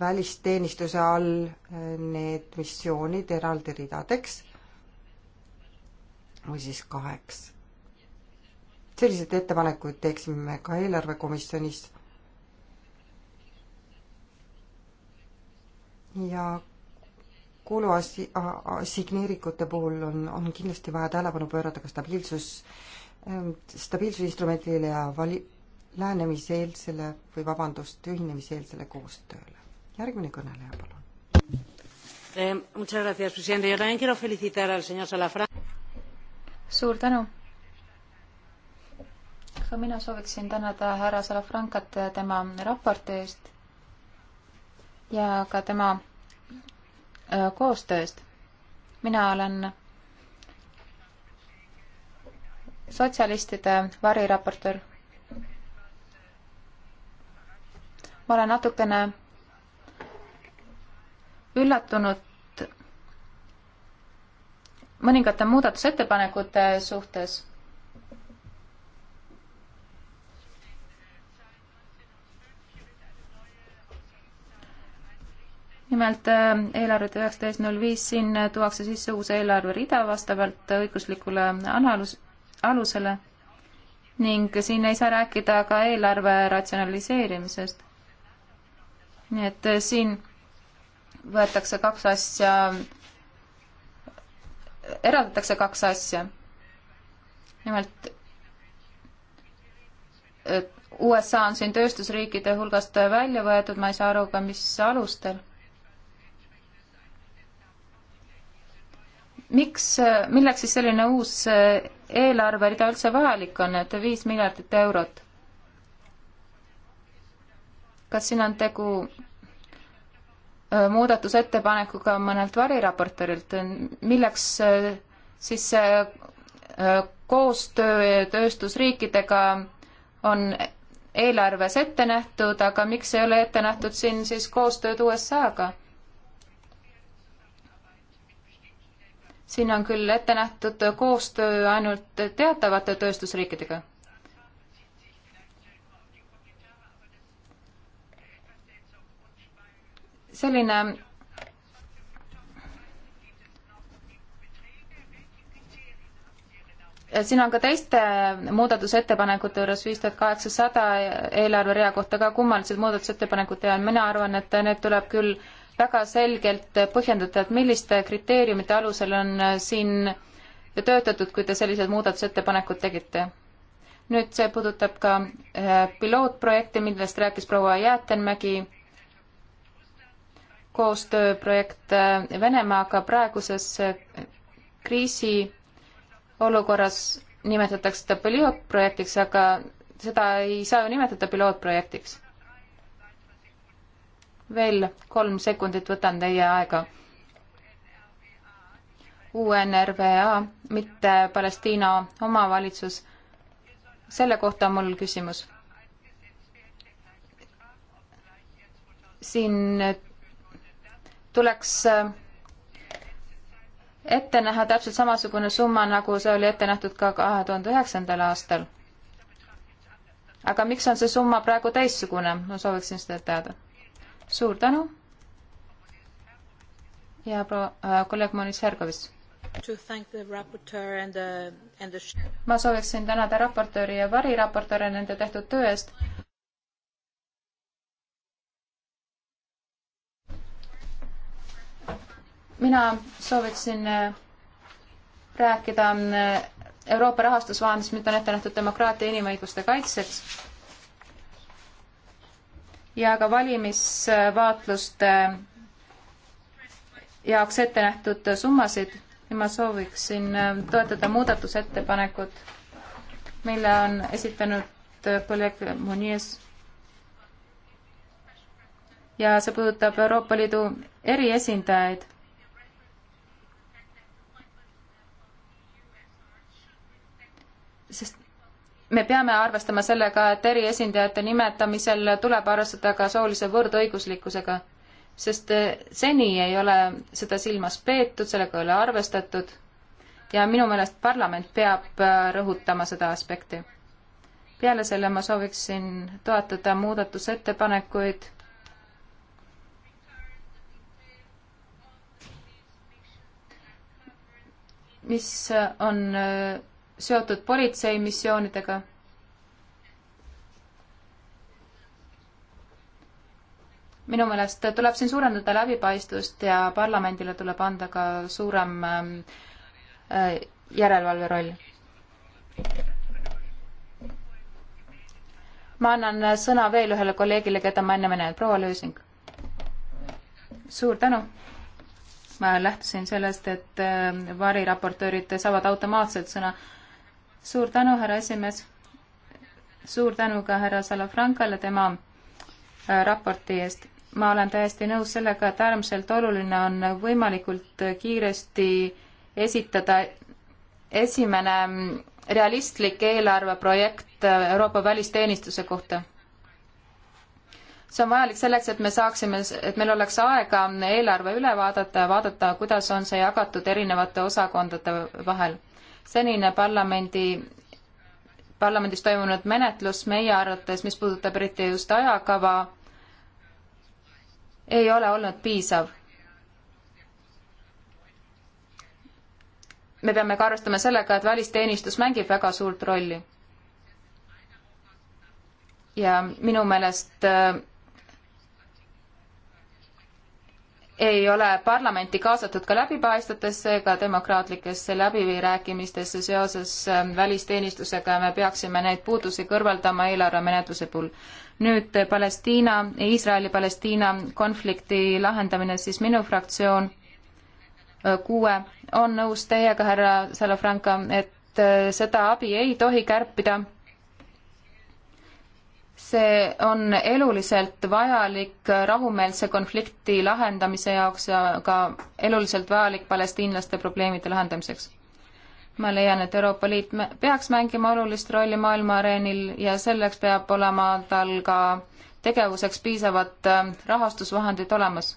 välisteenistuse all eh, need missioonid eraldi ridadeks või siis kaheks selliseid ettepanekuid teeksime me ka eelarvekomisjonis. ja kuluasi-, signeeringute puhul on, on kindlasti vaja tähelepanu pöörata ka stabiilsus, ähm, stabiilsusinstrumendile ja vali-, läänemiseelsele või vabandust, ühinemiseelsele koostööle. järgmine kõneleja, palun. Eh, suur tänu ka mina sooviksin tänada härra Salafrankat tema raporti eest ja ka tema koostöö eest. mina olen sotsialistide variraportöör. ma olen natukene üllatunud mõningate muudatusettepanekute suhtes nimelt äh, eelarvet üheksateist null viis, siin tuuakse sisse uus eelarverida vastavalt õiguslikule analüüs, alusele ning siin ei saa rääkida ka eelarve ratsionaliseerimisest. nii et äh, siin võetakse kaks asja, eraldatakse kaks asja. nimelt USA on siin tööstusriikide hulgast välja võetud, ma ei saa aru ka, mis alustel miks, milleks siis selline uus äh, eelarverida üldse vajalik on, et viis miljardit eurot? kas siin on tegu äh, muudatusettepanekuga mõnelt variraportorilt, milleks äh, siis see koostöö tööstusriikidega on eelarves ette nähtud, aga miks ei ole ette nähtud siin siis koostööd USA-ga? siin on küll ette nähtud koostöö ainult teatavate tööstusriikidega. selline siin on ka teiste muudatusettepanekute juures viis tuhat kaheksasada eelarverea kohta ka kummalised muudatusettepanekud ja mina arvan, et need tuleb küll äh, väga selgelt põhjendada, et milliste kriteeriumite alusel on äh, siin töötatud, kui te sellised muudatusettepanekud tegite. nüüd see puudutab ka äh, pilootprojekti, millest rääkis proua Jäätenmägi, koostööprojekt äh, Venemaaga praeguses kriisiolukorras nimetatakse seda pilootprojektiks, aga seda ei saa ju nimetada pilootprojektiks veel kolm sekundit võtan teie aega. UNRWA, mitte Palestiina omavalitsus. selle kohta on mul küsimus. siin tuleks ette näha täpselt samasugune summa, nagu see oli ette nähtud ka kahe tuhande üheksandal aastal. aga miks on see summa praegu teistsugune, ma sooviksin seda teada suur tänu ja proua äh, kolleeg Monis Järgovis. ma sooviksin tänada raportööri ja variraportööre nende tehtud töö eest. mina sooviksin äh, rääkida äh, Euroopa rahastusvahendist, mida on ette nähtud demokraatia ja inimõiguste kaitseks ja ka valimisvaatluste jaoks ette nähtud summasid ja ma sooviksin äh, toetada muudatusettepanekut, mille on esitanud kolleeg äh, Munies. ja see puudutab Euroopa Liidu eriesindajaid. sest me peame arvestama sellega, et eriesindajate nimetamisel tuleb arvestada ka soolise võrdõiguslikkusega, sest eh, seni ei ole seda silmas peetud, sellega ei ole arvestatud ja minu meelest parlament peab eh, rõhutama seda aspekti. peale selle ma sooviksin toetada muudatusettepanekuid, mis on eh, seotud politseimissioonidega. minu meelest tuleb siin suurendada läbipaistvust ja parlamendile tuleb anda ka suurem äh, järelevalve roll. ma annan sõna veel ühele kolleegile, keda ma enne näen, proua Lösing. suur tänu ma lähtusin sellest, et äh, variraportöörid saavad automaatselt sõna suur tänu, härra esimees. suur tänu ka härra Salafrankale tema äh, raporti eest. ma olen täiesti nõus sellega, et äärmiselt oluline on võimalikult kiiresti esitada esimene mm, realistlik eelarveprojekt äh, Euroopa välisteenistuse kohta. see on vajalik selleks, et me saaksime, et meil oleks aega eelarve üle vaadata ja vaadata, kuidas on see jagatud erinevate osakondade vahel senine parlamendi parlamendis toimunud menetlus meie arvates, mis puudutab eriti just ajakava, ei ole olnud piisav. me peame ka arvestama sellega, et välisteenistus mängib väga suurt rolli. ja minu meelest äh, ei ole parlamenti kaasatud ka läbipaistvatesse ega demokraatlikesse läbirääkimistesse seoses ähm, välisteenistusega ja me peaksime neid puudusi kõrvaldama eelarvemenetluse puhul. nüüd äh, Palestiina, Iisraeli-Palestiina konflikti lahendamine, siis minu fraktsioon äh, kuue on nõus teiega, härra Salafranca, et äh, seda abi ei tohi kärpida see on eluliselt vajalik rahumeelse konflikti lahendamise jaoks ja ka eluliselt vajalik palestiinlaste probleemide lahendamiseks. ma leian, et Euroopa Liit peaks mängima olulist rolli maailma areenil ja selleks peab olema tal ka tegevuseks piisavad äh, rahastusvahendid olemas.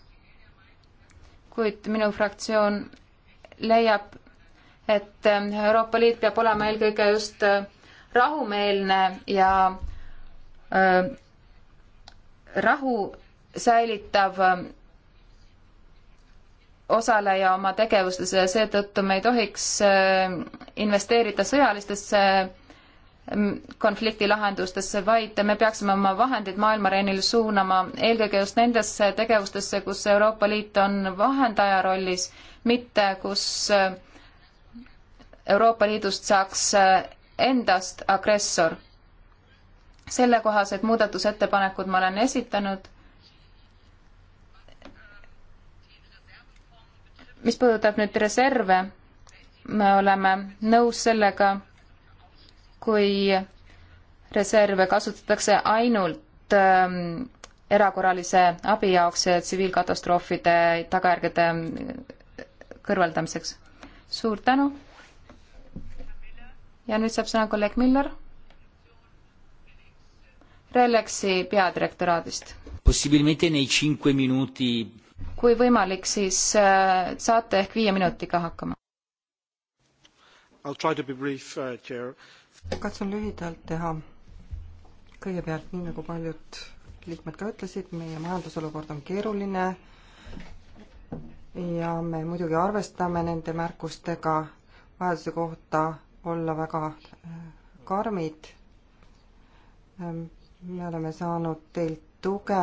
kuid minu fraktsioon leiab, et äh, Euroopa Liit peab olema eelkõige just äh, rahumeelne ja Äh, rahu säilitav äh, osaleja oma tegevustes ja seetõttu me ei tohiks äh, investeerida sõjalistesse konflikti lahendustesse, vaid me peaksime oma vahendid maailmareenil suunama eelkõige just nendesse tegevustesse, kus Euroopa Liit on vahendaja rollis, mitte kus Euroopa Liidust saaks endast agressor sellekohased muudatusettepanekud ma olen esitanud. mis puudutab nüüd reserve, me oleme nõus sellega, kui reserve kasutatakse ainult ähm, erakorralise abi jaoks ja tsiviilkatastroofide tagajärgede äh, kõrvaldamiseks. suur tänu. ja nüüd saab sõna kolleeg Miller Relexi peadirektoraadist. kui võimalik, siis äh, saate ehk viie minutiga hakkama. Brief, uh, katsun lühidalt teha. kõigepealt, nii nagu paljud liikmed ka ütlesid, meie majandusolukord on keeruline ja me muidugi arvestame nende märkustega vajaduse kohta olla väga äh, karmid. Ähm, me oleme saanud teilt tuge,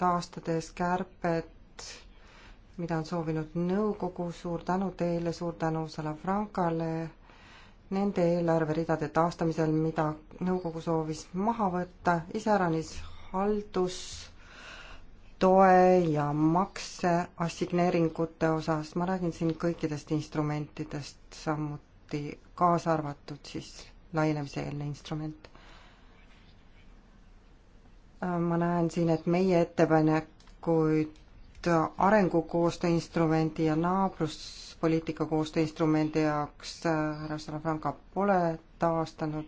taastades kärped, mida on soovinud nõukogu, suur tänu teile, suur tänu Salafrancale nende eelarveridade taastamisel, mida nõukogu soovis maha võtta, iseäranis haldustoe ja makse assigneeringute osas, ma räägin siin kõikidest instrumentidest samuti, kaasa arvatud siis laienemise eelne instrument ma näen siin, et meie ettepanekuid arengukoostöö instrumendi ja naabruspoliitika koostöö instrumendi jaoks härra Salafranca pole taastanud.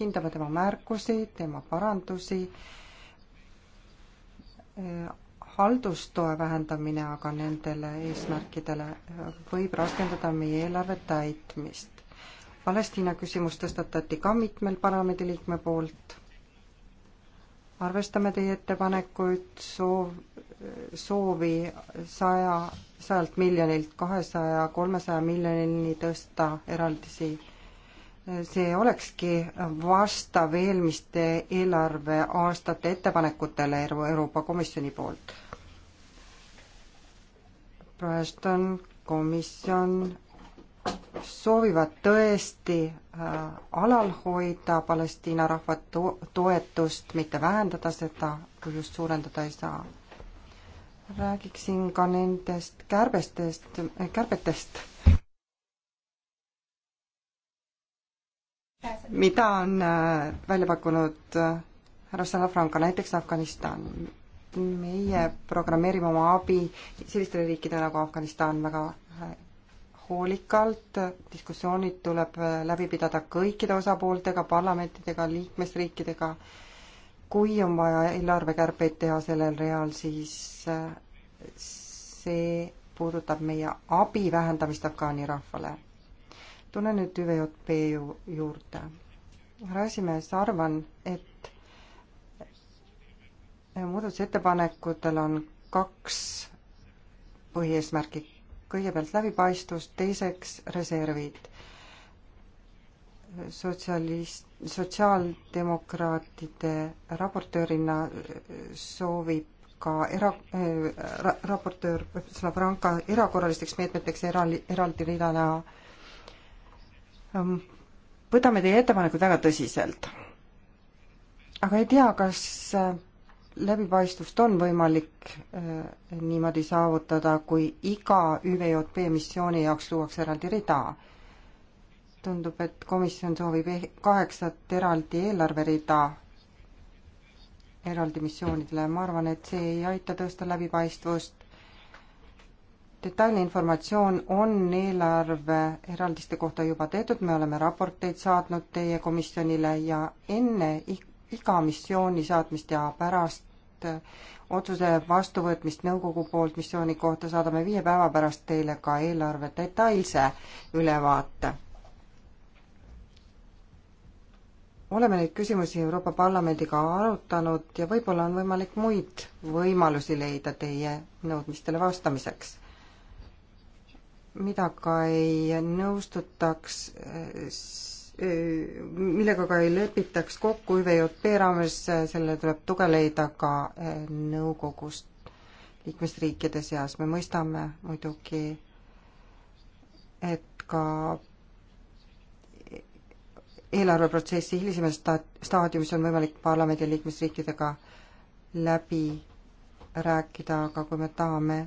hindame tema märkusi, tema parandusi. haldustoe vähendamine aga nendele eesmärkidele võib raskendada meie eelarve täitmist. Palestiina küsimus tõstatati ka mitmel parlamendiliikme poolt arvestame teie ettepanekuid, soov, soovi saja, sajalt miljonilt kahesaja, kolmesaja miljonini tõsta eraldisi. see olekski vastav eelmiste eelarveaastate ettepanekutele Euroopa Komisjoni poolt. praegu on komisjon soovivad tõesti äh, alal hoida Palestiina rahva to-, toetust, mitte vähendada seda, kui just suurendada ei saa. räägiksin ka nendest kärbestest, äh, kärbetest, mida on äh, välja pakkunud härra Salafranca, näiteks Afganistan. meie programmeerime oma abi sellistele riikidele nagu Afganistan väga hoolikalt, diskussioonid tuleb läbi pidada kõikide osapooltega, parlamentidega, liikmesriikidega. kui on vaja eelarvekärbeid teha sellel real, siis äh, see puudutab meie abi vähendamist Afgaani rahvale. tulen nüüd ÜVJP ju juurde. härra esimees, arvan, et muudatusettepanekutel on kaks põhieesmärki kõigepealt läbipaistvus, teiseks reservid. sotsialist, sotsiaaldemokraatide raportöörina soovib ka era- äh,, ra-, raportöör Slavranka erakorralisteks meetmeteks eraldi, eraldi rida näha. Ähm, võtame teie ettepanekud väga tõsiselt. aga ei tea, kas äh, läbipaistvust on võimalik äh, niimoodi saavutada, kui iga ÜVJP missiooni jaoks luuakse eraldi rida. tundub, et komisjon soovib eh-, kaheksat eraldi eelarverida eraldi missioonidele, ma arvan, et see ei aita tõsta läbipaistvust. detailne informatsioon on eelarve eraldiste kohta juba tehtud, me oleme raporteid saatnud teie komisjonile ja enne iga missiooni saatmist ja pärast otsuse vastuvõtmist nõukogu poolt missiooni kohta saadame viie päeva pärast teile ka eelarve detailse ülevaate. oleme neid küsimusi Euroopa Parlamendiga arutanud ja võib-olla on võimalik muid võimalusi leida teie nõudmistele vastamiseks. mida ka ei nõustutaks millega ka ei lepitaks kokku ÜVJP raames, sellele tuleb tuge leida ka eh, nõukogust liikmesriikide seas. me mõistame muidugi, et ka eelarveprotsessi hilisemas staadiumis on võimalik parlamendi liikmesriikidega läbi rääkida, aga kui me tahame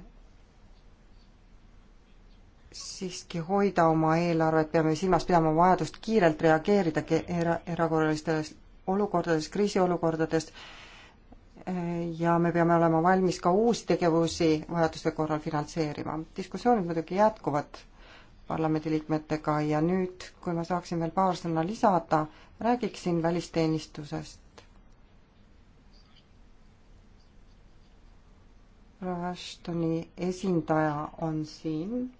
siiski hoida oma eelarvet, peame silmas pidama vajadust kiirelt reageerida era-, erakorralistes olukordades, kriisiolukordades eh, ja me peame olema valmis ka uusi tegevusi vajaduse korral finantseerima. diskussioonid muidugi jätkuvad parlamendiliikmetega ja nüüd, kui ma saaksin veel paar sõna lisada, räägiksin välisteenistusest. Rashtoni esindaja on siin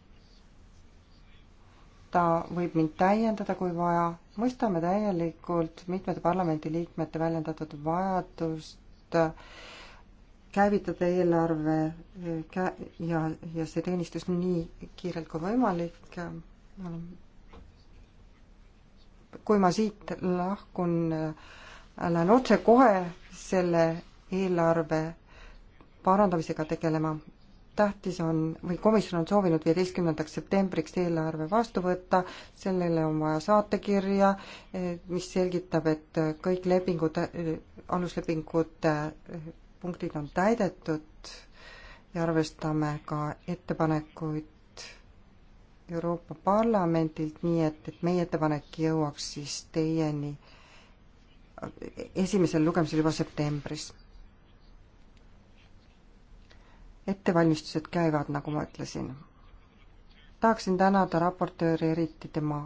ta võib mind täiendada, kui vaja, mõistame täielikult mitmete parlamendiliikmete väljendatud vajadust äh, käivitada eelarve äh, kä- ja, ja see teenistus nii kiirelt kui võimalik. Äh, kui ma siit lahkun, lähen otsekohe selle eelarve parandamisega tegelema tähtis on või komisjon on soovinud viieteistkümnendaks septembriks eelarve vastu võtta, sellele on vaja saatekirja, eh, mis selgitab, et kõik lepingud, eh, aluslepingute eh, punktid on täidetud ja arvestame ka ettepanekuid Euroopa Parlamendilt, nii et, et meie ettepanek jõuaks siis teieni esimesel lugemisel juba septembris. ettevalmistused käivad, nagu ma ütlesin. tahaksin tänada raportööri eriti tema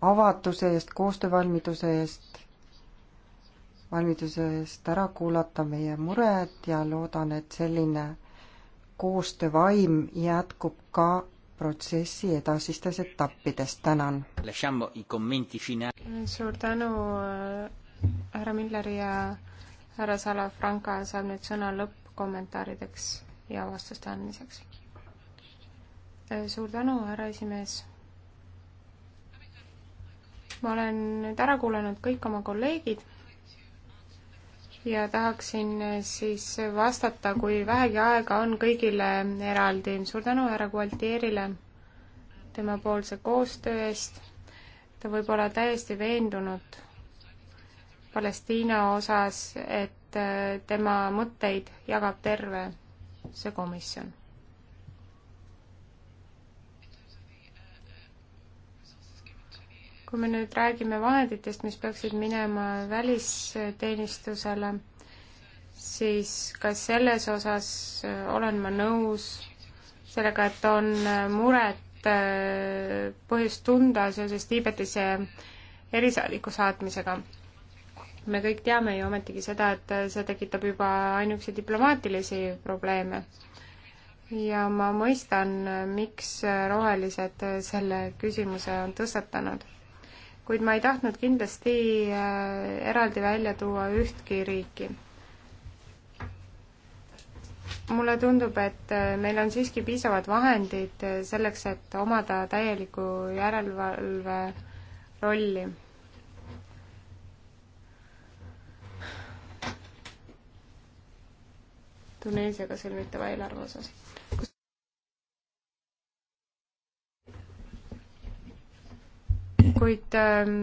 avatuse eest, koostöövalmiduse eest, valmiduse eest ära kuulata meie mured ja loodan, et selline koostöövaim jätkub ka protsessi edasistes etappides, tänan. suur tänu äh, härra Milleri ja härra Salafranca saab nüüd sõna lõppkommentaarideks ja vastuste andmiseks. suur tänu, härra esimees. ma olen nüüd ära kuulanud kõik oma kolleegid ja tahaksin siis vastata, kui vähegi aega on, kõigile eraldi. suur tänu härra Gualtierile temapoolse koostöö eest. ta võib olla täiesti veendunud Palestiina osas, et äh, tema mõtteid jagab terve see komisjon. kui me nüüd räägime vahenditest, mis peaksid minema välisteenistusele, siis ka selles osas äh, olen ma nõus sellega, et on äh, muret äh, põhjust tunda seoses Tiibetisse erisaadiku saatmisega me kõik teame ju ometigi seda, et see tekitab juba ainuüksi diplomaatilisi probleeme. ja ma mõistan, miks rohelised selle küsimuse on tõstatanud. kuid ma ei tahtnud kindlasti äh, eraldi välja tuua ühtki riiki. mulle tundub, et äh, meil on siiski piisavad vahendid selleks, et omada täielikku järelevalve rolli Tuneesiaga sõlmitava eelarve osas. kuid ähm,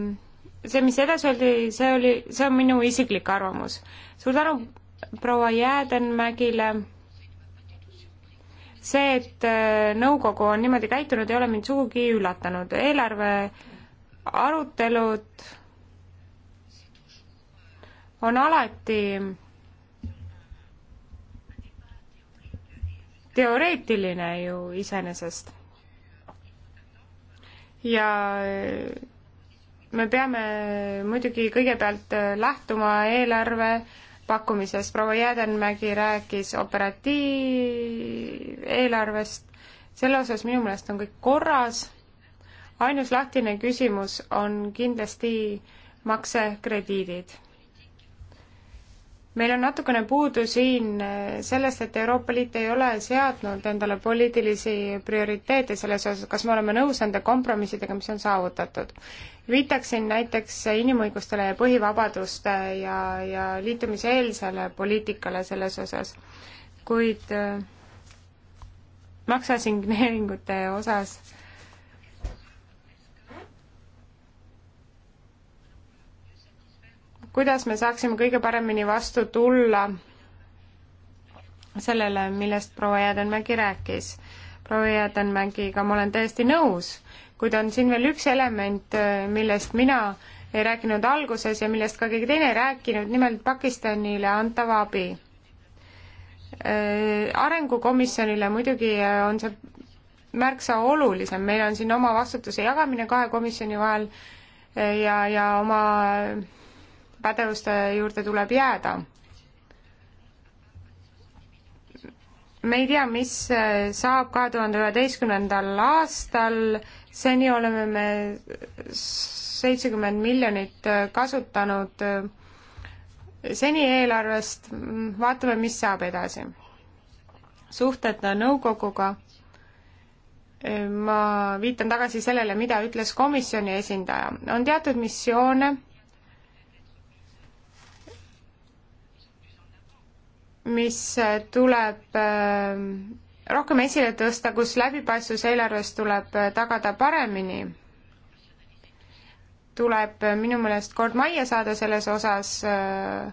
see, mis edasi öeldi, see oli, see on minu isiklik arvamus. suur tänu proua Jäädenmägile. see, et äh, nõukogu on niimoodi käitunud, ei ole mind sugugi üllatanud. eelarve arutelud on alati teoreetiline ju iseenesest. ja äh, me peame muidugi kõigepealt äh, lähtuma eelarve pakkumisest, proua Jäädenmägi rääkis operatiiveelarvest, selle osas minu meelest on kõik korras, ainus lahtine küsimus on kindlasti maksekrediidid meil on natukene puudu siin eh, sellest, et Euroopa Liit ei ole seadnud endale poliitilisi prioriteete selles osas, kas me oleme nõus nende kompromissidega, mis on saavutatud. viitaksin näiteks inimõigustele ja põhivabaduste ja, ja liitumiseelsele poliitikale selles osas, kuid äh, eh, maksasigneeringute osas äh, kuidas me saaksime kõige paremini vastu tulla sellele, millest proua Jäädenmägi rääkis. proua Jäädenmägiga ma olen täiesti nõus, kuid on siin veel üks element, äh, millest mina ei rääkinud alguses ja millest ka keegi teine ei rääkinud, nimelt Pakistanile antav abi. Äh, arengukomisjonile muidugi äh, on see märksa olulisem, meil on siin oma vastutuse jagamine kahe komisjoni vahel ja, ja oma pädevuste juurde tuleb jääda. me ei tea, mis saab kahe tuhande üheteistkümnendal aastal, seni oleme me seitsekümmend miljonit kasutanud seni eelarvest, vaatame, mis saab edasi. suhted nõukoguga ma viitan tagasi sellele, mida ütles komisjoni esindaja. on teatud missioone, mis tuleb ähm, rohkem esile tõsta, kus läbipaistvus eelarves tuleb äh, tagada paremini, tuleb äh, minu meelest kord majja saada selles osas, äh,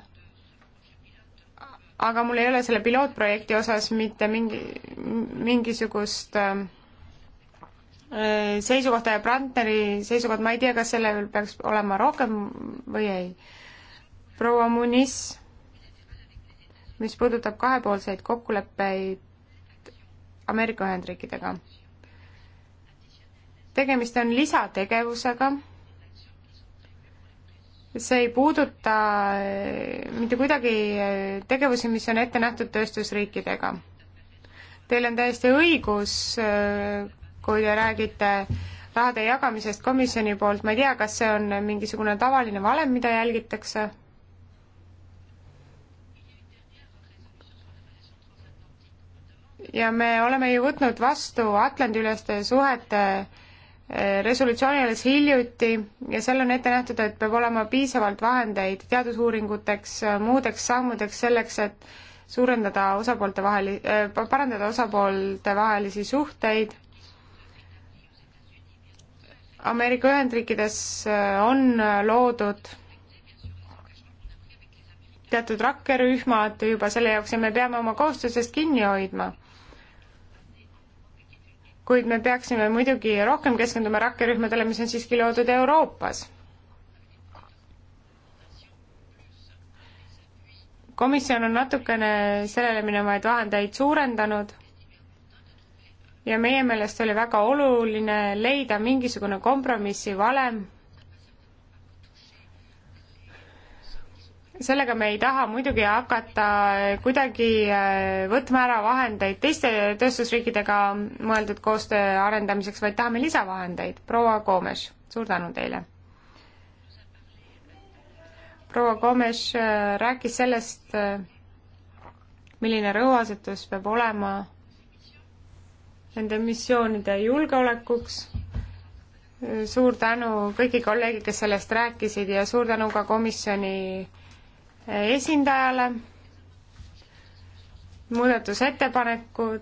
aga mul ei ole selle pilootprojekti osas mitte mingi, mingisugust ähm, seisukohta ja Brandneri seisukoht, ma ei tea, kas selle peaks olema rohkem või ei. proua Munis mis puudutab kahepoolseid kokkuleppeid Ameerika Ühendriikidega. tegemist on lisategevusega, see ei puuduta eh, mitte kuidagi eh, tegevusi, mis on ette nähtud tööstusriikidega. Teil on täiesti õigus, eh, kui te räägite rahade jagamisest komisjoni poolt, ma ei tea, kas see on mingisugune tavaline valem, mida jälgitakse ja me oleme ju võtnud vastu Atlandi-üleste suhete eh, resolutsiooni alles hiljuti ja seal on ette nähtud, et peab olema piisavalt vahendeid teadusuuringuteks, muudeks sammudeks selleks, et suurendada osapoolte vaheli, eh, parandada osapoolte vahelisi suhteid. Ameerika Ühendriikides eh, on loodud teatud rakkerühmad juba selle jaoks ja me peame oma kohustustest kinni hoidma kuid me peaksime muidugi rohkem keskenduma rakkerühmadele, mis on siiski loodud Euroopas. komisjon on natukene sellele minevaid vahendeid suurendanud ja meie meelest oli väga oluline leida mingisugune kompromissivalem sellega me ei taha muidugi hakata kuidagi äh, võtma ära vahendeid teiste tööstusriikidega mõeldud koostöö arendamiseks, vaid tahame lisavahendeid. proua Koomes, suur tänu teile! proua Koomes äh, rääkis sellest, äh, milline rõhuasetus peab olema nende missioonide julgeolekuks suur tänu kõigi kolleegid, kes sellest rääkisid ja suur tänu ka komisjoni esindajale. muudatusettepanekud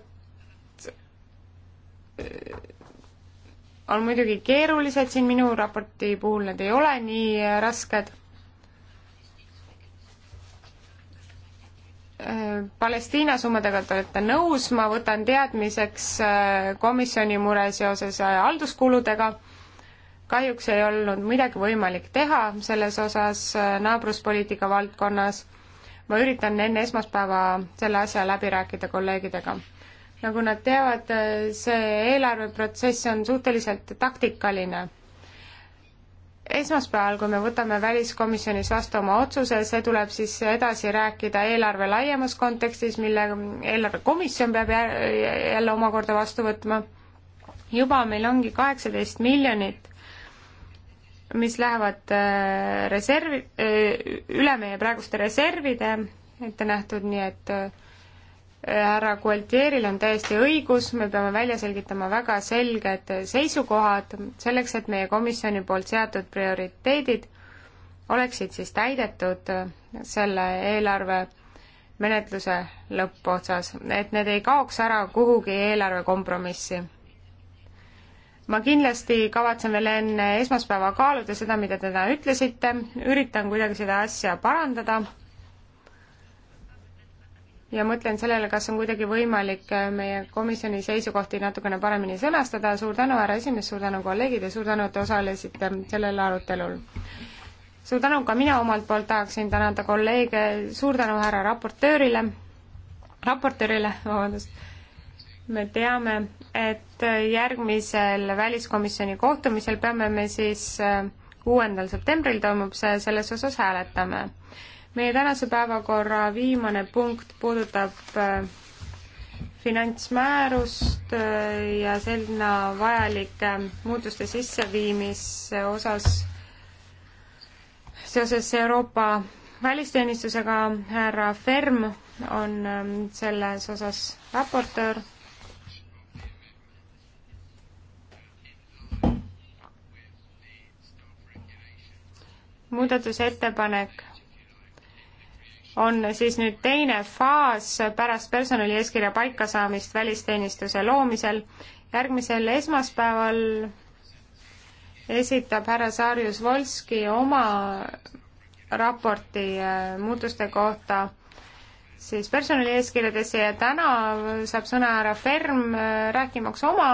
äh, on muidugi keerulised, siin minu raporti puhul need ei ole nii äh, rasked. Äh, Palestiina summadega te olete nõus, ma võtan teadmiseks komisjoni mure seoses halduskuludega kahjuks ei olnud midagi võimalik teha selles osas äh, naabruspoliitika valdkonnas. ma üritan enne esmaspäeva selle asja läbi rääkida kolleegidega. nagu nad teavad, äh, see eelarveprotsess on suhteliselt taktikaline esmaspäeval, kui me võtame väliskomisjonis vastu oma otsuse, see tuleb siis edasi rääkida eelarve laiemas kontekstis, mille eelarvekomisjon peab jälle omakorda vastu võtma. juba meil ongi kaheksateist miljonit mis lähevad äh, reservi, äh, üle meie praeguste reservide ette nähtud, nii et äh, härra Gualtieril on täiesti õigus, me peame välja selgitama väga selged seisukohad selleks, et meie komisjoni poolt seatud prioriteedid oleksid siis täidetud selle eelarve menetluse lõppotsas, et need ei kaoks ära kuhugi eelarve kompromissi ma kindlasti kavatsen veel enne esmaspäeva kaaluda seda, mida te täna ütlesite, üritan kuidagi seda asja parandada ja mõtlen sellele, kas on kuidagi võimalik meie komisjoni seisukohti natukene paremini sõnastada, suur tänu, härra esimees, suur tänu, kolleegid, ja suur tänu, et osalesite sellel arutelul. suur tänu ka mina omalt poolt tahaksin tänada kolleege, suur tänu härra raportöörile, raportöörile, vabandust me teame, et järgmisel väliskomisjoni kohtumisel peame me siis äh, kuuendal septembril toimub see, selles osas hääletame. meie tänase päevakorra viimane punkt puudutab äh, finantsmäärust äh, ja sinna vajalike muutuste sisseviimise osas seoses Euroopa välisteenistusega härra Ferm on selles osas raportöör muudatusettepanek on siis nüüd teine faas pärast personali eeskirja paikasaamist välisteenistuse loomisel. järgmisel esmaspäeval esitab härra Saarjus Volski oma raporti äh, muutuste kohta siis personali eeskirjadesse ja täna saab sõna härra Ferm äh, rääkimaks oma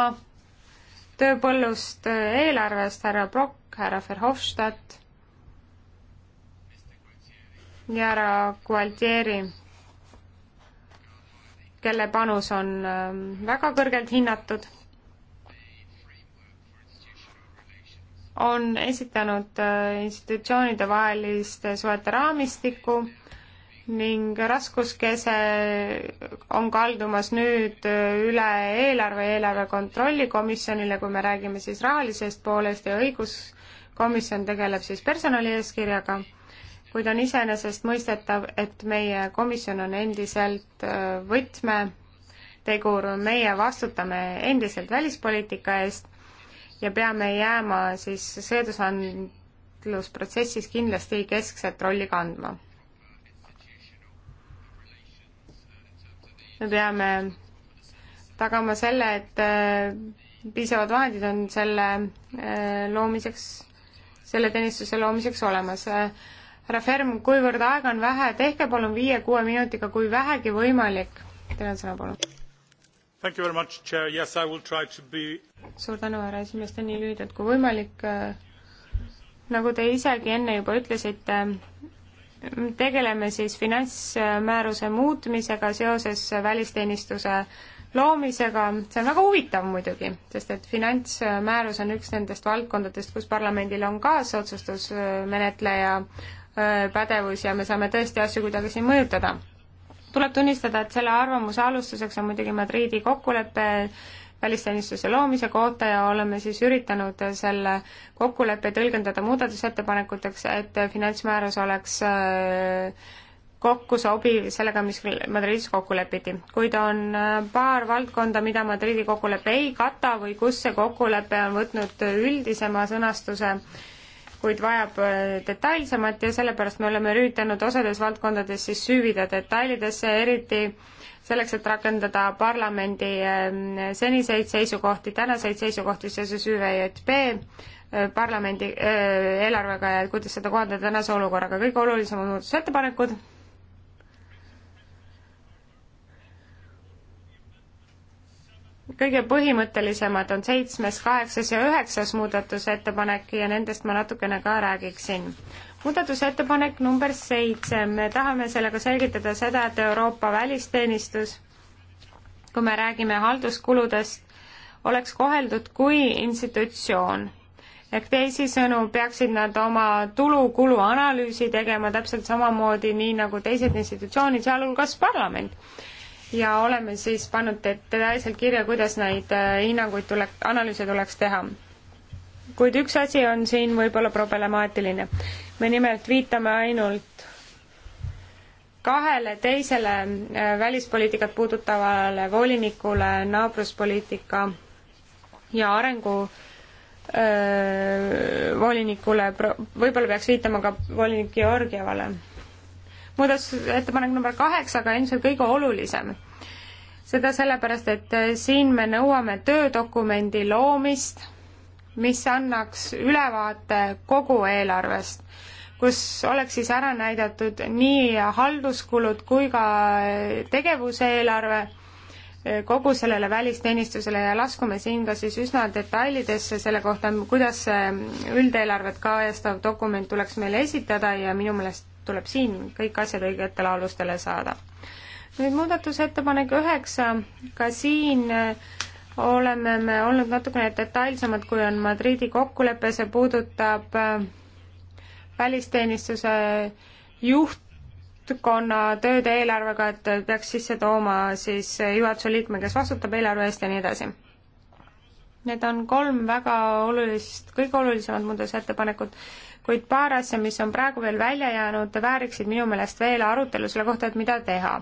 tööpõllust, äh, eelarvest härra Brock, härra Verhofstadt ja härra Gualtieri, kelle panus on ähm, väga kõrgelt hinnatud, on esitanud äh, institutsioonide vaheliste suhete raamistiku ning raskuskese on kaldumas nüüd äh, üle eelarve, eelarve kontrollikomisjonile, kui me räägime siis rahalisest poolest ja õiguskomisjon tegeleb siis personalieeskirjaga kuid on iseenesestmõistetav, et meie komisjon on endiselt äh, võtmetegur, meie vastutame endiselt välispoliitika eest ja peame jääma siis seadusandlusprotsessis kindlasti keskset rolli kandma. me peame tagama selle, et äh, piisavad vahendid on selle äh, loomiseks, selle teenistuse loomiseks olemas härra Ferm, kuivõrd aega on vähe, tehke palun viie-kuue minutiga, kui vähegi võimalik. Teil on sõna, palun. Yes, be... suur tänu, härra esimees, teen nii lühidalt kui võimalik. Äh, nagu te isegi enne juba ütlesite, tegeleme siis finantsmääruse muutmisega seoses välisteenistuse loomisega, see on väga huvitav muidugi, sest et finantsmäärus on üks nendest valdkondadest, kus parlamendil on kaasotsustusmenetleja Äh, pädevus ja me saame tõesti asju kuidagi siin mõjutada. tuleb tunnistada, et selle arvamuse alustuseks on muidugi Madriidi kokkulepe välisteenistuse loomise kohta ja oleme siis üritanud selle kokkuleppe tõlgendada muudatusettepanekuteks, et finantsmäärus oleks äh, kokku sobiv sellega, mis Madridis kokku lepiti. kuid on äh, paar valdkonda, mida Madridi kokkulepe ei kata või kus see kokkulepe on võtnud üldisema sõnastuse äh, kuid vajab äh, detailsemat ja sellepärast me oleme üritanud osades valdkondades siis süüvida detailidesse, eriti selleks, et rakendada parlamendi ähm, seniseid seisukohti, tänaseid seisukohti, see siis ÜVJP, äh, parlamendi äh, eelarvega ja kuidas seda kohandada tänase olukorraga. kõige olulisemad muudatusettepanekud kõige põhimõttelisemad on seitsmes, kaheksas ja üheksas muudatusettepanek ja nendest ma natukene ka räägiksin. muudatusettepanek number seitse, me tahame sellega selgitada seda, et Euroopa välisteenistus, kui me räägime halduskuludest, oleks koheldud kui institutsioon. ehk teisisõnu, peaksid nad oma tulu-kulu analüüsi tegema täpselt samamoodi, nii nagu teised institutsioonid, sealhulgas parlament ja oleme siis pannud detailselt kirja, kuidas neid äh, hinnanguid tule, analüüse tuleks teha. kuid üks asi on siin võib-olla problemaatiline. me nimelt viitame ainult kahele teisele äh, välispoliitikat puudutavale volinikule naabruspoliitika ja arengu öö, äh, volinikule, võib-olla peaks viitama ka volinik Georgievale muudatusettepanek number kaheksa, aga ilmselt kõige olulisem. seda sellepärast, et äh, siin me nõuame töödokumendi loomist, mis annaks ülevaate kogu eelarvest, kus oleks siis ära näidatud nii halduskulud kui ka äh, tegevuse eelarve äh, kogu sellele välisteenistusele ja laskume siin ka siis üsna detailidesse selle kohta, kuidas see üldeelarvet kajastav dokument tuleks meile esitada ja minu meelest tuleb siin kõik asjad õigetele alustele saada. nüüd muudatusettepanek üheksa, ka siin äh, oleme me olnud natukene detailsemad, kui on Madridi kokkulepe, see puudutab äh, välisteenistuse juhtkonna tööde eelarvega, et peaks sisse tooma siis juhatuse liikme, kes vastutab eelarve eest ja nii edasi. Need on kolm väga olulist, kõige olulisemat muudatusettepanekut kuid paar asja, mis on praegu veel välja jäänud, vääriksid minu meelest veel arutelu selle kohta, et mida teha.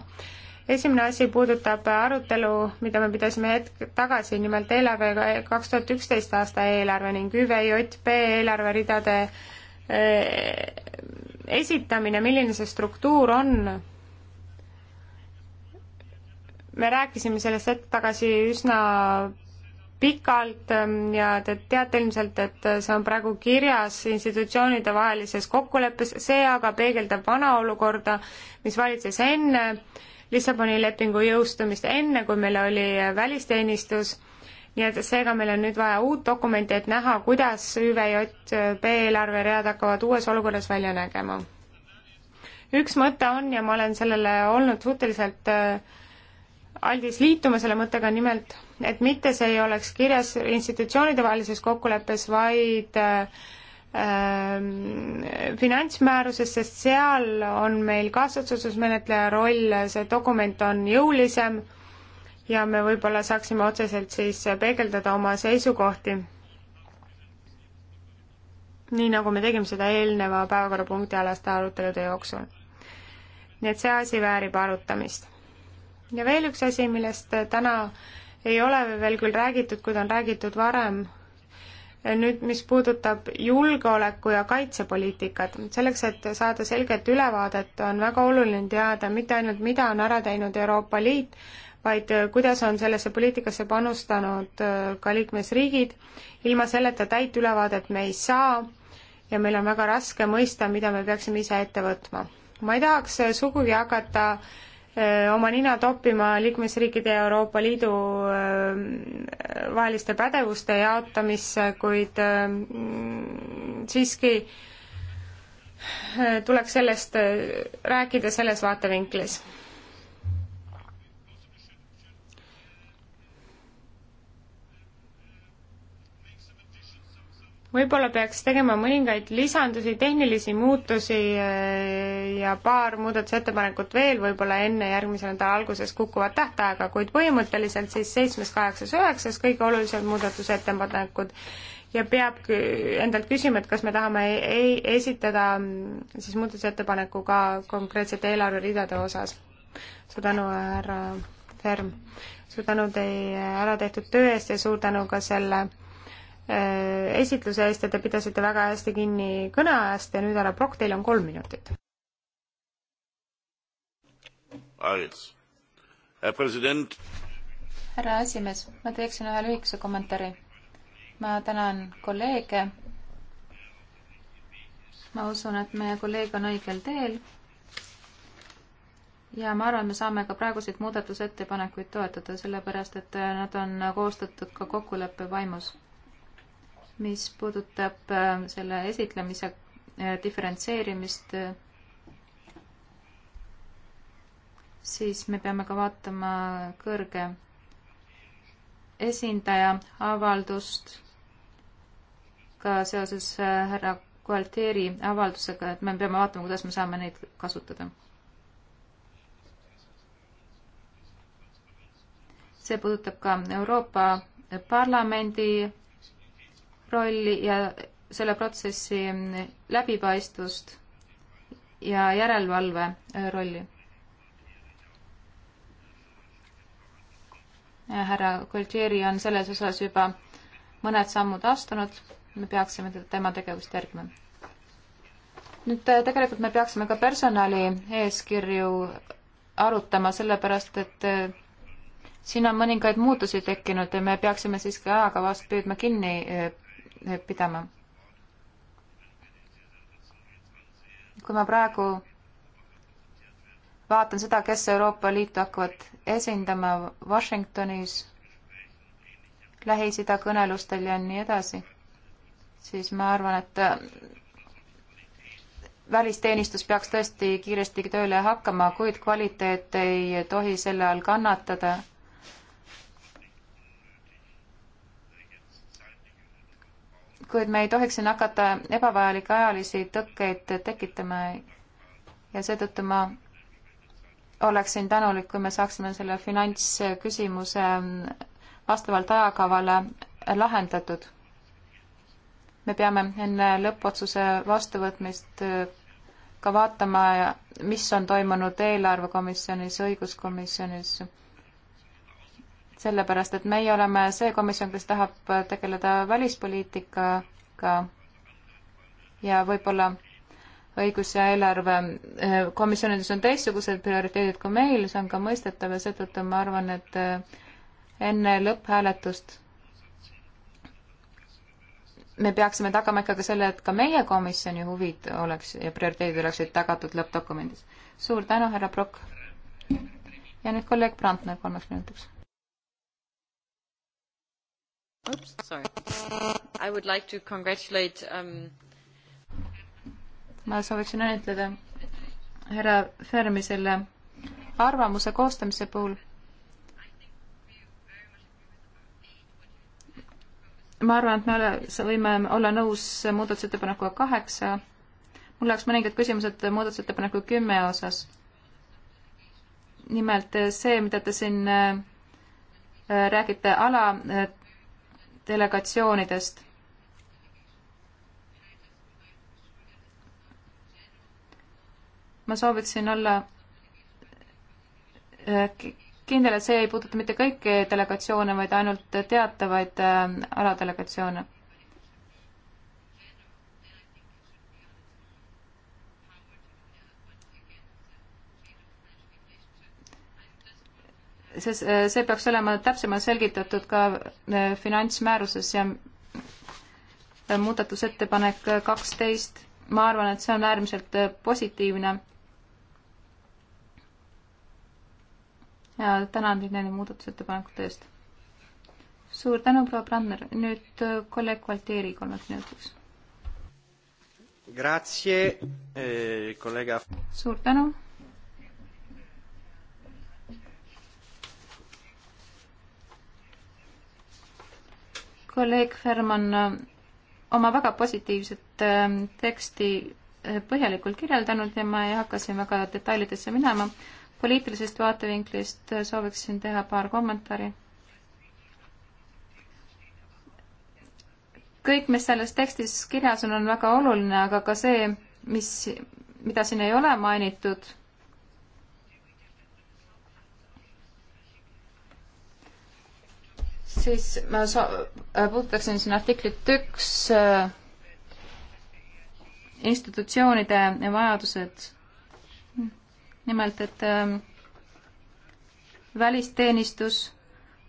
esimene asi puudutab arutelu, mida me pidasime hetk tagasi, nimelt eelarve kaks tuhat üksteist aasta eelarve ning ÜVJP eelarveridade eh, esitamine, milline see struktuur on, me rääkisime sellest hetk tagasi üsna pikalt ähm, ja te teate ilmselt, et see on praegu kirjas institutsioonide vahelises kokkuleppes, see aga peegeldab vana olukorda, mis valitses enne Lissaboni lepingu jõustumist, enne kui meil oli välisteenistus, nii et seega meil on nüüd vaja uut dokumenti, et näha, kuidas ÜVJP eelarveread hakkavad uues olukorras välja nägema. üks mõte on ja ma olen sellele olnud suhteliselt äh, aldis liituma selle mõttega, nimelt et mitte see ei oleks kirjas institutsioonidevahelises kokkuleppes, vaid äh, finantsmääruses, sest seal on meil kaasotsustusmenetleja roll, see dokument on jõulisem ja me võib-olla saaksime otseselt siis peegeldada oma seisukohti. nii nagu me tegime seda eelneva päevakorrapunkti alaste arutelude jooksul. nii et see asi väärib arutamist. ja veel üks asi, millest täna äh, ei ole veel küll räägitud, kuid on räägitud varem, nüüd, mis puudutab julgeoleku- ja kaitsepoliitikat, selleks, et saada selget ülevaadet, on väga oluline teada mitte ainult, mida on ära teinud Euroopa Liit, vaid kuidas on sellesse poliitikasse panustanud äh, ka liikmesriigid, ilma selleta täit ülevaadet me ei saa ja meil on väga raske mõista, mida me peaksime ise ette võtma. ma ei tahaks sugugi hakata äh, oma nina toppima liikmesriikide ja Euroopa Liidu vaheliste pädevuste jaotamisse, kuid siiski tuleks sellest rääkida selles vaatevinklis võib-olla peaks tegema mõningaid lisandusi, tehnilisi muutusi äh, ja paar muudatusettepanekut veel võib-olla enne järgmise nädala alguses kukuvat tähtaega, kuid põhimõtteliselt siis seitsmes, kaheksas, üheksas kõige olulisemad muudatusettepanekud ja peab endalt küsima, et kas me tahame ei, ei esitada mm, siis muudatusettepaneku ka konkreetsete eelarveridade osas. suur tänu, härra Ferm. suur tänu teie ära tehtud töö eest ja suur tänu ka selle Äh, esitluse eest ja te pidasite väga hästi kinni kõneajast ja nüüd härra Prokk, teil on kolm minutit. härra esimees, ma teeksin ühe lühikese kommentaari. ma tänan kolleege. ma usun, et meie kolleeg on õigel teel. ja ma arvan, et me saame ka praeguseid muudatusettepanekuid toetada, sellepärast et nad on koostatud ka kokkuleppe vaimus mis puudutab äh, selle esitlemise äh, diferentseerimist, äh, siis me peame ka vaatama kõrge esindaja avaldust ka seoses härra Gualtieri avaldusega, et me peame vaatama, kuidas me saame neid kasutada. see puudutab ka Euroopa Parlamendi rolli ja selle protsessi läbipaistvust ja järelevalve äh, rolli. härra Koltšeri on selles osas juba mõned sammud astunud, me peaksime tema tegevust järgima. nüüd äh, tegelikult me peaksime ka personali eeskirju arutama, sellepärast et äh, siin on mõningaid muutusi tekkinud ja me peaksime siiski ajakavast püüdma kinni pidama. kui ma praegu vaatan seda, kes Euroopa Liitu hakkavad esindama Washingtonis, Lähis-Ida kõnelustel ja nii edasi, siis ma arvan, et äh, välisteenistus peaks tõesti kiiresti tööle hakkama, kuid kvaliteet ei tohi selle all kannatada kuid me ei tohiks siin hakata ebavajalikke ajalisi tõkkeid tekitama ja seetõttu ma oleksin tänulik, kui me saaksime selle finantsküsimuse vastavalt ajakavale lahendatud. me peame enne lõppotsuse vastuvõtmist ka vaatama, mis on toimunud eelarvekomisjonis, õiguskomisjonis sellepärast et meie oleme see komisjon, kes tahab tegeleda välispoliitikaga ja võib-olla õigus- ja eelarvekomisjonides eh, on teistsugused prioriteedid kui meil, see on ka mõistetav ja seetõttu ma arvan, et eh, enne lõpphääletust me peaksime tagama ikkagi selle, et ka meie komisjoni huvid oleks ja prioriteedid oleksid tagatud lõppdokumendis. suur tänu, härra Prokk. ja nüüd kolleeg Brandner kolmeks minutiks. Oops, sorry. I would like to congratulate um... ma sooviksin õnnitleda härra Fermi selle arvamuse koostamise puhul. ma arvan, et me ole, võime olla nõus muudatusettepanekuga kaheksa. mul oleks mõningad küsimused muudatusettepaneku kümme osas. nimelt see, mida te siin äh, räägite ala delegatsioonidest. ma sooviksin olla eh, kindel, et see ei puuduta mitte kõiki delegatsioone, vaid ainult teatavaid eh, aladelegatsioone see, see peaks olema täpsemalt selgitatud ka äh, finantsmääruses ja äh, muudatusettepanek kaksteist, ma arvan, et see on äärmiselt äh, positiivne. ja tänan teid nende muudatusettepanekute eest. suur tänu, proua Brandner, nüüd kolleeg Valteri kolmeks minutiks. Grazie eh,, kolleeg. suur tänu kolleeg Ferman äh, oma väga positiivset äh, teksti äh, põhjalikult kirjeldanud ja ma ei hakka siin väga detailidesse minema. poliitilisest vaatevinklist sooviksin teha paar kommentaari. kõik, mis selles tekstis kirjas on, on väga oluline, aga ka see, mis, mida siin ei ole mainitud siis ma so-, äh, puudutaksin siin artiklit üks äh, institutsioonide vajadused. nimelt, et äh, välisteenistus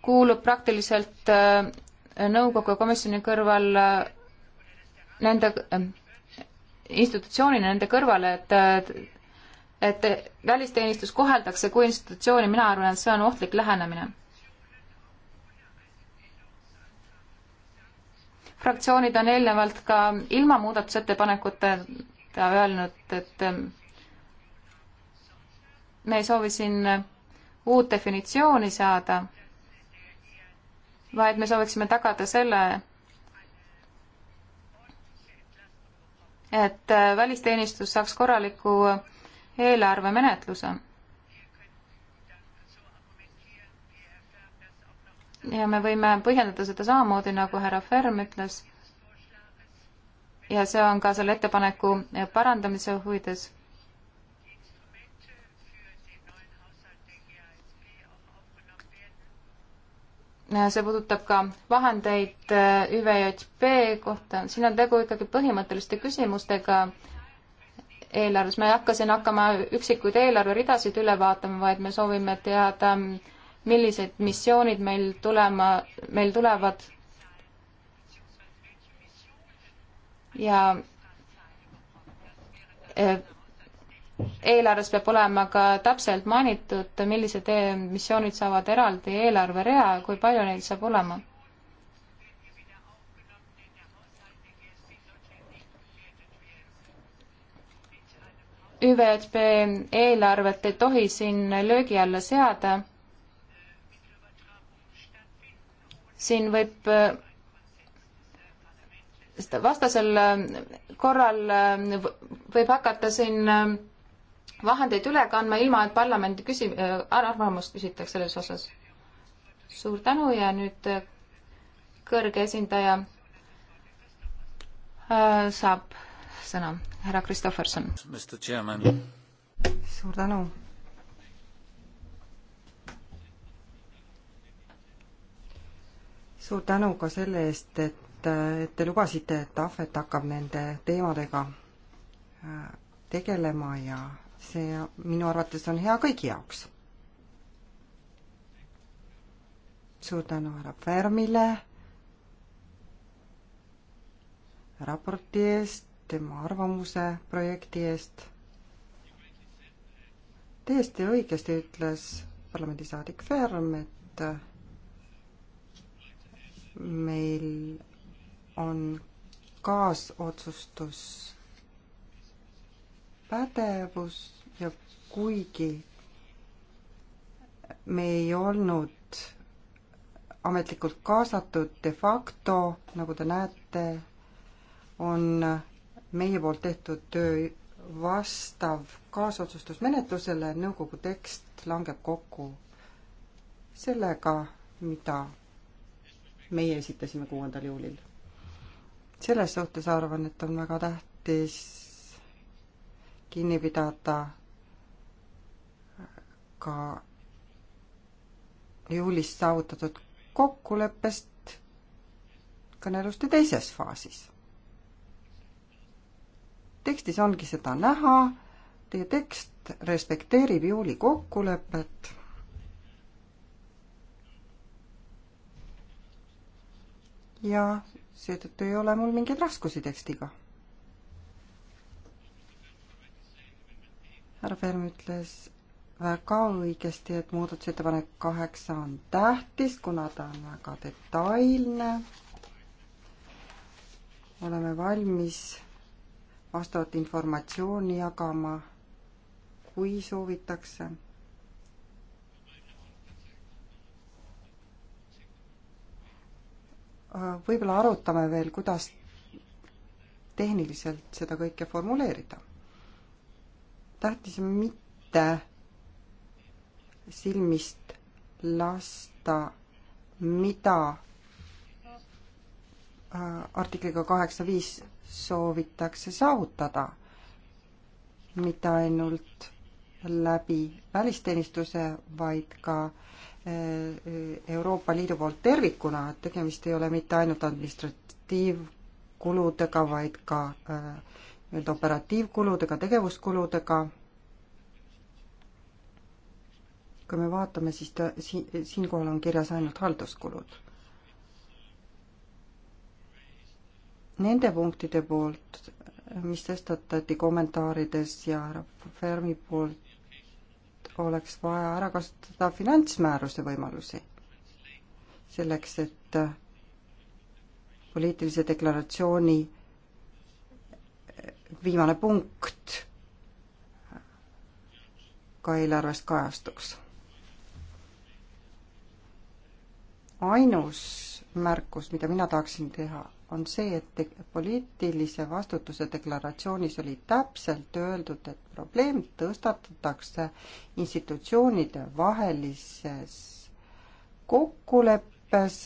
kuulub praktiliselt äh, nõukogu ja komisjoni kõrval äh, nende äh, institutsioonina nende kõrvale, et et välisteenistus koheldakse kui institutsiooni, mina arvan, et see on ohtlik lähenemine fraktsioonid on eelnevalt ka ilma muudatusettepanekuteta öelnud, et ähm, me ei soovi siin uut definitsiooni saada, vaid me sooviksime tagada selle, et äh, välisteenistus saaks korraliku eelarvemenetluse ja me võime põhjendada seda samamoodi, nagu härra Ferm ütles. ja see on ka selle ettepaneku parandamise huvides. see puudutab ka vahendeid äh, ÜVJP kohta, siin on tegu ikkagi põhimõtteliste küsimustega eelarves, me ei hakka siin hakkama üksikuid eelarveridasid üle vaatama, vaid me soovime teada äh, millised missioonid meil tulema, meil tulevad. ja eh, eelarves peab olema ka täpselt mainitud, millised eh, missioonid saavad eraldi eelarverea ja kui palju neid saab olema. ÜVP eelarvet ei tohi siin löögi alla seada siin võib äh, vastasel äh, korral äh, võib hakata siin vahendeid üle kandma, ilma et parlamendi küsi-, arvamust küsitakse selles osas. suur tänu ja nüüd kõrge esindaja saab sõna, härra Kristofferson. suur tänu suur tänu ka selle eest, et, et te lubasite, et Ahvet hakkab nende teemadega äh, tegelema ja see minu arvates on hea kõigi jaoks. suur tänu härra Färmile raporti eest, tema arvamuse projekti eest. täiesti õigesti ütles parlamendisaadik Färm, et meil on kaasotsustus pädevus ja kuigi me ei olnud ametlikult kaasatud de facto, nagu te näete, on meie poolt tehtud töö vastav kaasotsustusmenetlusele, nõukogu tekst langeb kokku sellega, mida meie esitasime kuuendal juulil. selles suhtes arvan, et on väga tähtis kinni pidada ka juulis saavutatud kokkuleppest kõneluste teises faasis. tekstis ongi seda näha, teie tekst respekteerib juuli kokkulepet ja seetõttu ei ole mul mingeid raskusi tekstiga. härra Ferm ütles väga õigesti, et muudatusettepanek kaheksa on tähtis, kuna ta on väga detailne. oleme valmis vastavat informatsiooni jagama, kui soovitakse Äh, võib-olla arutame veel, kuidas tehniliselt seda kõike formuleerida. tähtis on mitte silmist lasta, mida äh, artikliga kaheksa viis soovitakse saavutada, mitte ainult läbi välisteenistuse, vaid ka Eh, Euroopa Liidu poolt tervikuna, et tegemist ei ole mitte ainult administratiivkuludega, vaid ka eh, nii-öelda operatiivkuludega, tegevuskuludega. kui me vaatame, siis ta si-, siinkohal on kirjas ainult halduskulud. Nende punktide poolt, mis tõstatati kommentaarides ja Fermi poolt oleks vaja ära kasutada finantsmääruse võimalusi. selleks, et äh, poliitilise deklaratsiooni äh, viimane punkt äh, ka eelarvest kajastuks. ainus märkus, mida mina tahaksin teha on see, et poliitilise vastutuse deklaratsioonis oli täpselt öeldud, et probleem tõstatatakse institutsioonide vahelises kokkuleppes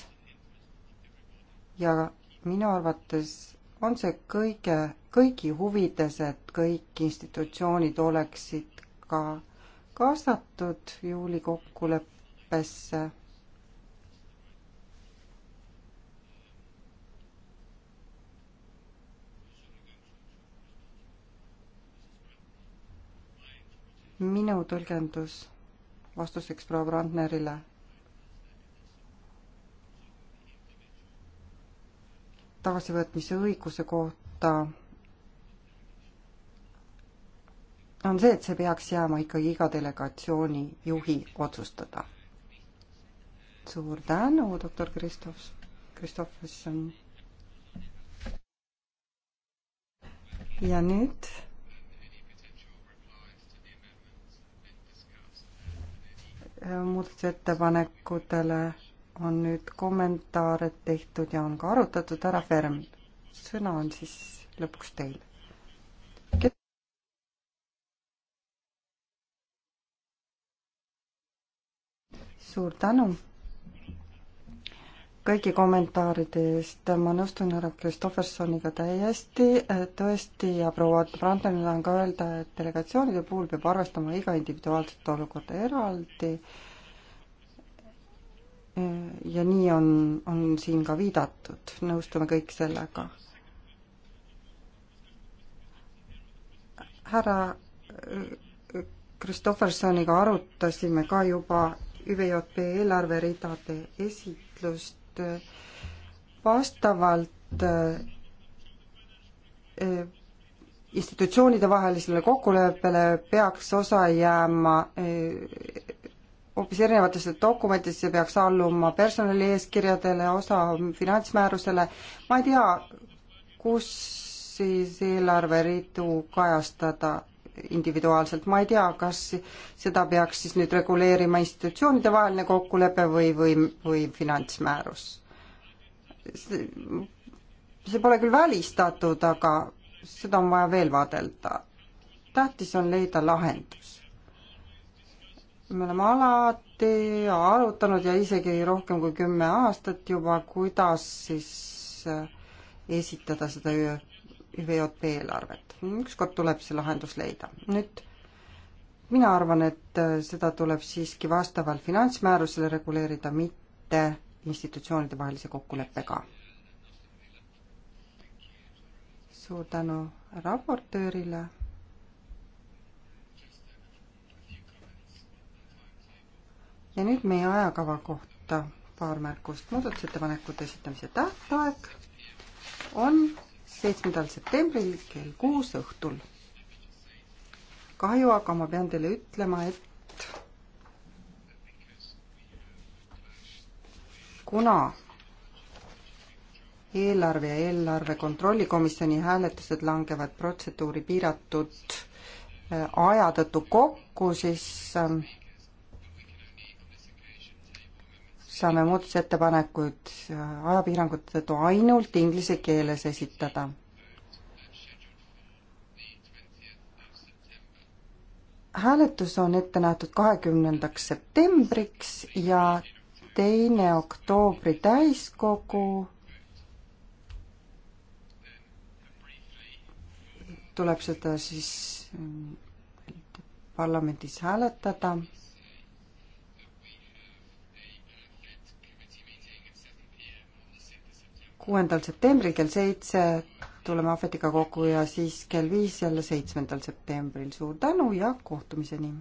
ja minu arvates on see kõige, kõigi huvides, et kõik institutsioonid oleksid ka kaasatud juuli kokkuleppesse minu tõlgendus vastuseks proua Brandnerile. tagasivõtmise õiguse kohta on see, et see peaks jääma ikkagi iga delegatsiooni juhi otsustada. suur tänu, doktor Kristof, Kristofesson. ja nüüd muudatusettepanekutele on nüüd kommentaare tehtud ja on ka arutatud, härra Ferm, sõna on siis lõpuks teil. suur tänu kõigi kommentaaride eest, ma nõustun härra Kristoffersoniga täiesti, tõesti, ja proua Brandonil on ka öelda, et delegatsioonide puhul peab arvestama iga individuaalset olukorda eraldi ja nii on, on siin ka viidatud, nõustume kõik sellega. härra äh, Kristoffersoniga arutasime ka juba ÜVJP eelarveridade esitlust et vastavalt e, institutsioonide vahelisele kokkuleppele peaks osa jääma e, hoopis erinevatesse dokumentidesse, peaks alluma personali eeskirjadele, osa finantsmäärusele, ma ei tea, kus siis eelarveridu kajastada individuaalselt, ma ei tea, kas seda peaks siis nüüd reguleerima institutsioonide vaheline kokkulepe või, või, või finantsmäärus? see pole küll välistatud, aga seda on vaja veel vaadelda. tähtis on leida lahendus. me oleme alati arutanud ja isegi rohkem kui kümme aastat juba, kuidas siis äh, esitada seda ÜVJP eelarvet ükskord tuleb see lahendus leida. nüüd mina arvan, et äh, seda tuleb siiski vastavalt finantsmäärusele reguleerida, mitte institutsioonide vahelise kokkuleppega. suur tänu raportöörile. ja nüüd meie ajakava kohta paar märkust. muudatusettepanekute esitamise tähtaeg on seitsmendal septembril kell kuus õhtul. kahju, aga ma pean teile ütlema, et kuna eelarve ja eelarve kontrollikomisjoni hääletused langevad protseduuri piiratud äh, aja tõttu kokku, siis ähm, saame muudatusettepanekuid äh, ajapiirangute tõttu ainult inglise keeles esitada. hääletus on ette nähtud kahekümnendaks septembriks ja teine oktoobri täiskogu tuleb seda siis mm, parlamendis hääletada kuuendal septembril kell seitse tuleme Ahvetiga kokku ja siis kell viis jälle seitsmendal septembril. suur tänu ja kohtumiseni!